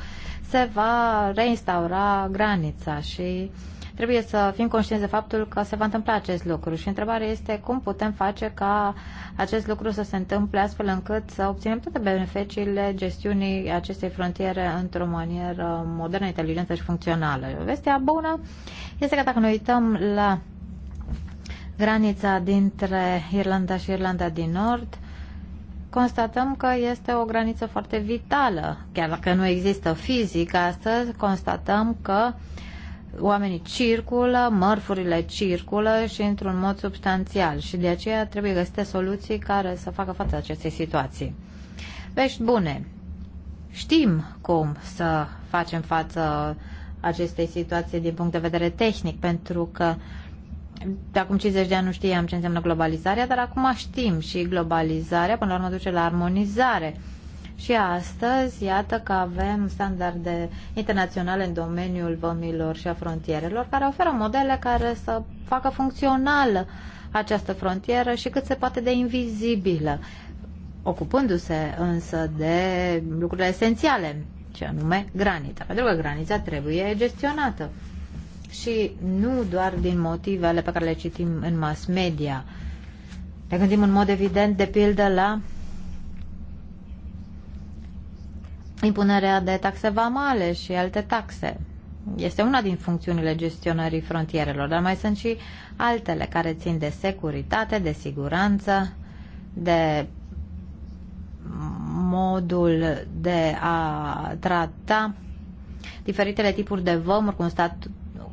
se va reinstaura granița și uh, Trebuie să fim conștienți de faptul că se va întâmpla acest lucru și întrebarea este cum putem face ca acest lucru să se întâmple astfel încât să obținem toate beneficiile gestiunii acestei frontiere într-o manieră modernă, inteligentă și funcțională. Vestea bună este că dacă ne uităm la granița dintre Irlanda și Irlanda din Nord, constatăm că este o graniță foarte vitală. Chiar dacă nu există fizic astăzi, constatăm că uh, oamenii circulă, mărfurile circulă și într-un mod substanțial și de aceea trebuie găsite soluții care să facă față acestei situații. Vești bune. Știm cum să facem față acestei situații din punct de vedere tehnic, pentru că de acum 50 de ani nu știam ce înseamnă globalizarea, dar acum știm și globalizarea până la urmă duce la armonizare și astăzi, iată că avem standarde internaționale în domeniul vămilor și a frontierelor, care oferă modele care să facă funcțională această frontieră și cât se poate de invizibilă, ocupându-se însă de lucrurile esențiale, ce anume granița. Pentru că granița trebuie gestionată. Și nu doar din motivele pe care le citim în mass media. Ne gândim în mod evident, de pildă, la impunerea de taxe vamale și alte taxe. Este una din funcțiunile gestionării frontierelor, dar mai sunt și altele care țin de securitate, de siguranță, de modul de a trata diferitele tipuri de vămuri cu un stat,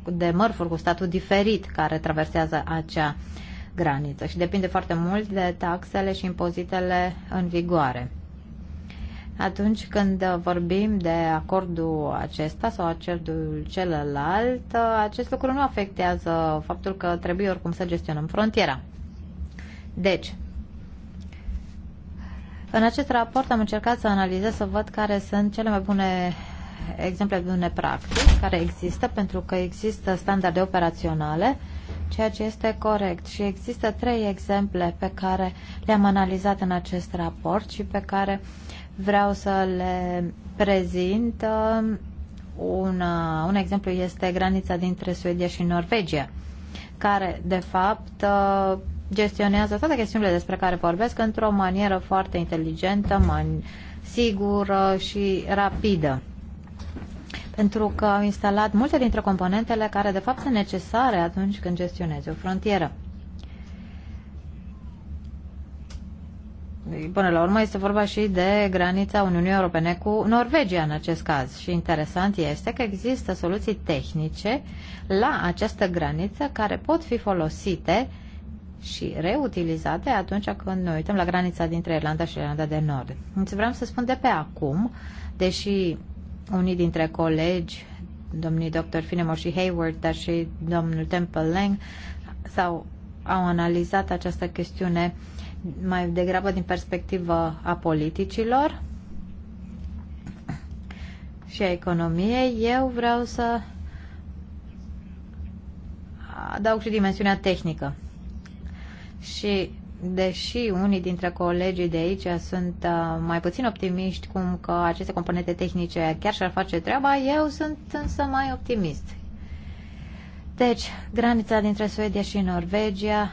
de mărfuri cu statut diferit care traversează acea graniță și depinde foarte mult de taxele și impozitele în vigoare. Atunci când vorbim de acordul acesta sau acordul celălalt, acest lucru nu afectează faptul că trebuie oricum să gestionăm frontiera. Deci, în acest raport am încercat să analizez, să văd care sunt cele mai bune exemple de bune practici care există, pentru că există standarde operaționale, ceea ce este corect. Și există trei exemple pe care le-am analizat în acest raport și pe care uh, vreau să le prezint. Uh, un uh, un exemplu este granița dintre Suedia și Norvegia, care, de fapt, uh, gestionează toate chestiunile despre care vorbesc într-o manieră foarte inteligentă, man- sigură și rapidă. Pentru că au instalat multe dintre componentele care, de fapt, sunt necesare atunci când gestionezi o frontieră. Până la urmă este vorba și de granița Uniunii Europene cu Norvegia în acest caz. Și interesant este că există soluții tehnice la această graniță care pot fi folosite și reutilizate atunci când ne uităm la granița dintre Irlanda și Irlanda de Nord. Îți deci vreau să spun de pe acum, deși unii dintre colegi, domnii dr. Finemore și Hayward, dar și domnul Temple Lang, s-au, au analizat această chestiune uh, mai degrabă din perspectivă a politicilor și a economiei, eu vreau să adaug și dimensiunea tehnică. Și deși unii dintre colegii de aici sunt uh, mai puțin optimiști cum că aceste componente tehnice chiar și-ar face treaba, eu sunt însă mai optimist. Deci, granița dintre Suedia și Norvegia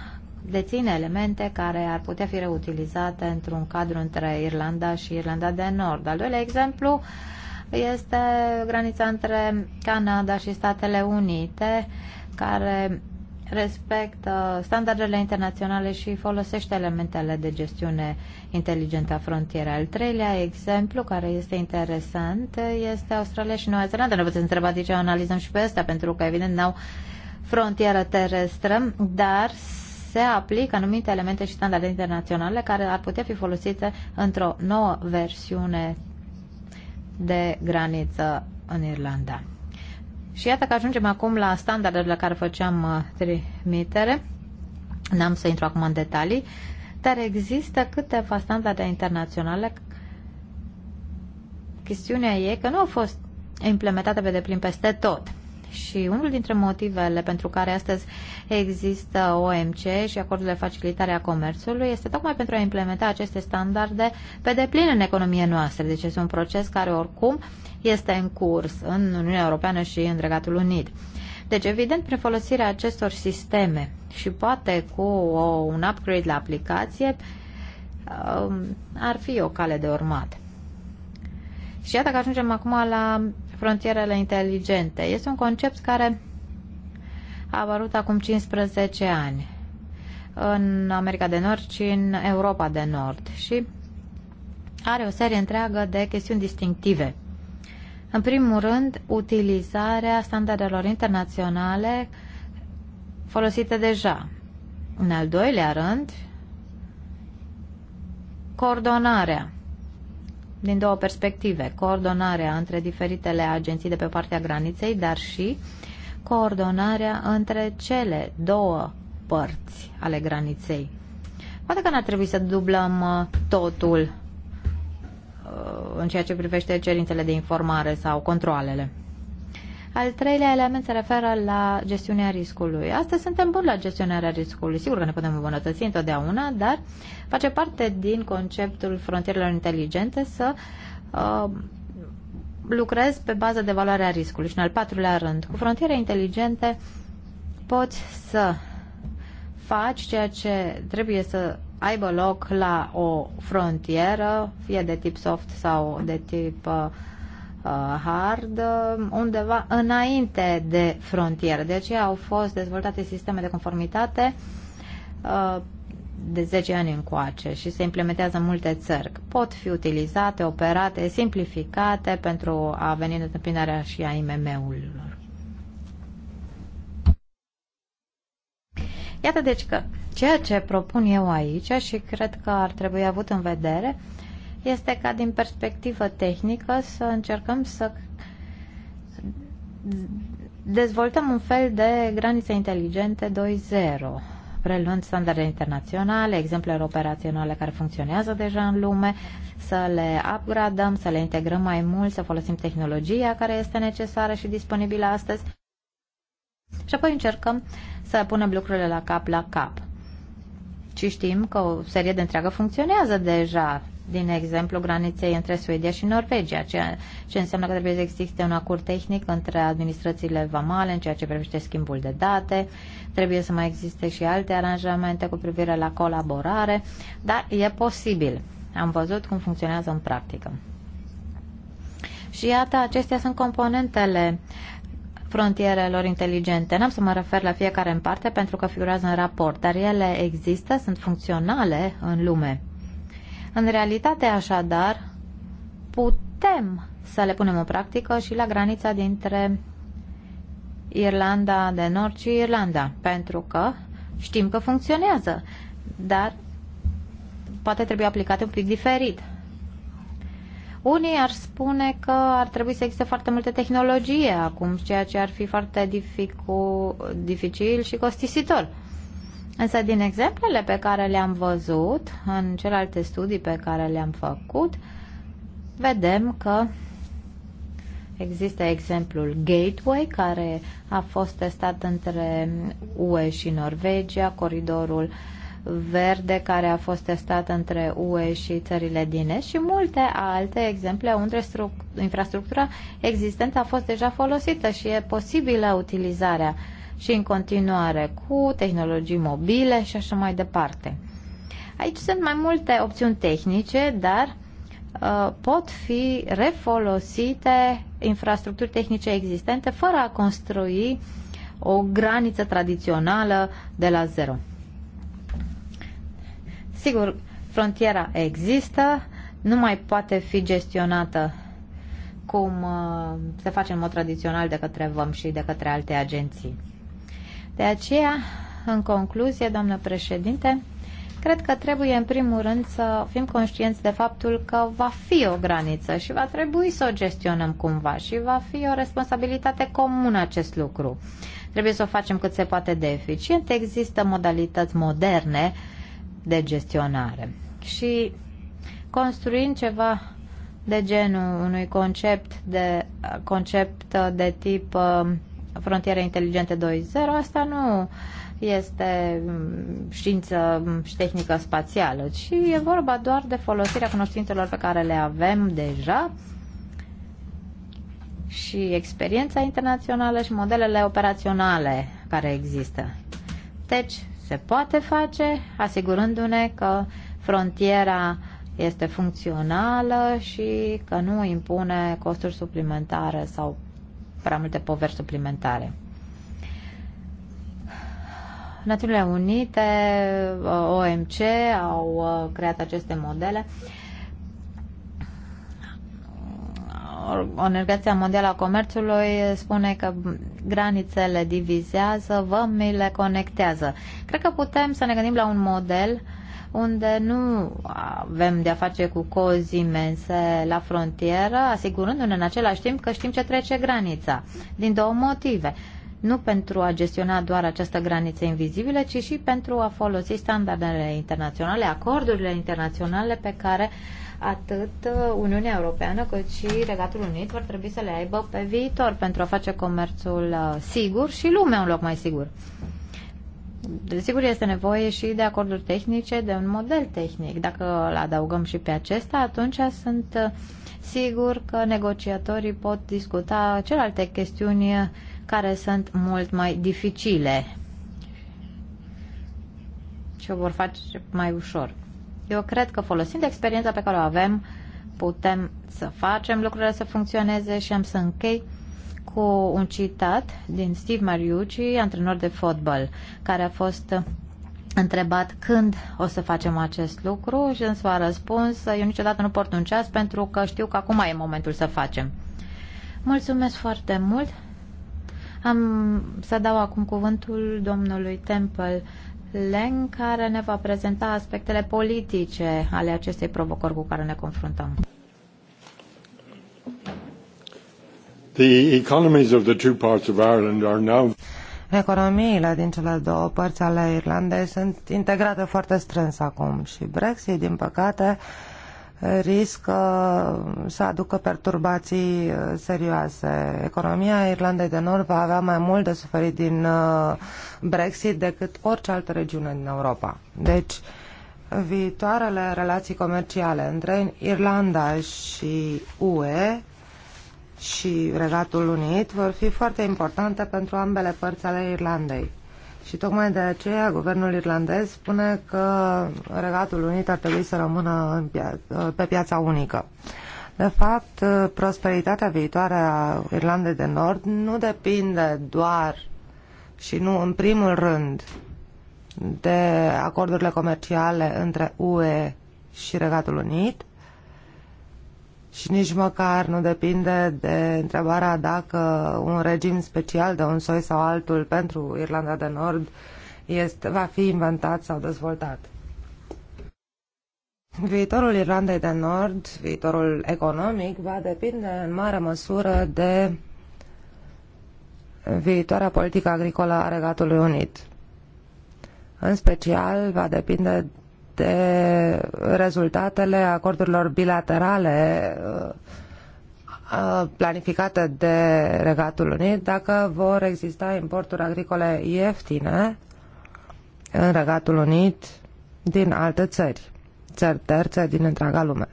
deține elemente care ar putea fi reutilizate într-un cadru între Irlanda și Irlanda de Nord. Al doilea exemplu este granița între Canada și Statele Unite, care respectă standardele internaționale și folosește elementele de gestiune inteligentă a frontierei. Al treilea exemplu, care este interesant, este Australia și Noua Zeelandă. Ne puteți întreba de ce analizăm și pe asta, pentru că, evident, n-au frontieră terestră, dar se aplică anumite elemente și standarde internaționale care ar putea fi folosite într-o nouă versiune de graniță în Irlanda. Și iată că ajungem acum la standardele la care făceam uh, trimitere. N-am să intru acum în detalii, dar există câteva standarde internaționale. Chestiunea e că nu au fost implementate pe deplin peste tot și unul dintre motivele pentru care astăzi există OMC și acordul de facilitare a comerțului este tocmai pentru a implementa aceste standarde pe deplin în economie noastră. Deci este un proces care oricum este în curs în Uniunea Europeană și în Regatul Unit. Deci, evident, prin folosirea acestor sisteme și poate cu o, un upgrade la aplicație, um, ar fi o cale de urmat. Și iată că ajungem acum la frontierele inteligente. Este un concept care a apărut acum 15 ani în America de Nord și în Europa de Nord și are o serie întreagă de chestiuni distinctive. În primul rând, utilizarea standardelor internaționale folosite deja. În al doilea rând, coordonarea din două perspective, coordonarea între diferitele agenții de pe partea graniței, dar și coordonarea între cele două părți ale graniței. Poate că n-ar trebui să dublăm uh, totul uh, în ceea ce privește cerințele de informare sau controlele. Al treilea element se referă la gestiunea riscului. Astăzi suntem buni la gestionarea riscului. Sigur că ne putem îmbunătăți întotdeauna, dar face parte din conceptul frontierelor inteligente să uh, lucrezi pe bază de valoarea riscului. Și în al patrulea rând, cu frontiere inteligente poți să faci ceea ce trebuie să aibă loc la o frontieră, fie de tip soft sau de tip uh, Uh, hard uh, undeva înainte de frontieră. De aceea au fost dezvoltate sisteme de conformitate uh, de 10 ani încoace și se implementează în multe țări. Pot fi utilizate, operate, simplificate pentru a veni în întâmpinarea și a IMM-urilor. Iată deci că ceea ce propun eu aici și cred că ar trebui avut în vedere este ca din perspectivă tehnică să încercăm să dezvoltăm un fel de granițe inteligente 2.0, preluând standarde internaționale, exemplele operaționale care funcționează deja în lume, să le upgradăm, să le integrăm mai mult, să folosim tehnologia care este necesară și disponibilă astăzi și apoi încercăm să punem lucrurile la cap la cap. Și știm că o serie de întreagă funcționează deja, din exemplu, graniței între Suedia și Norvegia, ceea ce înseamnă că trebuie să existe un acord tehnic între administrațiile vamale în ceea ce privește schimbul de date, trebuie să mai existe și alte aranjamente cu privire la colaborare, dar e posibil. Am văzut cum funcționează în practică. Și iată, acestea sunt componentele frontierelor inteligente. N-am să mă refer la fiecare în parte pentru că figurează în raport, dar ele există, sunt funcționale în lume. În realitate, așadar, putem să le punem în practică și la granița dintre Irlanda de Nord și Irlanda, pentru că știm că funcționează, dar poate trebuie aplicate un pic diferit. Unii ar spune că ar trebui să existe foarte multe tehnologie acum, ceea ce ar fi foarte dificil și costisitor. Însă din exemplele pe care le-am văzut în celelalte studii pe care le-am făcut, vedem că există exemplul Gateway, care a fost testat între UE și Norvegia, coridorul verde care a fost testat între UE și țările din Est și multe alte exemple unde infrastructura existentă a fost deja folosită și e posibilă utilizarea uh, și în continuare cu tehnologii mobile și așa mai departe. Aici sunt mai multe opțiuni tehnice, dar uh, pot fi refolosite infrastructuri tehnice existente fără a construi o graniță tradițională de la zero. Sigur, frontiera există, nu mai poate fi gestionată cum uh, se face în mod tradițional de către VAM și de către alte agenții. De aceea, în concluzie, doamnă președinte, cred că trebuie în primul rând să fim conștienți de faptul că va fi o graniță și va trebui să o gestionăm cumva și va fi o responsabilitate comună acest lucru. Trebuie să o facem cât se poate de eficient. Există modalități moderne de gestionare și construind ceva de genul unui concept de, concept de tip uh, frontiere inteligente 2.0, asta nu este mm, știință mm, și tehnică spațială, ci e vorba doar de folosirea cunoștințelor pe care le avem deja și experiența internațională și modelele operaționale care există. Deci, se poate face asigurându-ne că frontiera este funcțională și că nu impune costuri suplimentare sau prea multe poveri suplimentare. Națiunile Unite, uh, OMC au uh, creat aceste modele. Organizația Mondială a Comerțului spune că granițele divizează, vămile conectează. Cred că putem să ne gândim la un model uh, unde nu avem de-a face cu cozi imense la frontieră, asigurându-ne în același timp că știm ce trece granița. Din două motive. Nu pentru a gestiona doar această graniță invizibilă, ci și pentru a folosi standardele internaționale, acordurile internaționale pe care atât Uniunea Europeană cât și Regatul Unit vor trebui să le aibă pe viitor pentru a face comerțul uh, sigur și lumea un loc mai sigur. Desigur, este nevoie și de acorduri tehnice, de un model tehnic. Dacă îl adăugăm și pe acesta, atunci sunt uh, sigur că negociatorii pot discuta celelalte chestiuni care sunt mult mai dificile și o vor face mai ușor. Eu cred că folosind experiența pe care o avem, putem să facem lucrurile să funcționeze și am să închei cu un citat din Steve Mariucci, antrenor de fotbal, care a fost întrebat când o să facem acest lucru și însă a răspuns eu niciodată nu port un ceas pentru că știu că acum e momentul să facem. Mulțumesc foarte mult. Am să dau acum cuvântul domnului Temple Leng care ne va prezenta aspectele politice ale acestei provocări cu care ne confruntăm. The economies of the two parts of Ireland are now Economiile din cele două părți ale Irlandei sunt integrate foarte strâns acum și Brexit, din păcate, riscă să aducă perturbații uh, serioase. Economia Irlandei de Nord va avea mai mult de suferit din uh, Brexit decât orice altă regiune din Europa. Deci, viitoarele relații comerciale între Irlanda și UE și Regatul Unit vor fi foarte importante pentru ambele părți ale Irlandei. Și tocmai de aceea guvernul irlandez spune că Regatul Unit ar trebui să rămână pe piața unică. De fapt, prosperitatea viitoare a Irlandei de Nord nu depinde doar și nu în primul rând de acordurile comerciale între UE și Regatul Unit, și nici măcar nu depinde de întrebarea dacă un regim special de un soi sau altul pentru Irlanda de Nord este, va fi inventat sau dezvoltat. Viitorul Irlandei de Nord, viitorul economic, va depinde în mare măsură de viitoarea politică agricolă a Regatului Unit. În special, va depinde de rezultatele acordurilor bilaterale uh, uh, planificate de Regatul Unit dacă vor exista importuri agricole ieftine în Regatul Unit din alte țări, țări terțe din întreaga lume.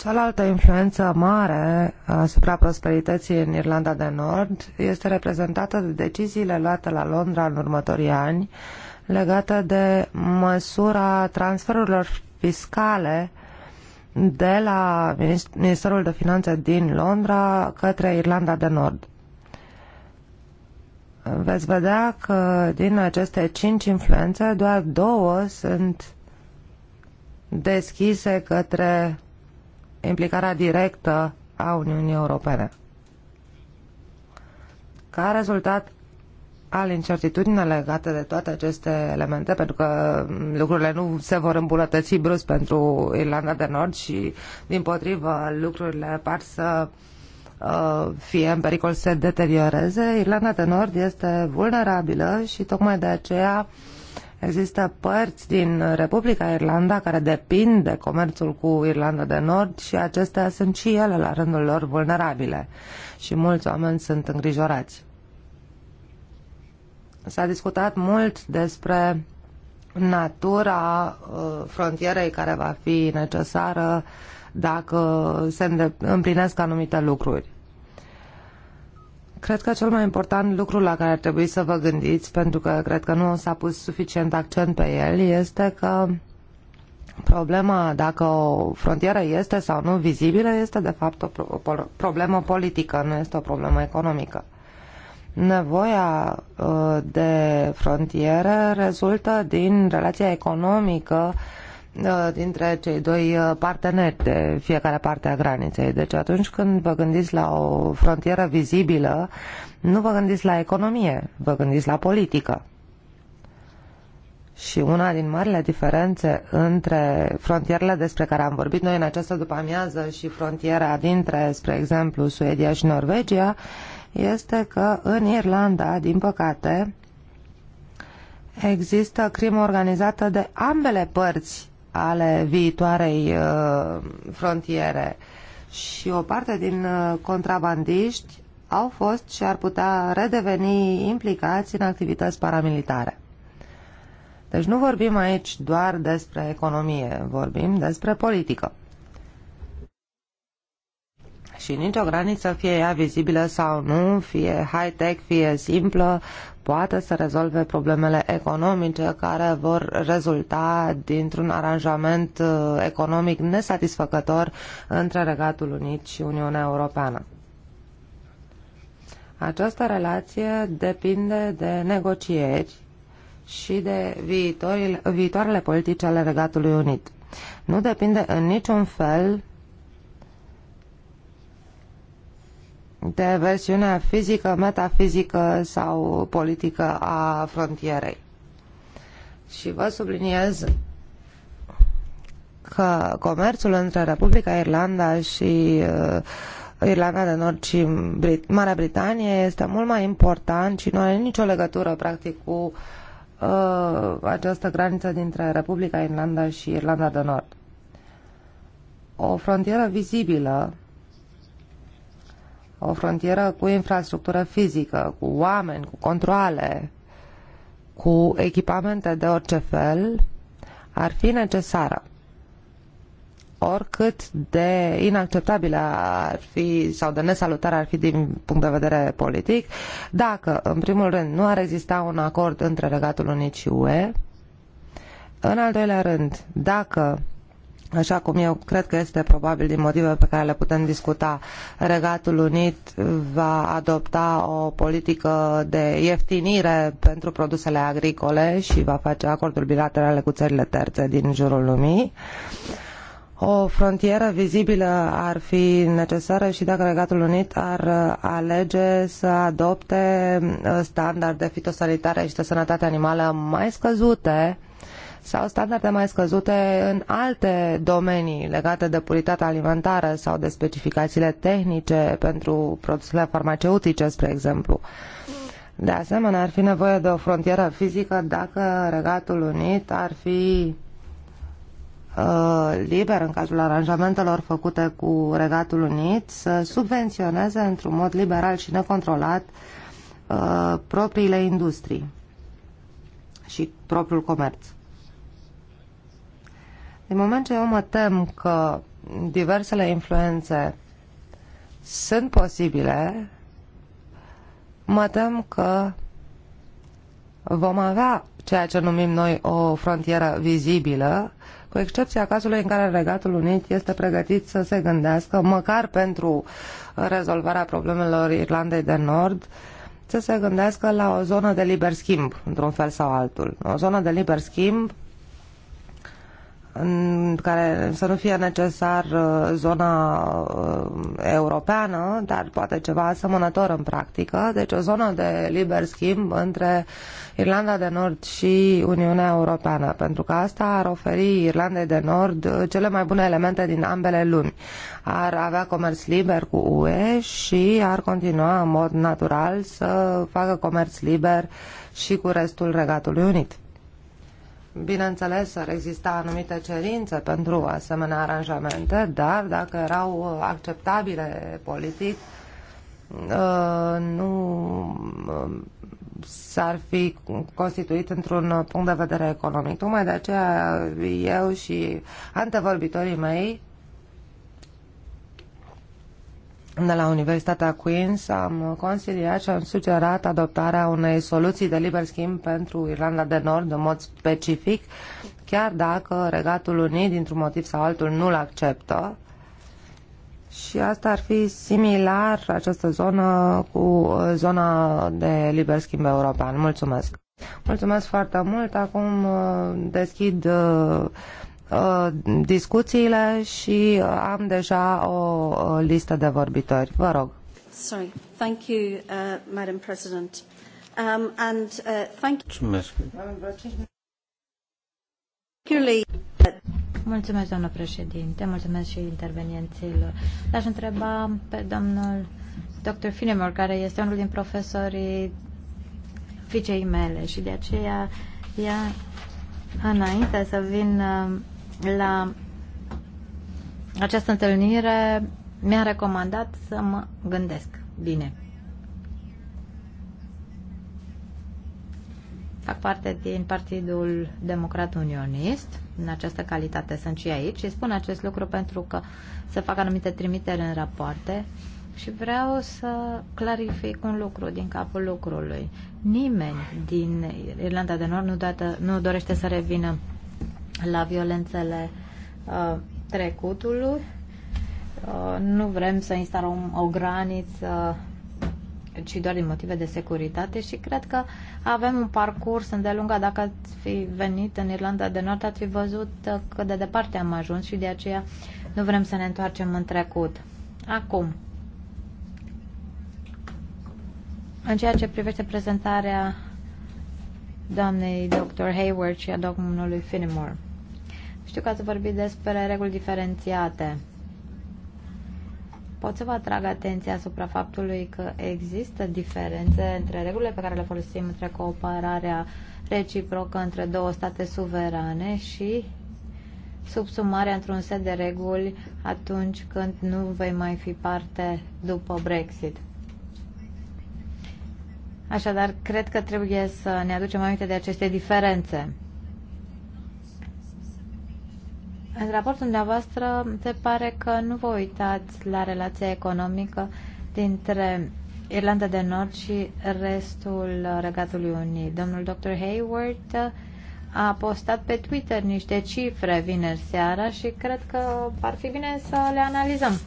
Cealaltă influență mare uh, asupra prosperității în Irlanda de Nord este reprezentată de deciziile luate la Londra în următorii ani legate de măsura transferurilor fiscale de la Ministerul de Finanțe din Londra către Irlanda de Nord. Veți vedea că din aceste cinci influențe, doar două sunt deschise către implicarea directă a Uniunii Europene. Ca rezultat al incertitudinii legate de toate aceste elemente, pentru că mm, lucrurile nu se vor îmbunătăți brusc pentru Irlanda de Nord și, din potrivă, lucrurile par să uh, fie în pericol să se deterioreze, Irlanda de Nord este vulnerabilă și tocmai de aceea uh, Există părți din Republica Irlanda care depind de comerțul cu Irlanda de Nord și acestea sunt și ele la rândul lor vulnerabile și mulți oameni sunt îngrijorați. S-a discutat mult despre natura uh, frontierei care va fi necesară dacă se împlinesc anumite lucruri. Cred că cel mai important lucru la care ar trebui să vă gândiți, pentru că cred că nu s-a pus suficient accent pe el, este că problema dacă o frontieră este sau nu vizibilă este de fapt o, problemă politică, nu este o problemă economică. Nevoia uh, de frontiere rezultă din relația economică Uh, dintre cei doi uh, parteneri de fiecare parte a graniței. Deci atunci când vă gândiți la o frontieră vizibilă, nu vă gândiți la economie, vă gândiți la politică. Și una din marile diferențe între frontierele despre care am vorbit noi în această după-amiază și frontiera dintre, spre exemplu, Suedia și Norvegia, este că în Irlanda, din păcate, există crimă organizată de ambele părți ale viitoarei uh, frontiere și o parte din uh, contrabandiști au fost și ar putea redeveni implicați în activități paramilitare. Deci nu vorbim aici doar despre economie, vorbim despre politică. Și nicio graniță, fie ea vizibilă sau nu, fie high-tech, fie simplă, Poate să rezolve problemele economice care vor rezulta dintr-un aranjament uh, economic nesatisfăcător între Regatul Unit și Uniunea Europeană. Această relație depinde de negocieri și de viitoarele politici ale Regatului Unit. Nu depinde în niciun fel de versiune fizică, metafizică sau politică a frontierei. Și vă subliniez că comerțul între Republica Irlanda și uh, Irlanda de Nord și Brit- Marea Britanie este mult mai important și nu are nicio legătură practic cu uh, această graniță dintre Republica Irlanda și Irlanda de Nord. O frontieră vizibilă o frontieră cu infrastructură fizică, cu oameni, cu controle, cu echipamente de orice fel, ar fi necesară. Oricât de inacceptabilă ar fi sau de nesalutare ar fi din punct de vedere politic, dacă, în primul rând, nu ar exista un acord între Regatul Unit și UE, în al doilea rând, dacă Așa cum eu cred că este probabil din motive pe care le putem discuta, Regatul Unit va adopta o politică de ieftinire pentru produsele agricole și va face acorduri bilaterale cu țările terțe din jurul lumii. O frontieră vizibilă ar fi necesară și dacă Regatul Unit ar alege să adopte standarde fitosanitare și de sănătate animală mai scăzute sau standarde mai scăzute în alte domenii legate de puritatea alimentară sau de specificațiile tehnice pentru produsele farmaceutice, spre exemplu. De asemenea, ar fi nevoie de o frontieră fizică dacă Regatul Unit ar fi uh, liber în cazul aranjamentelor făcute cu Regatul Unit să subvenționeze într-un mod liberal și necontrolat uh, propriile industrii și propriul comerț. Din moment ce eu mă tem că diversele influențe sunt posibile, mă tem că vom avea ceea ce numim noi o frontieră vizibilă, cu excepția cazului în care Regatul Unit este pregătit să se gândească, măcar pentru rezolvarea problemelor Irlandei de Nord, să se gândească la o zonă de liber schimb, într-un fel sau altul. O zonă de liber schimb în care să nu fie necesar uh, zona uh, europeană, dar poate ceva asemănător în practică, deci o zonă de liber schimb între Irlanda de Nord și Uniunea Europeană, pentru că asta ar oferi Irlandei de Nord uh, cele mai bune elemente din ambele lumi. Ar avea comerț liber cu UE și ar continua în mod natural să facă comerț liber și cu restul Regatului Unit. Bineînțeles, ar exista anumite cerințe pentru asemenea aranjamente, dar dacă erau acceptabile politic, uh, nu uh, s-ar fi constituit într-un punct de vedere economic. Tocmai de aceea eu și antevorbitorii mei de la Universitatea Queen's am consiliat și am sugerat adoptarea unei soluții de liber schimb pentru Irlanda de Nord în mod specific, chiar dacă Regatul Unit, dintr-un motiv sau altul, nu-l acceptă. Și asta ar fi similar această zonă cu zona de liber schimb european. Mulțumesc! Mulțumesc foarte mult! Acum uh, deschid uh, Uh, discuțiile și am deja o listă de vorbitori. Vă rog. Sorry. Thank you, uh, Madam President. Um, and uh, thank you. Mulțumesc. Mulțumesc, doamnă președinte, mulțumesc și intervenienților. L-aș întreba pe domnul dr. Finemore, care este unul din profesorii fiicei mele și de aceea ea, înainte să vin la această întâlnire mi-a recomandat să mă gândesc bine. Fac parte din Partidul Democrat Unionist. În această calitate sunt și aici și spun acest lucru pentru că se fac anumite trimiteri în rapoarte și vreau să clarific un lucru din capul lucrului. Nimeni din Irlanda de Nord nu, dată, nu dorește să revină la violențele uh, trecutului. Uh, nu vrem să instalăm o graniță ci doar din motive de securitate și cred că avem un parcurs îndelungat. Dacă ați fi venit în Irlanda de Nord, ați fi văzut uh, cât de departe am ajuns și de aceea nu vrem să ne întoarcem în trecut. Acum, în ceea ce privește prezentarea doamnei Dr. Hayward și a domnului Finnemore. Știu că ați vorbit despre reguli diferențiate. Pot să vă atrag atenția asupra faptului că există diferențe între regulile pe care le folosim, între cooperarea reciprocă între două state suverane și subsumarea într-un set de reguli atunci când nu vei mai fi parte după Brexit. Așadar, cred că trebuie să ne aducem aminte de aceste diferențe. În raportul dumneavoastră se pare că nu vă uitați la relația economică dintre Irlanda de Nord și restul Regatului Unit. Domnul dr. Hayward a postat pe Twitter niște cifre vineri seara și cred că ar fi bine să le analizăm.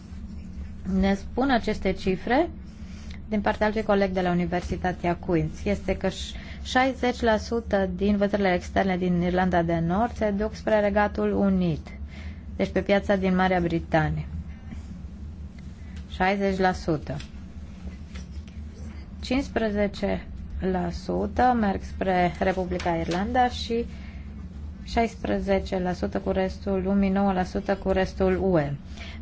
Ne spun aceste cifre din partea altui coleg de la Universitatea Queen's. Este că 60% din vânzările externe din Irlanda de Nord se duc spre Regatul Unit, deci pe piața din Marea Britanie. 60%. 15% merg spre Republica Irlanda și 16% cu restul lumii, 9% cu restul UE.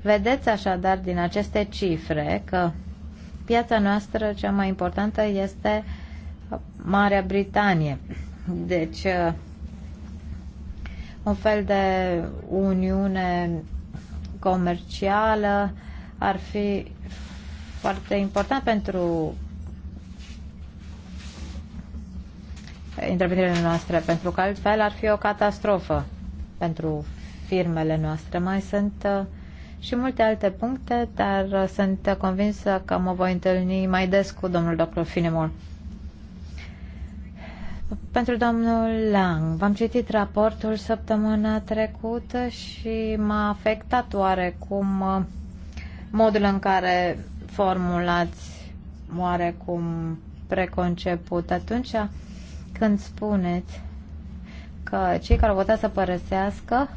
Vedeți așadar din aceste cifre că piața noastră cea mai importantă este uh, Marea Britanie. Deci, uh, un fel de uniune comercială ar fi foarte important pentru intervenirile noastre, pentru că altfel ar fi o catastrofă pentru firmele noastre. Mai sunt uh, și multe alte puncte, dar sunt convinsă că mă voi întâlni mai des cu domnul dr. Finemore. Pentru domnul Lang, v-am citit raportul săptămâna trecută și m-a afectat oarecum uh, modul în care formulați oarecum preconceput atunci când spuneți că cei care au votat să părăsească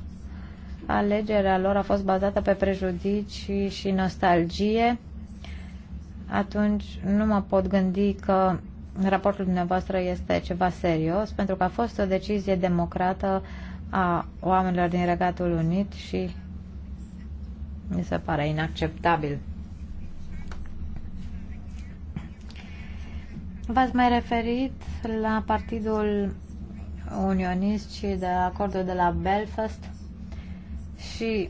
alegerea lor a fost bazată pe prejudicii și nostalgie, atunci nu mă pot gândi că raportul dumneavoastră este ceva serios, pentru că a fost o decizie democrată a oamenilor din Regatul Unit și mi se pare inacceptabil. V-ați mai referit la Partidul Unionist și de acordul de la Belfast și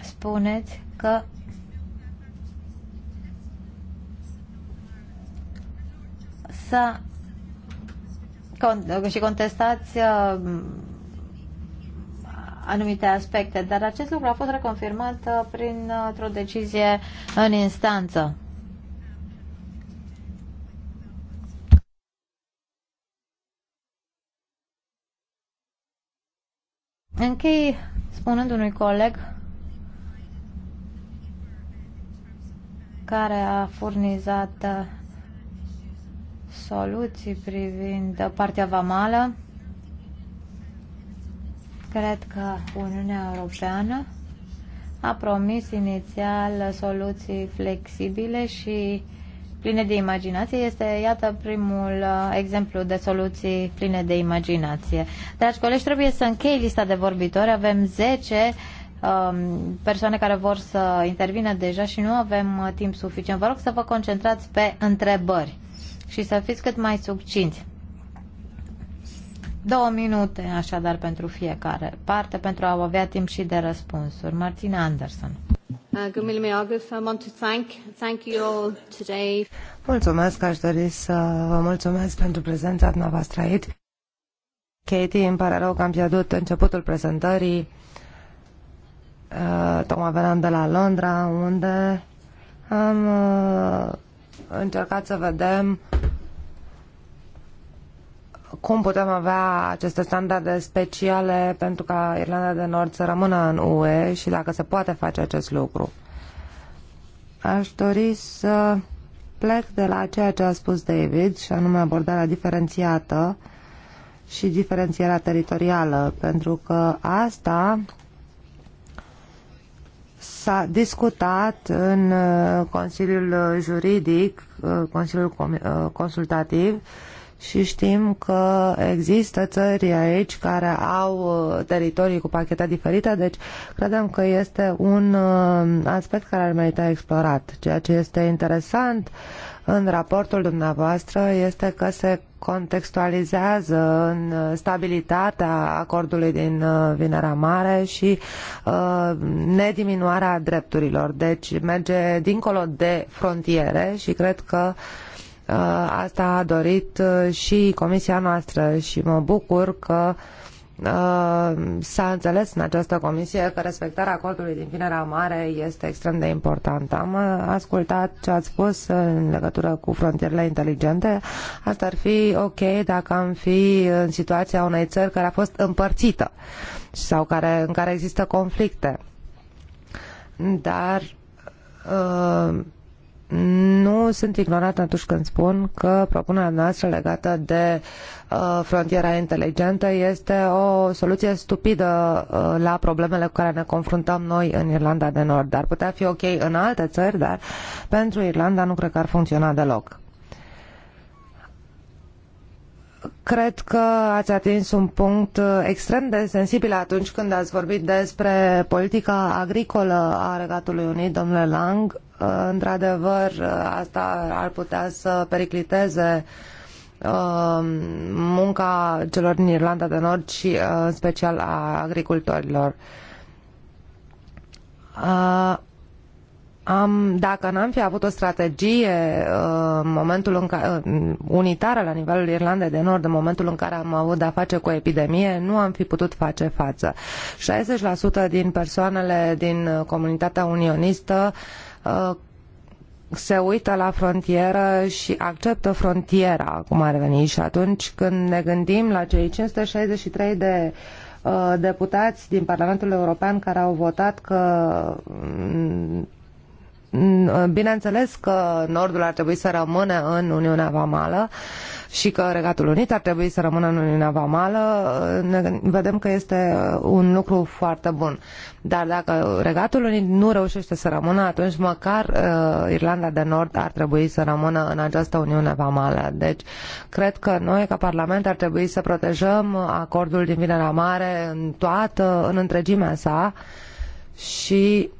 spuneți că însă și contestați uh, anumite aspecte, dar acest lucru a fost reconfirmat uh, printr-o uh, decizie în instanță. Închei spunând unui coleg care a furnizat soluții privind partea vamală. Cred că Uniunea Europeană a promis inițial soluții flexibile și pline de imaginație. Este, iată, primul uh, exemplu de soluții pline de imaginație. Dragi colegi, trebuie să închei lista de vorbitori. Avem 10 um, persoane care vor să intervină deja și nu avem uh, timp suficient. Vă rog să vă concentrați pe întrebări și să fiți cât mai succinți. Două minute, așadar, pentru fiecare parte, pentru a avea timp și de răspunsuri. Martina Anderson. Uh, mulțumesc, aș dori să vă mulțumesc pentru prezența dumneavoastră aici. Katie, îmi pare rău că am pierdut începutul prezentării. Uh, tocmai veneam de la Londra, unde am uh, încercat să vedem uh, cum putem avea aceste standarde speciale pentru ca Irlanda de Nord să rămână în UE și dacă se poate face acest lucru. Aș dori să plec de la ceea ce a spus David și anume abordarea diferențiată și diferențierea teritorială, pentru că asta s-a discutat în uh, Consiliul Juridic, uh, Consiliul uh, Consultativ, și știm că există țări aici care au uh, teritorii cu pachete diferite, deci credem că este un uh, aspect care ar merita explorat. Ceea ce este interesant în raportul dumneavoastră este că se contextualizează în uh, stabilitatea acordului din Vinerea Mare și uh, nediminuarea drepturilor. Deci merge dincolo de frontiere și cred că uh, Uh, asta a dorit uh, și comisia noastră și mă bucur că uh, s-a înțeles în această comisie că respectarea acordului din Vinerea Mare este extrem de importantă. Am ascultat ce ați spus în legătură cu frontierele inteligente. Asta ar fi ok dacă am fi în situația unei țări care a fost împărțită sau care, în care există conflicte. Dar uh, nu sunt ignorată atunci când spun că propunerea noastră legată de uh, frontiera inteligentă este o soluție stupidă uh, la problemele cu care ne confruntăm noi în Irlanda de Nord. Ar putea fi ok în alte țări, dar pentru Irlanda nu cred că ar funcționa deloc. Cred că ați atins un punct uh, extrem de sensibil atunci când ați vorbit despre politica agricolă a Regatului Unit, domnule Lang Uh, într-adevăr, uh, asta ar putea să pericliteze uh, munca celor din Irlanda de Nord și în special a agricultorilor. Am, dacă n-am fi avut o strategie în momentul în care, unitară la nivelul Irlandei de Nord, în momentul în care am avut de-a face cu o epidemie, nu am fi putut face față. 60% din persoanele din comunitatea unionistă uh, Uh, se uită la frontieră și acceptă frontiera, cum ar veni. Și atunci când ne gândim la cei 563 de uh, deputați din Parlamentul European care au votat că mm, Uh, bineînțeles că Nordul ar trebui să rămână în Uniunea Vamală și că Regatul Unit ar trebui să rămână în Uniunea Vamală. Uh, ne vedem că este uh, un lucru foarte bun. Dar dacă Regatul Unit nu reușește să rămână, atunci măcar uh, Irlanda de Nord ar trebui să rămână în această Uniune Vamală. Deci, cred că noi, ca Parlament, ar trebui să protejăm acordul din Vinerea Mare în toată, în întregimea sa și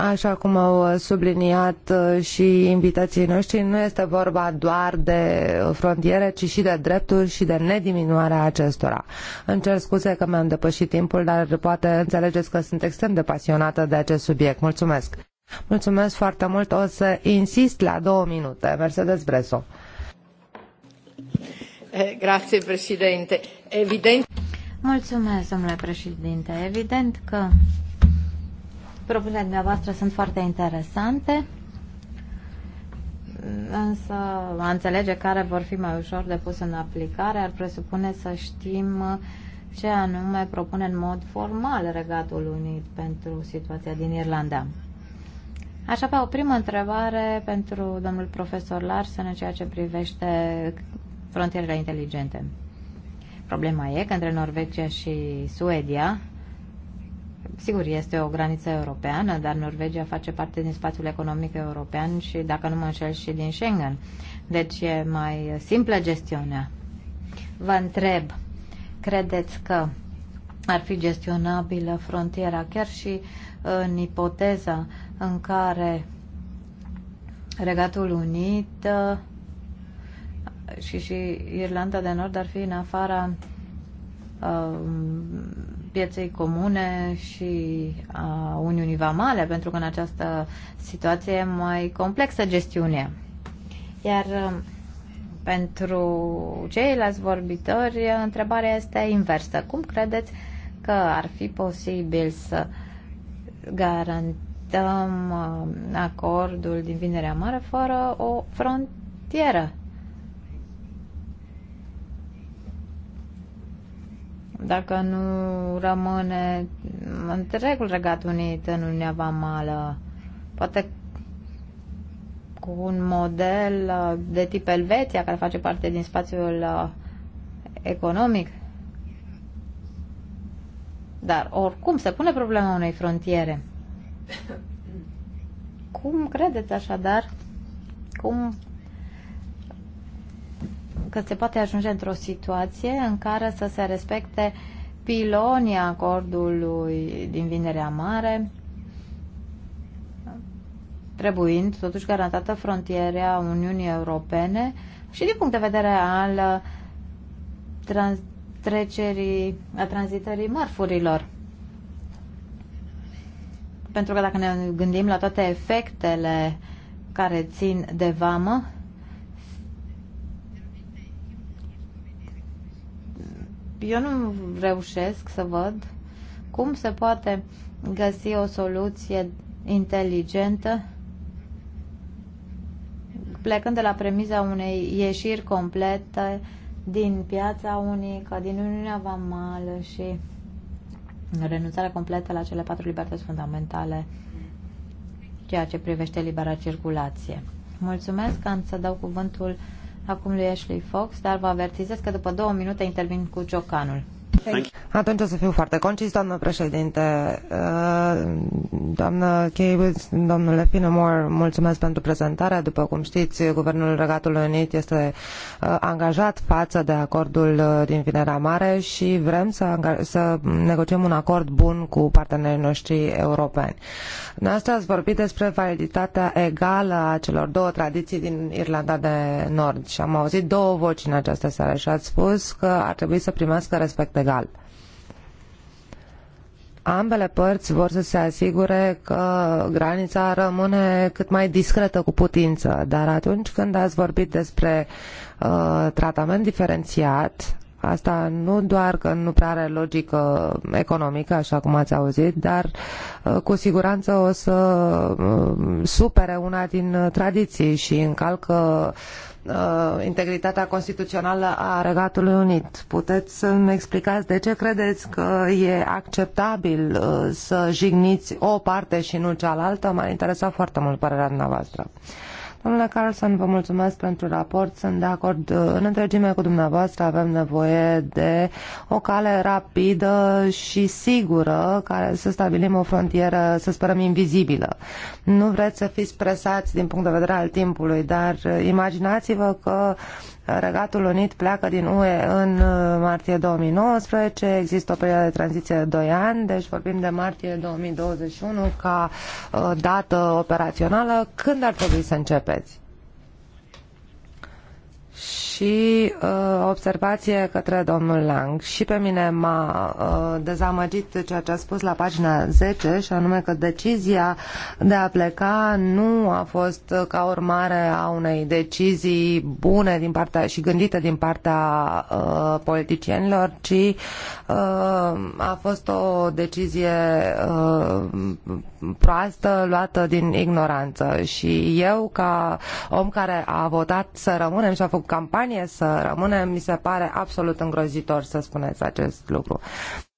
Așa cum au subliniat uh, și invitații noștri, nu este vorba doar de frontiere, ci și de drepturi și de nediminuarea acestora. Îmi cer scuze că mi-am depășit timpul, dar poate înțelegeți că sunt extrem de pasionată de acest subiect. Mulțumesc! Mulțumesc foarte mult, o să insist la două minute. Mercedes Breso. Eh, grazie, președinte. Evident... Mulțumesc, domnule președinte. Evident că Propunerile dumneavoastră sunt foarte interesante, însă a înțelege care vor fi mai ușor de pus în aplicare ar presupune să știm ce anume propune în mod formal Regatul Unit pentru situația din Irlanda. Aș avea o primă întrebare pentru domnul profesor Larsen în ceea ce privește frontierele inteligente. Problema e că între Norvegia și Suedia Sigur, este o graniță europeană, dar Norvegia face parte din spațiul economic european și, dacă nu mă înșel, și din Schengen. Deci e mai simplă gestiunea. Vă întreb, credeți că ar fi gestionabilă frontiera chiar și în ipoteza în care Regatul Unit uh, și, și Irlanda de Nord ar fi în afara uh, pieței comune și a Uniunii Vamale, pentru că în această situație e mai complexă gestiunea. Iar um, pentru ceilalți vorbitori, întrebarea este inversă. Cum credeți că ar fi posibil să garantăm um, acordul din Vinerea Mare fără o frontieră? dacă nu rămâne întregul Regat Unit în Uniunea Vamală, poate cu un model uh, de tip Elveția, care face parte din spațiul uh, economic. Dar oricum se pune problema unei frontiere. Cum credeți așadar? Cum că se poate ajunge într-o situație în care să se respecte pilonii acordului din Vinerea Mare, trebuind totuși garantată frontiera Uniunii Europene și din punct de vedere al trans- trecerii, a tranzitării mărfurilor. Pentru că dacă ne gândim la toate efectele care țin de vamă, eu nu reușesc să văd cum se poate găsi o soluție inteligentă plecând de la premiza unei ieșiri complete din piața unică, din Uniunea Vamală și renunțarea completă la cele patru libertăți fundamentale, ceea ce privește libera circulație. Mulțumesc, am să dau cuvântul acum lui Ashley Fox, dar vă avertizez că după două minute intervin cu ciocanul. Atunci o să fiu foarte concis, doamnă președinte. Uh, doamnă Cable, domnule Finemore, mulțumesc pentru prezentare. După cum știți, Guvernul Regatului Unit este uh, angajat față de acordul uh, din Vinerea Mare și vrem să, să negociem un acord bun cu partenerii noștri europeni. Noastră ați vorbit despre validitatea egală a celor două tradiții din Irlanda de Nord și am auzit două voci în această seară și ați spus că ar trebui să primească respect egal ilegal. Ambele părți vor să se asigure că granița rămâne cât mai discretă cu putință, dar atunci când ați vorbit despre uh, tratament diferențiat, Asta nu doar că nu prea are logică economică, așa cum ați auzit, dar uh, cu siguranță o să uh, supere una din uh, tradiții și încalcă uh, uh, integritatea constituțională a Regatului Unit. Puteți să-mi explicați de ce credeți că e acceptabil uh, să jigniți o parte și nu cealaltă? M-ar interesa foarte mult părerea dumneavoastră. Uh, Domnule Carlson, vă mulțumesc pentru raport. Sunt de acord uh, în întregime cu dumneavoastră. Avem nevoie de o cale rapidă și sigură care să stabilim o frontieră, să sperăm, invizibilă. Nu vreți să fiți presați din punct de vedere al timpului, dar uh, imaginați-vă că Regatul Unit pleacă din UE în uh, martie 2019, există o perioadă de tranziție de 2 ani, deci vorbim de martie 2021 ca uh, dată operațională. Când ar trebui să începeți? și uh, observație către domnul Lang. Și pe mine m-a uh, dezamăgit ceea ce a spus la pagina 10 și anume că decizia de a pleca nu a fost ca urmare a unei decizii bune din partea și gândite din partea uh, politicienilor, ci uh, a fost o decizie uh, proastă luată din ignoranță. Și eu, ca om care a votat să rămânem și a făcut campanie, campanie să rămânem, mi se pare absolut îngrozitor să spuneți acest lucru.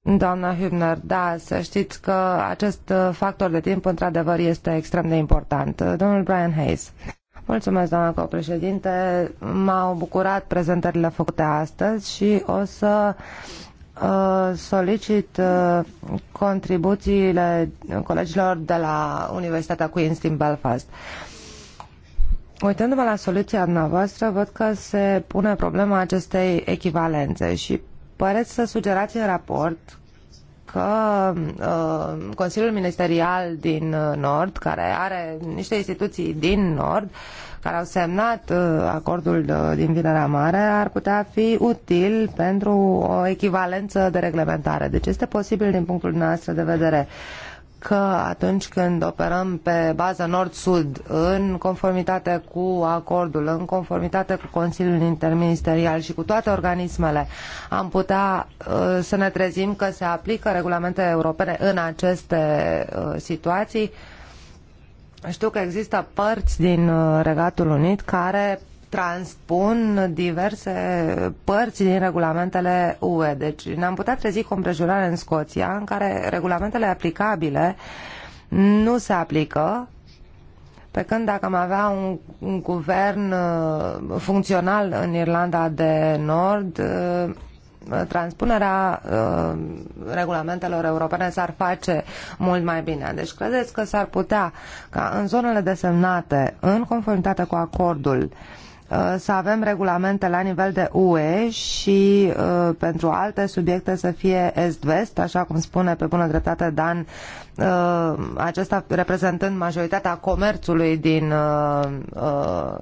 Doamna Hübner, da, să știți că acest factor de timp într-adevăr este extrem de important. Domnul Brian Hayes. Mulțumesc, doamna copreședinte. M-au bucurat prezentările făcute astăzi și o să uh, solicit uh, contribuțiile colegilor de la Universitatea Queen's din Belfast. Uitându-vă la soluția dumneavoastră, văd că se pune problema acestei echivalențe și păreți să sugerați în raport că uh, Consiliul Ministerial din uh, Nord, care are niște instituții din Nord, care au semnat uh, acordul de, uh, din Vinerea Mare, ar putea fi util pentru o echivalență de reglementare. Deci este posibil din punctul noastră de vedere. Uh, că atunci când operăm pe baza nord-sud, în conformitate cu acordul, în conformitate cu Consiliul Interministerial și cu toate organismele, am putea uh, să ne trezim că se aplică regulamente europene în aceste uh, situații. Știu că există părți din uh, Regatul Unit care transpun diverse părți din regulamentele UE. Deci ne-am putea trezi cu împrejurare în Scoția în care regulamentele aplicabile nu se aplică pe când dacă am avea un, un guvern uh, funcțional în Irlanda de Nord, uh, transpunerea uh, regulamentelor europene s-ar face mult mai bine. Deci credeți că s-ar putea ca în zonele desemnate, în conformitate cu acordul, Uh, să avem regulamente la nivel de UE și uh, pentru alte subiecte să fie est-vest, așa cum spune pe bună dreptate Dan, uh, acesta reprezentând majoritatea comerțului din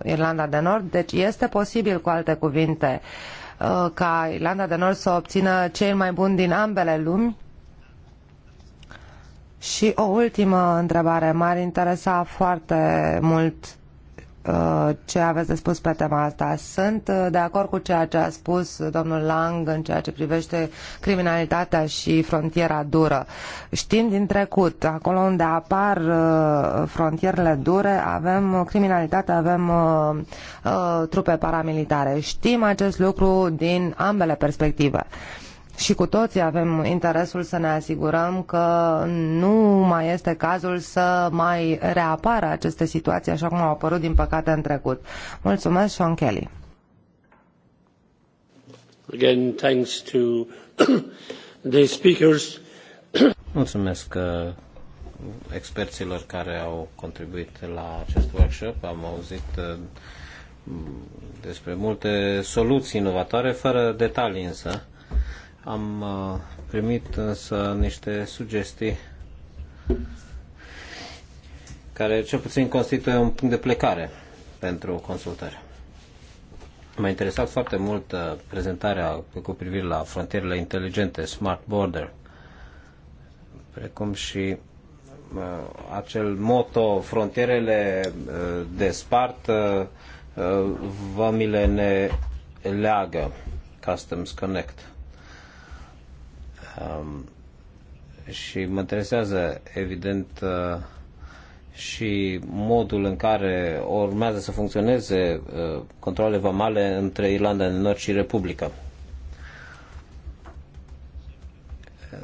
Irlanda de Nord. Deci este posibil, cu alte cuvinte, ca Irlanda de Nord să obțină cel mai bun din ambele lumi, și o ultimă întrebare. M-ar interesa foarte mult Uh, ce aveți de spus pe tema asta. Sunt uh, de acord cu ceea ce a spus domnul Lang în ceea ce privește criminalitatea și frontiera dură. Știm din trecut, acolo unde apar uh, frontierele dure, avem criminalitate, avem trupe paramilitare. Știm acest lucru din ambele perspective. Uh, și cu toții avem interesul să ne asigurăm că nu mai este cazul să mai reapară aceste situații așa cum au apărut din păcate în trecut. Mulțumesc, Sean Kelly. Again, thanks to <clears throat> the speakers. <coughs> Mulțumesc uh, experților care au contribuit la acest workshop. Am auzit uh, despre multe soluții inovatoare, fără detalii însă. Am uh, primit însă niște sugestii care cel puțin constituie un punct de plecare pentru consultare. M-a interesat foarte mult uh, prezentarea cu privire la frontierele inteligente, Smart Border, precum și uh, acel moto, frontierele spart, vămile ne leagă, Customs Connect. Um, și mă interesează, evident, uh, și modul în care urmează să funcționeze uh, controlele vamale între Irlanda de Nord și Republica.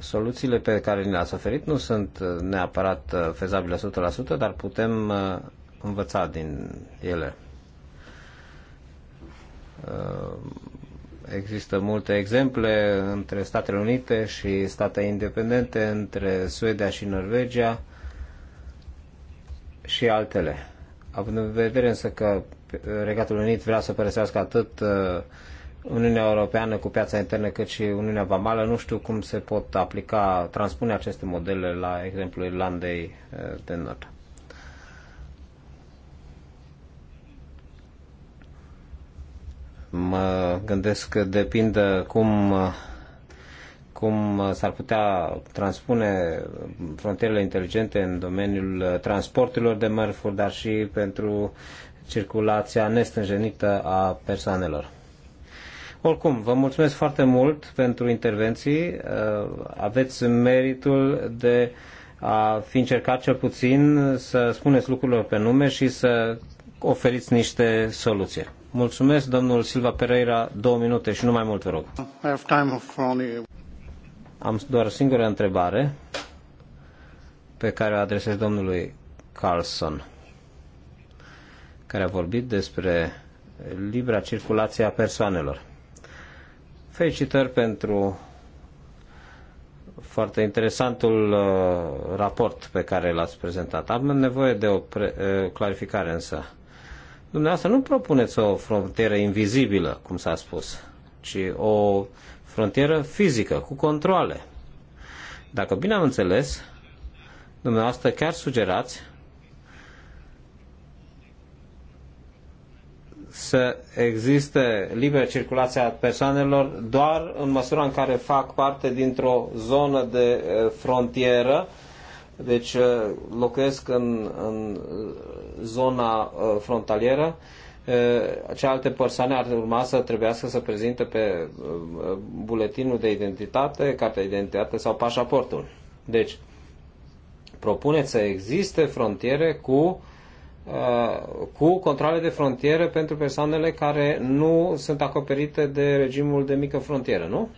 Soluțiile pe care ni le-ați oferit nu sunt uh, neapărat uh, fezabile 100%, dar putem învăța din ele. Există multe exemple între Statele Unite și state independente, între Suedia și Norvegia și altele. Având în vedere însă că Regatul Unit vrea să părăsească atât uh, Uniunea Europeană cu piața internă cât și Uniunea Vamală, nu știu cum se pot aplica, transpune aceste modele la exemplul Irlandei uh, de Nord. Mă gândesc, că depinde cum, cum s-ar putea transpune frontierele inteligente în domeniul transporturilor de mărfuri, dar și pentru circulația nestânjenită a persoanelor. Oricum, vă mulțumesc foarte mult pentru intervenții. Uh, aveți meritul de a fi încercat cel puțin să spuneți lucrurile pe nume și să oferiți niște soluții. Mulțumesc, domnul Silva Pereira, două minute și nu mai mult, vă rog. Am doar singura întrebare pe care o adresez domnului Carlson, care a vorbit despre libera circulație a persoanelor. Felicitări pentru foarte interesantul uh, raport pe care l-ați prezentat. Am nevoie de o pre- uh, clarificare însă. Dumneavoastră nu propuneți o frontieră invizibilă, cum s-a spus, ci o frontieră fizică, cu controle. Dacă bine am înțeles, dumneavoastră chiar sugerați să existe liberă circulație a persoanelor doar în măsura în care fac parte dintr-o zonă de eh, frontieră deci uh, locuiesc în, în uh, zona uh, frontalieră, cealaltă persoane ar urma să trebuiască să prezinte pe buletinul de identitate, cartea de identitate sau pașaportul. Deci, propuneți să existe frontiere cu, cu controle de frontiere pentru persoanele care nu sunt acoperite de regimul de mică frontieră, nu?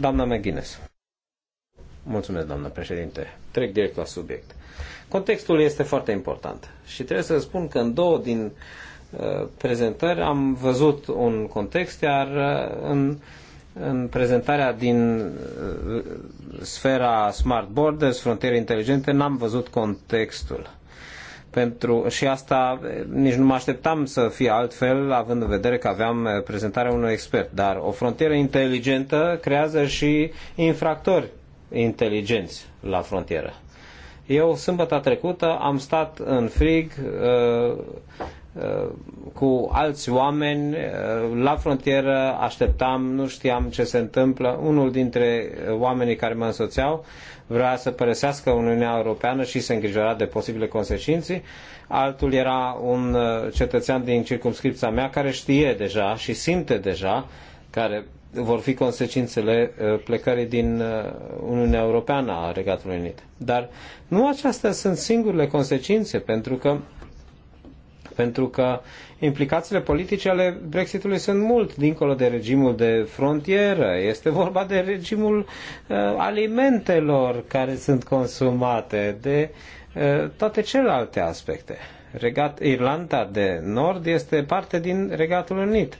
Doamna McGuinness. Mulțumesc, doamnă președinte. Trec direct la subiect. Contextul este foarte important și trebuie să spun că în două din uh, prezentări am văzut un context, iar uh, în, în prezentarea din uh, sfera Smart Borders, frontiere inteligente, n-am văzut contextul. Pentru, și asta eh, nici nu mă așteptam să fie altfel, având în vedere că aveam eh, prezentarea unui expert. Dar o frontieră inteligentă creează și infractori inteligenți la frontieră. Eu, sâmbătă trecută, am stat în frig uh, uh, cu alți oameni uh, la frontieră, așteptam, nu știam ce se întâmplă. Unul dintre oamenii care mă însoțeau vrea să părăsească Uniunea Europeană și se îngrijora de posibile consecințe. Altul era un uh, cetățean din circumscripția mea care știe deja și simte deja care vor fi consecințele uh, plecării din uh, Uniunea Europeană a Regatului Unit. Dar nu acestea sunt singurele consecințe, pentru că pentru că implicațiile politice ale Brexitului sunt mult dincolo de regimul de frontieră. Este vorba de regimul uh, alimentelor care sunt consumate, de uh, toate celelalte aspecte. Regat, Irlanda de Nord este parte din Regatul Unit. Uh,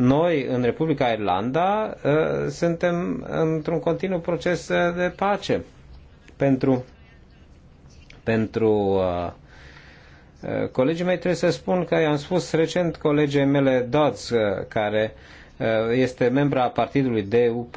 noi, în Republica Irlanda, ă, suntem într-un continuu proces de pace pentru, pentru ă, ă, colegii mei trebuie să spun că i-am spus recent colegii mele Dodds, care este membra a partidului DUP,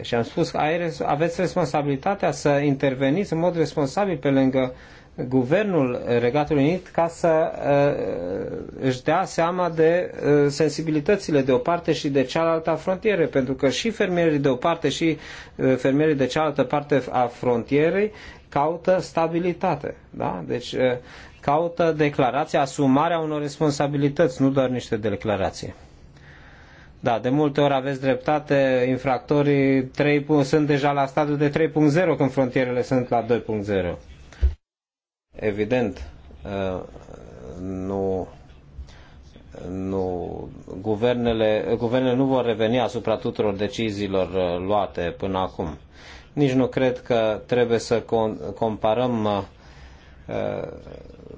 și am spus că aveți responsabilitatea să interveniți în mod responsabil pe lângă uh, guvernul Regatului Unit ca să uh, își dea seama de uh, sensibilitățile de o parte și de cealaltă a frontiere, pentru că și fermierii de o parte și uh, fermierii de cealaltă parte a frontierei caută stabilitate. Da? Deci uh, caută declarația, asumarea unor responsabilități, nu doar niște declarații. Da, de multe ori aveți dreptate, infractorii 3, sunt deja la stadiul de 3.0 când frontierele sunt la 2.0. Evident, uh, nu, nu, guvernele, guvernele nu vor reveni asupra tuturor deciziilor uh, luate până acum. Nici nu cred că trebuie să comparăm uh,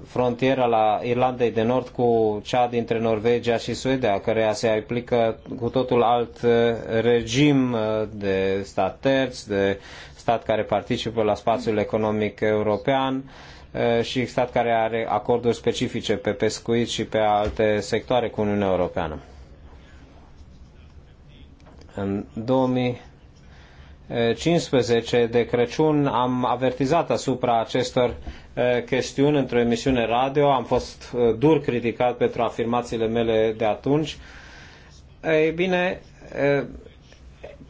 frontiera la Irlandei de Nord cu cea dintre Norvegia și Suedia, care se aplică cu totul alt regim de stat terț, de stat care participă la spațiul economic european și stat care are acorduri specifice pe pescuit și pe alte sectoare cu Uniunea Europeană. În 2015 de Crăciun am avertizat asupra acestor chestiuni într-o emisiune radio, am fost dur criticat pentru afirmațiile mele de atunci. Ei bine,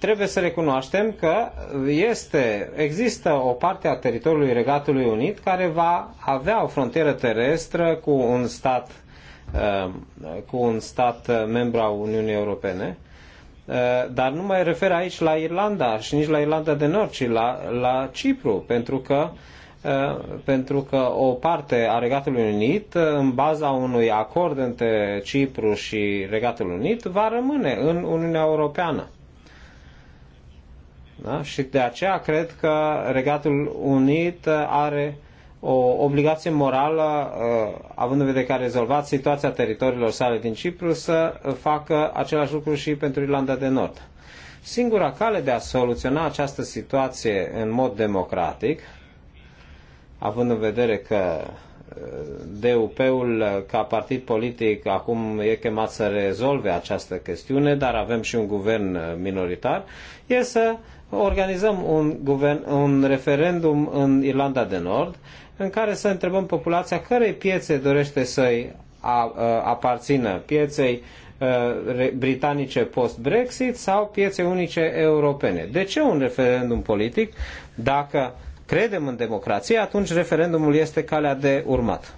trebuie să recunoaștem că este, există o parte a teritoriului Regatului Unit care va avea o frontieră terestră cu un stat, uh, cu un stat uh, membru al Uniunii Europene, uh, dar nu mai refer aici la Irlanda și nici la Irlanda de Nord, ci la, la Cipru, pentru că pentru că o parte a Regatului Unit, în baza unui acord între Cipru și Regatul Unit, va rămâne în Uniunea Europeană. Da? Și de aceea cred că Regatul Unit are o obligație morală, uh, având în vedere că a rezolvat situația teritoriilor sale din Cipru, să facă același lucru și pentru Irlanda de Nord. Singura cale de a soluționa această situație în mod democratic, având în vedere că uh, DUP-ul ca partid politic acum e chemat să rezolve această chestiune, dar avem și un guvern uh, minoritar, e să organizăm un, guvern, un referendum în Irlanda de Nord în care să întrebăm populația cărei piețe dorește să-i aparțină pieței britanice post-Brexit sau piețe unice europene. De ce un referendum politic? Dacă credem în democrație, atunci referendumul este calea de urmat.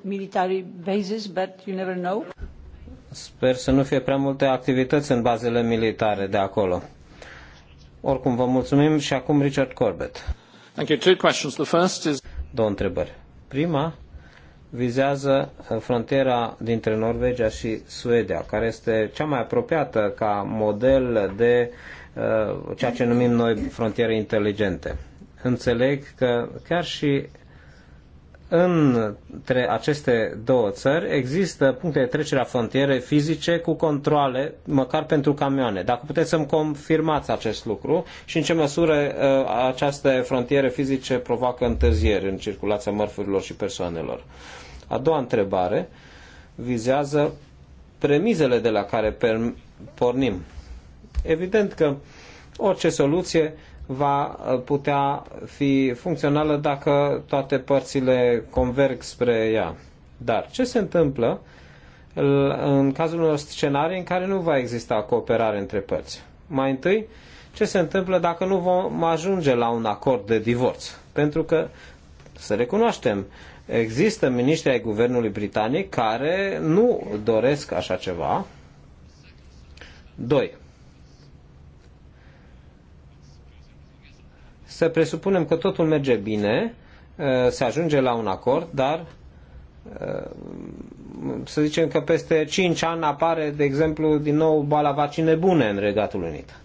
Military bases, but you never know. Sper să nu fie prea multe activități în bazele militare de acolo. Oricum, vă mulțumim și acum Richard Corbett. Thank you. Two questions. The first is... Două întrebări. Prima vizează uh, frontiera dintre Norvegia și Suedia, care este cea mai apropiată ca model de uh, ceea ce numim noi frontiere inteligente. Înțeleg că chiar și între aceste două țări există puncte de trecere a frontierei fizice cu controle, măcar pentru camioane. Dacă puteți să-mi confirmați acest lucru și în ce măsură uh, aceste frontiere fizice provoacă întârzieri în circulația mărfurilor și persoanelor. A doua întrebare vizează premizele de la care pornim. Evident că orice soluție va uh, putea fi funcțională dacă toate părțile converg spre ea. Dar ce se întâmplă în cazul unor scenarii în care nu va exista cooperare între părți? Mai întâi, ce se întâmplă dacă nu vom ajunge la un acord de divorț? Pentru că, să recunoaștem, există miniștri ai guvernului britanic care nu doresc așa ceva. 2. să presupunem că totul merge bine, uh, se ajunge la un acord, dar uh, să zicem că peste 5 ani apare, de exemplu, din nou boala vaccinei bune în Regatul Unit.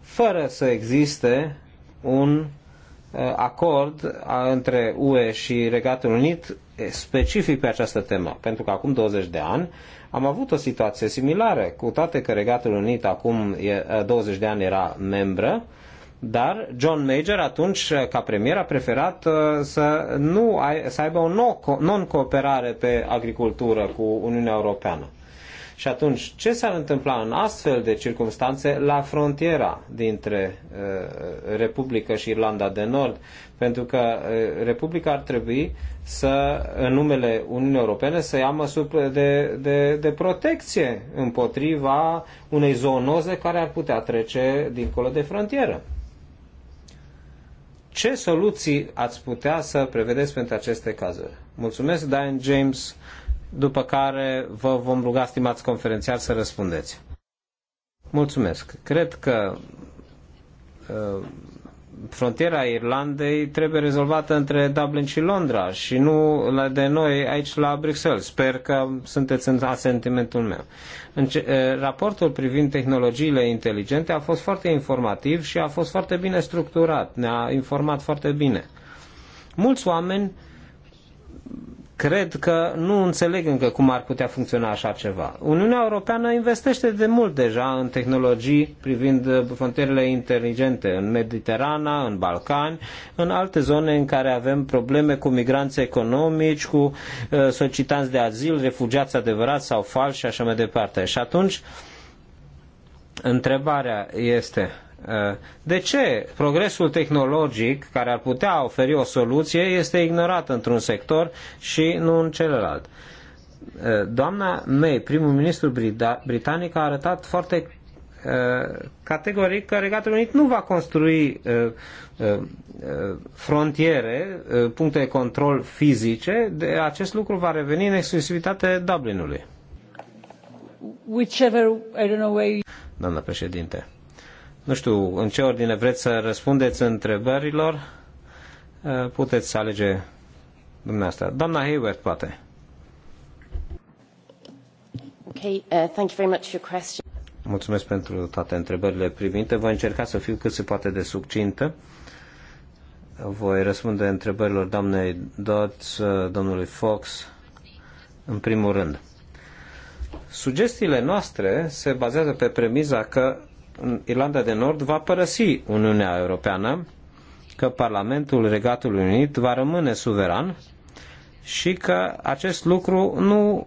Fără să existe un uh, acord între UE și Regatul Unit specific pe această temă, pentru că acum 20 de ani am avut o situație similară, cu toate că Regatul Unit acum 20 de ani era membră, dar John Major atunci, ca premier, a preferat uh, să, nu, să aibă o non-cooperare pe agricultură cu Uniunea Europeană. Și atunci, ce s-ar întâmpla în astfel de circunstanțe la frontiera dintre uh, Republică și Irlanda de Nord? Pentru că uh, Republica ar trebui să, în numele Uniunii Europene, să ia măsuri de, de, de protecție împotriva unei zoonoze care ar putea trece dincolo de frontieră. Ce soluții ați putea să prevedeți pentru aceste cazuri? Mulțumesc, Diane James, după care vă vom ruga, stimați conferențiari, să răspundeți. Mulțumesc. Cred că uh, frontiera Irlandei trebuie rezolvată între Dublin și Londra și nu de noi aici la Bruxelles. Sper că sunteți în asentimentul meu. Raportul privind tehnologiile inteligente a fost foarte informativ și a fost foarte bine structurat, ne-a informat foarte bine. Mulți oameni cred că nu înțeleg încă cum ar putea funcționa așa ceva. Uniunea Europeană investește de mult deja în tehnologii privind uh, frontierele inteligente în Mediterana, în Balcani, în alte zone în care avem probleme cu migranți economici, cu uh, solicitanți de azil, refugiați adevărați sau falși și așa mai departe. Și atunci, întrebarea este, Eh, de ce progresul tehnologic care ar putea oferi o soluție este ignorat într-un sector și nu în celălalt? Eh, doamna May, primul ministru britanic, a arătat foarte eh, categoric că Regatul Unit nu va construi frontiere, puncte de control fizice, de acest lucru va reveni în exclusivitate Dublinului. Whichever, I don't know you... Doamna președinte, nu știu în ce ordine vreți să răspundeți întrebărilor. Eh, puteți să alege dumneavoastră. Doamna Hayward, poate. Okay, uh, thank you very much for your question. Mulțumesc pentru toate întrebările primite. Voi încerca să fiu cât se poate de succintă. Voi răspunde întrebărilor doamnei Dodds, eh, domnului Fox, în primul rând. Sugestiile noastre se bazează pe premiza că Irlanda de Nord va părăsi Uniunea Europeană, că Parlamentul Regatului Unit va rămâne suveran și că acest lucru nu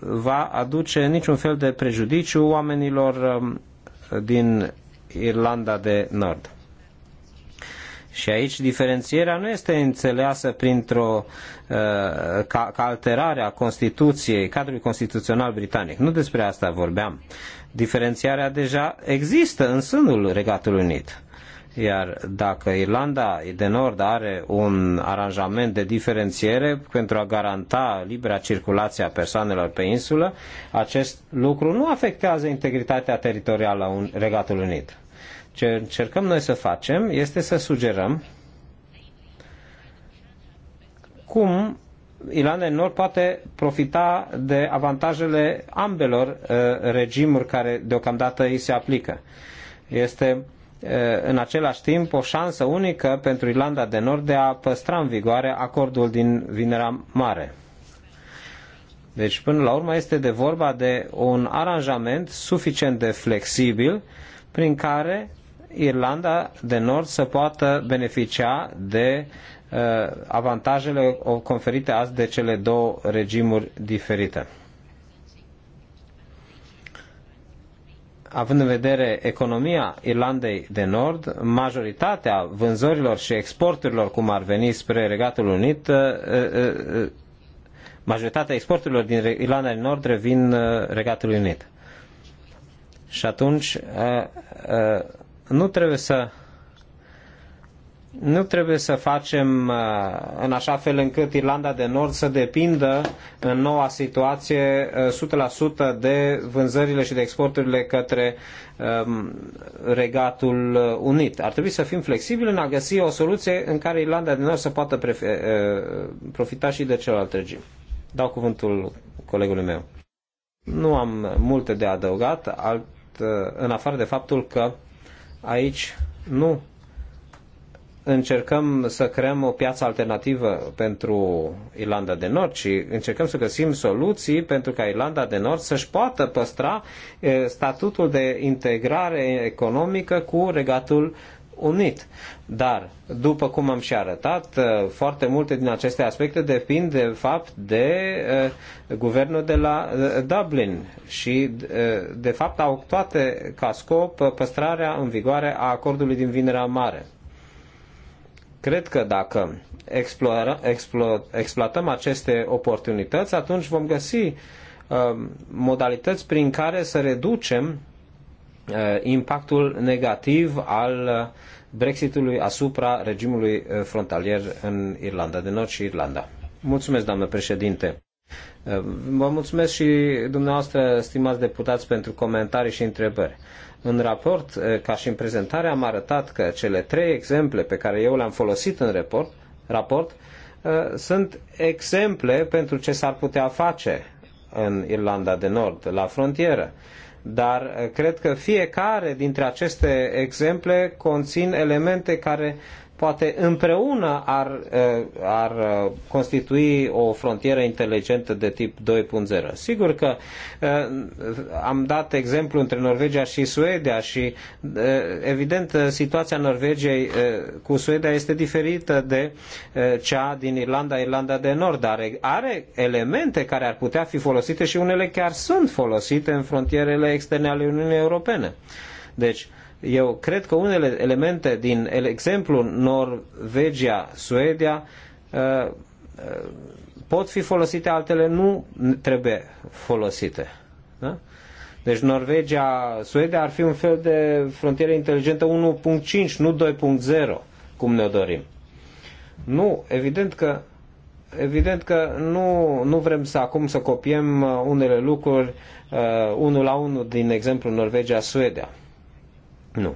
va aduce niciun fel de prejudiciu oamenilor um, din Irlanda de Nord. Și aici diferențierea nu este înțeleasă printr-o uh, ca, ca alterare a Constituției, cadrului constituțional britanic. Nu despre asta vorbeam. Diferențiarea deja există în sânul Regatului Unit. Iar dacă Irlanda de Nord are un aranjament de diferențiere pentru a garanta libera circulație a persoanelor pe insulă, acest lucru nu afectează integritatea teritorială a Regatului Unit. Ce încercăm noi să facem este să sugerăm cum Ilan Enor poate profita de avantajele ambelor uh, regimuri care deocamdată îi se aplică. Este uh, în același timp o șansă unică pentru Irlanda de Nord de a păstra în vigoare acordul din Vinerea Mare. Deci, până la urmă, este de vorba de un aranjament suficient de flexibil prin care Irlanda de Nord să poată beneficia de uh, avantajele conferite azi de cele două regimuri diferite. Având în vedere economia Irlandei de Nord, majoritatea vânzărilor și exporturilor, cum ar veni spre Regatul Unit, uh, uh, majoritatea exporturilor din Irlanda de Nord revin Regatului Unit. Și atunci nu trebuie să nu trebuie să facem uh, în așa fel încât Irlanda de Nord să depindă în noua situație 100% uh, de vânzările și de exporturile către um, Regatul Unit. Ar trebui să fim flexibili în a găsi o soluție în care Irlanda de Nord să poată uh, profita și de celălalt regim. Dau cuvântul colegului meu. Nu am multe de adăugat, alt, în afară de faptul că Aici nu încercăm să creăm o piață alternativă pentru Irlanda de Nord, ci încercăm să găsim soluții pentru ca Irlanda de Nord să-și poată păstra eh, statutul de integrare economică cu regatul Unit. Dar, după cum am și arătat, uh, foarte multe din aceste aspecte depind de fapt de uh, guvernul de la uh, Dublin și de fapt au toate ca scop păstrarea în vigoare a acordului din Vinerea Mare. Cred că dacă explora, explo, exploatăm aceste oportunități, atunci vom găsi modalități prin care să reducem Uh, impactul negativ al uh, Brexitului asupra regimului uh, frontalier în Irlanda de Nord și Irlanda. Mulțumesc, doamnă președinte. Vă mulțumesc și dumneavoastră, stimați deputați, pentru comentarii și întrebări. În raport, ca și în prezentare, am arătat că cele trei exemple pe care eu le-am folosit în raport, raport sunt exemple pentru ce s-ar putea face în Irlanda de Nord, la frontieră dar eh, cred că fiecare dintre aceste exemple conțin elemente care poate împreună ar, ar constitui o frontieră inteligentă de tip 2.0. Sigur că am dat exemplu între Norvegia și Suedia și evident situația Norvegiei cu Suedia este diferită de cea din Irlanda, Irlanda de Nord, dar are elemente care ar putea fi folosite și unele chiar sunt folosite în frontierele externe ale Uniunii Europene. Deci, eu cred că unele elemente din exemplul Norvegia-Suedia uh, uh, pot fi folosite, altele nu trebuie folosite. Da? Deci Norvegia-Suedia ar fi un fel de frontieră inteligentă 1.5, nu 2.0, cum ne dorim. Nu, evident că evident că nu, nu vrem să acum să copiem uh, unele lucruri uh, unul la unul din exemplu Norvegia-Suedia. Nu.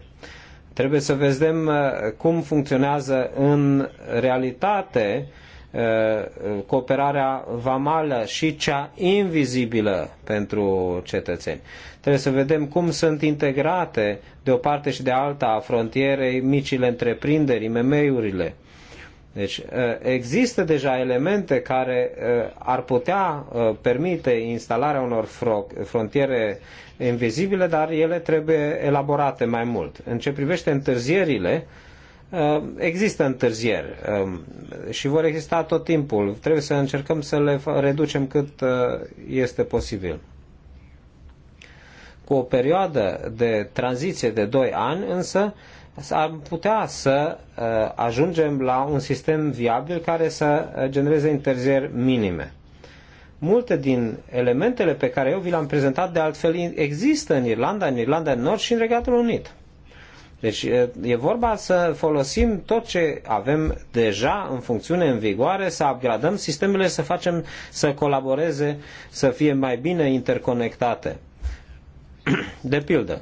Trebuie să vedem uh, cum funcționează în realitate uh, cooperarea vamală și cea invizibilă pentru cetățeni. Trebuie să vedem cum sunt integrate de o parte și de alta a frontierei micile întreprinderi, IMM-urile. Deci uh, există deja elemente care uh, ar putea uh, permite instalarea unor frontiere invizibile, dar ele trebuie elaborate mai mult. În ce privește întârzierile, există întârzieri um, și vor exista tot timpul. Trebuie să încercăm să le reducem cât este posibil. Cu o perioadă de tranziție de 2 ani, însă, am putea să uh, ajungem la un sistem viabil care să uh, genereze interzieri minime. Multe din elementele pe care eu vi le-am prezentat de altfel există în Irlanda, în Irlanda în Nord și în Regatul Unit. Deci uh, e vorba să folosim tot ce avem deja în funcțiune, în vigoare, să upgradăm sistemele, să facem să colaboreze, să fie mai bine interconectate. <clears throat> De pildă,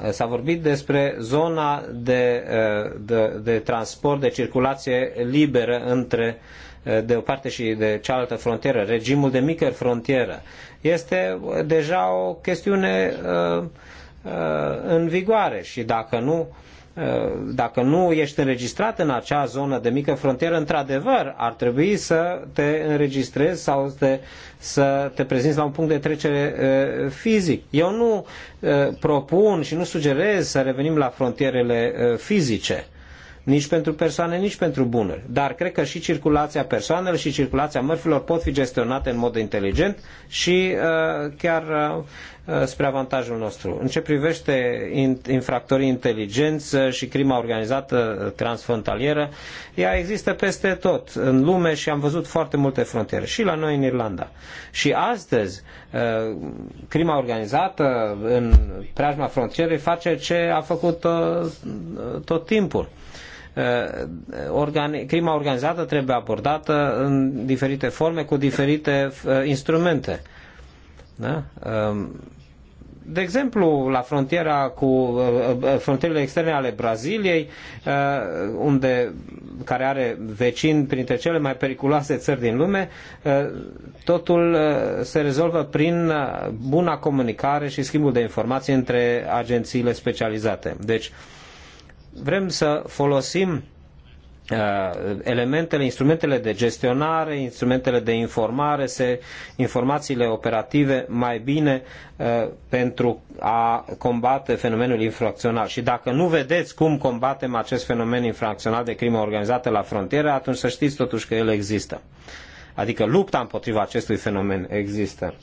Eh, s-a vorbit despre zona de, eh, de, de transport, de circulație liberă între eh, de o parte și de cealaltă frontieră, regimul de mică frontieră. Este deja o chestiune în vigoare și dacă nu Eh, dacă nu ești înregistrat în acea zonă de mică frontieră, într-adevăr, ar trebui să te înregistrezi sau te, să te prezinți la un punct de trecere eh, fizic. Eu nu eh, propun și nu sugerez să revenim la frontierele fizice nici pentru persoane, nici pentru bunuri. Dar cred că și circulația persoanelor și circulația mărfilor pot fi gestionate în mod inteligent și uh, chiar uh, uh spre avantajul nostru. În ce privește infractorii inteligenți și crima organizată uh, transfrontalieră, ea există peste tot în lume și am văzut foarte multe frontiere, și la noi în Irlanda. Și astăzi, uh, crima organizată în preajma frontierei face ce a făcut tot timpul. Uh, organi- crima organizată trebuie abordată în diferite forme, cu diferite uh, instrumente. Da? Um, de exemplu, la frontiera cu uh, frontierele externe ale Braziliei, unde, care are vecini printre cele mai periculoase țări din lume, totul se rezolvă prin buna comunicare și schimbul de informații între agențiile specializate. Deci, vrem să folosim uh, elementele, instrumentele de gestionare, instrumentele de informare, se, informațiile operative mai bine uh, pentru a combate fenomenul infracțional. Și dacă nu vedeți cum combatem acest fenomen infracțional de crimă organizată la frontieră, atunci să știți totuși că el există. Adică lupta împotriva acestui fenomen există.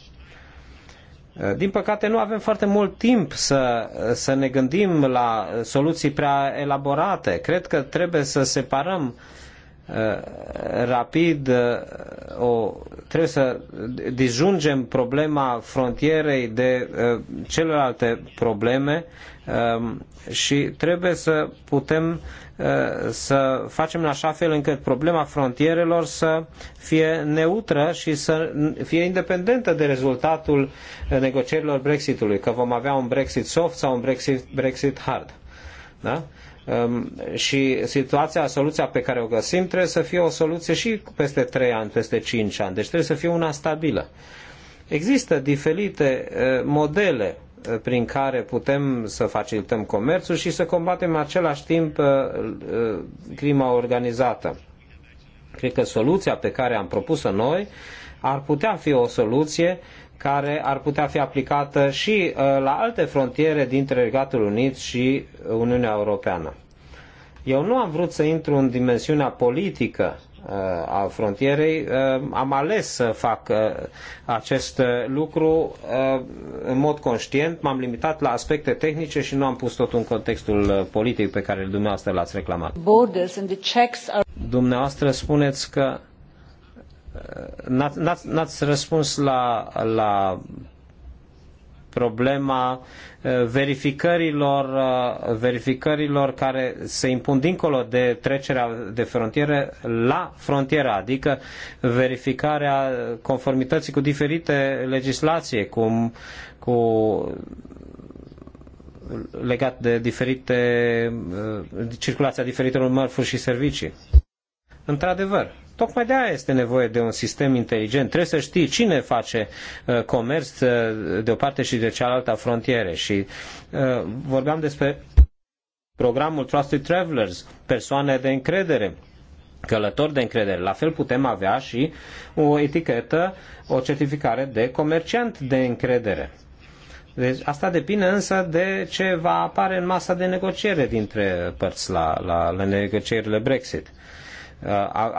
Eh, din păcate nu avem foarte mult timp să, să ne gândim la soluții prea elaborate. Cred că trebuie să separăm eh, rapid eh, o, trebuie să disjungem problema frontierei de celelalte probleme și trebuie să putem Eh, să facem în așa fel încât problema frontierelor să fie neutră și să fie independentă de rezultatul negocierilor Brexitului, că vom avea un Brexit soft sau un Brexit, Brexit hard. Da? Ehm, și situația, soluția pe care o găsim trebuie să fie o soluție și peste 3 ani, peste 5 ani. Deci trebuie să fie una stabilă. Există diferite eh, modele prin care putem să facilităm comerțul și să combatem în același timp uh, uh, crima organizată. Cred că soluția pe care am propus-o noi ar putea fi o soluție care ar putea fi aplicată și uh, la alte frontiere dintre Regatul Unit și Uniunea Europeană. Eu nu am vrut să intru în dimensiunea politică Uh, a frontierei, uh, am ales să fac uh, acest lucru în mod conștient, m-am limitat la aspecte tehnice și nu am pus tot în contextul politic pe care dumneavoastră l-ați reclamat. Borders and the checks are... Dumneavoastră spuneți că n-ați răspuns la, la problema eh, verificărilor, eh, verificărilor care se impun dincolo de trecerea de frontieră la frontieră, adică verificarea conformității cu diferite legislații, cum, cu legat de diferite, eh, circulația diferitelor mărfuri și servicii. Într-adevăr, Tocmai de aia este nevoie de un sistem inteligent. Trebuie să știi cine face uh, comerț uh, de o parte și de cealaltă frontiere. Și uh, vorbeam despre programul Trusted Travelers, persoane de încredere călători de încredere. La fel putem avea și o etichetă, o certificare de comerciant de încredere. Deci asta depinde însă de ce va apare în masa de negociere dintre părți la, la, la negocierile Brexit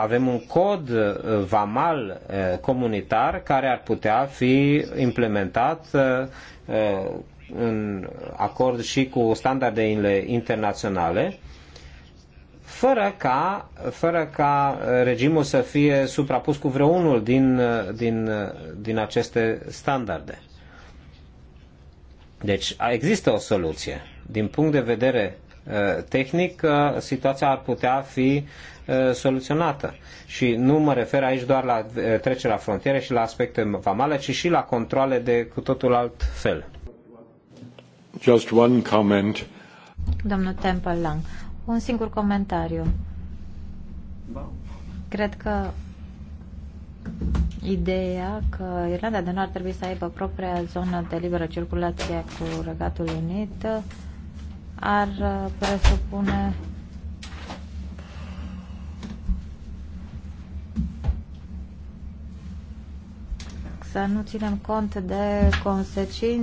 avem un cod uh, vamal uh, comunitar care ar putea fi implementat uh, în acord și cu standardele internaționale, fără ca, fără ca regimul să fie suprapus cu vreunul din, din, din aceste standarde. Deci există o soluție. Din punct de vedere tehnic, uh, situația ar putea fi uh, soluționată. Și nu mă refer aici doar la uh, trecerea frontierei și la aspecte vamale, ci și la controle de cu totul alt fel. Just one comment. Domnul Temple Lang, un singur comentariu. Cred că ideea că Irlanda de Nord ar trebui să aibă propria zonă de liberă circulație cu Regatul Unit ar uh, presupune să nu ținem cont de consecințe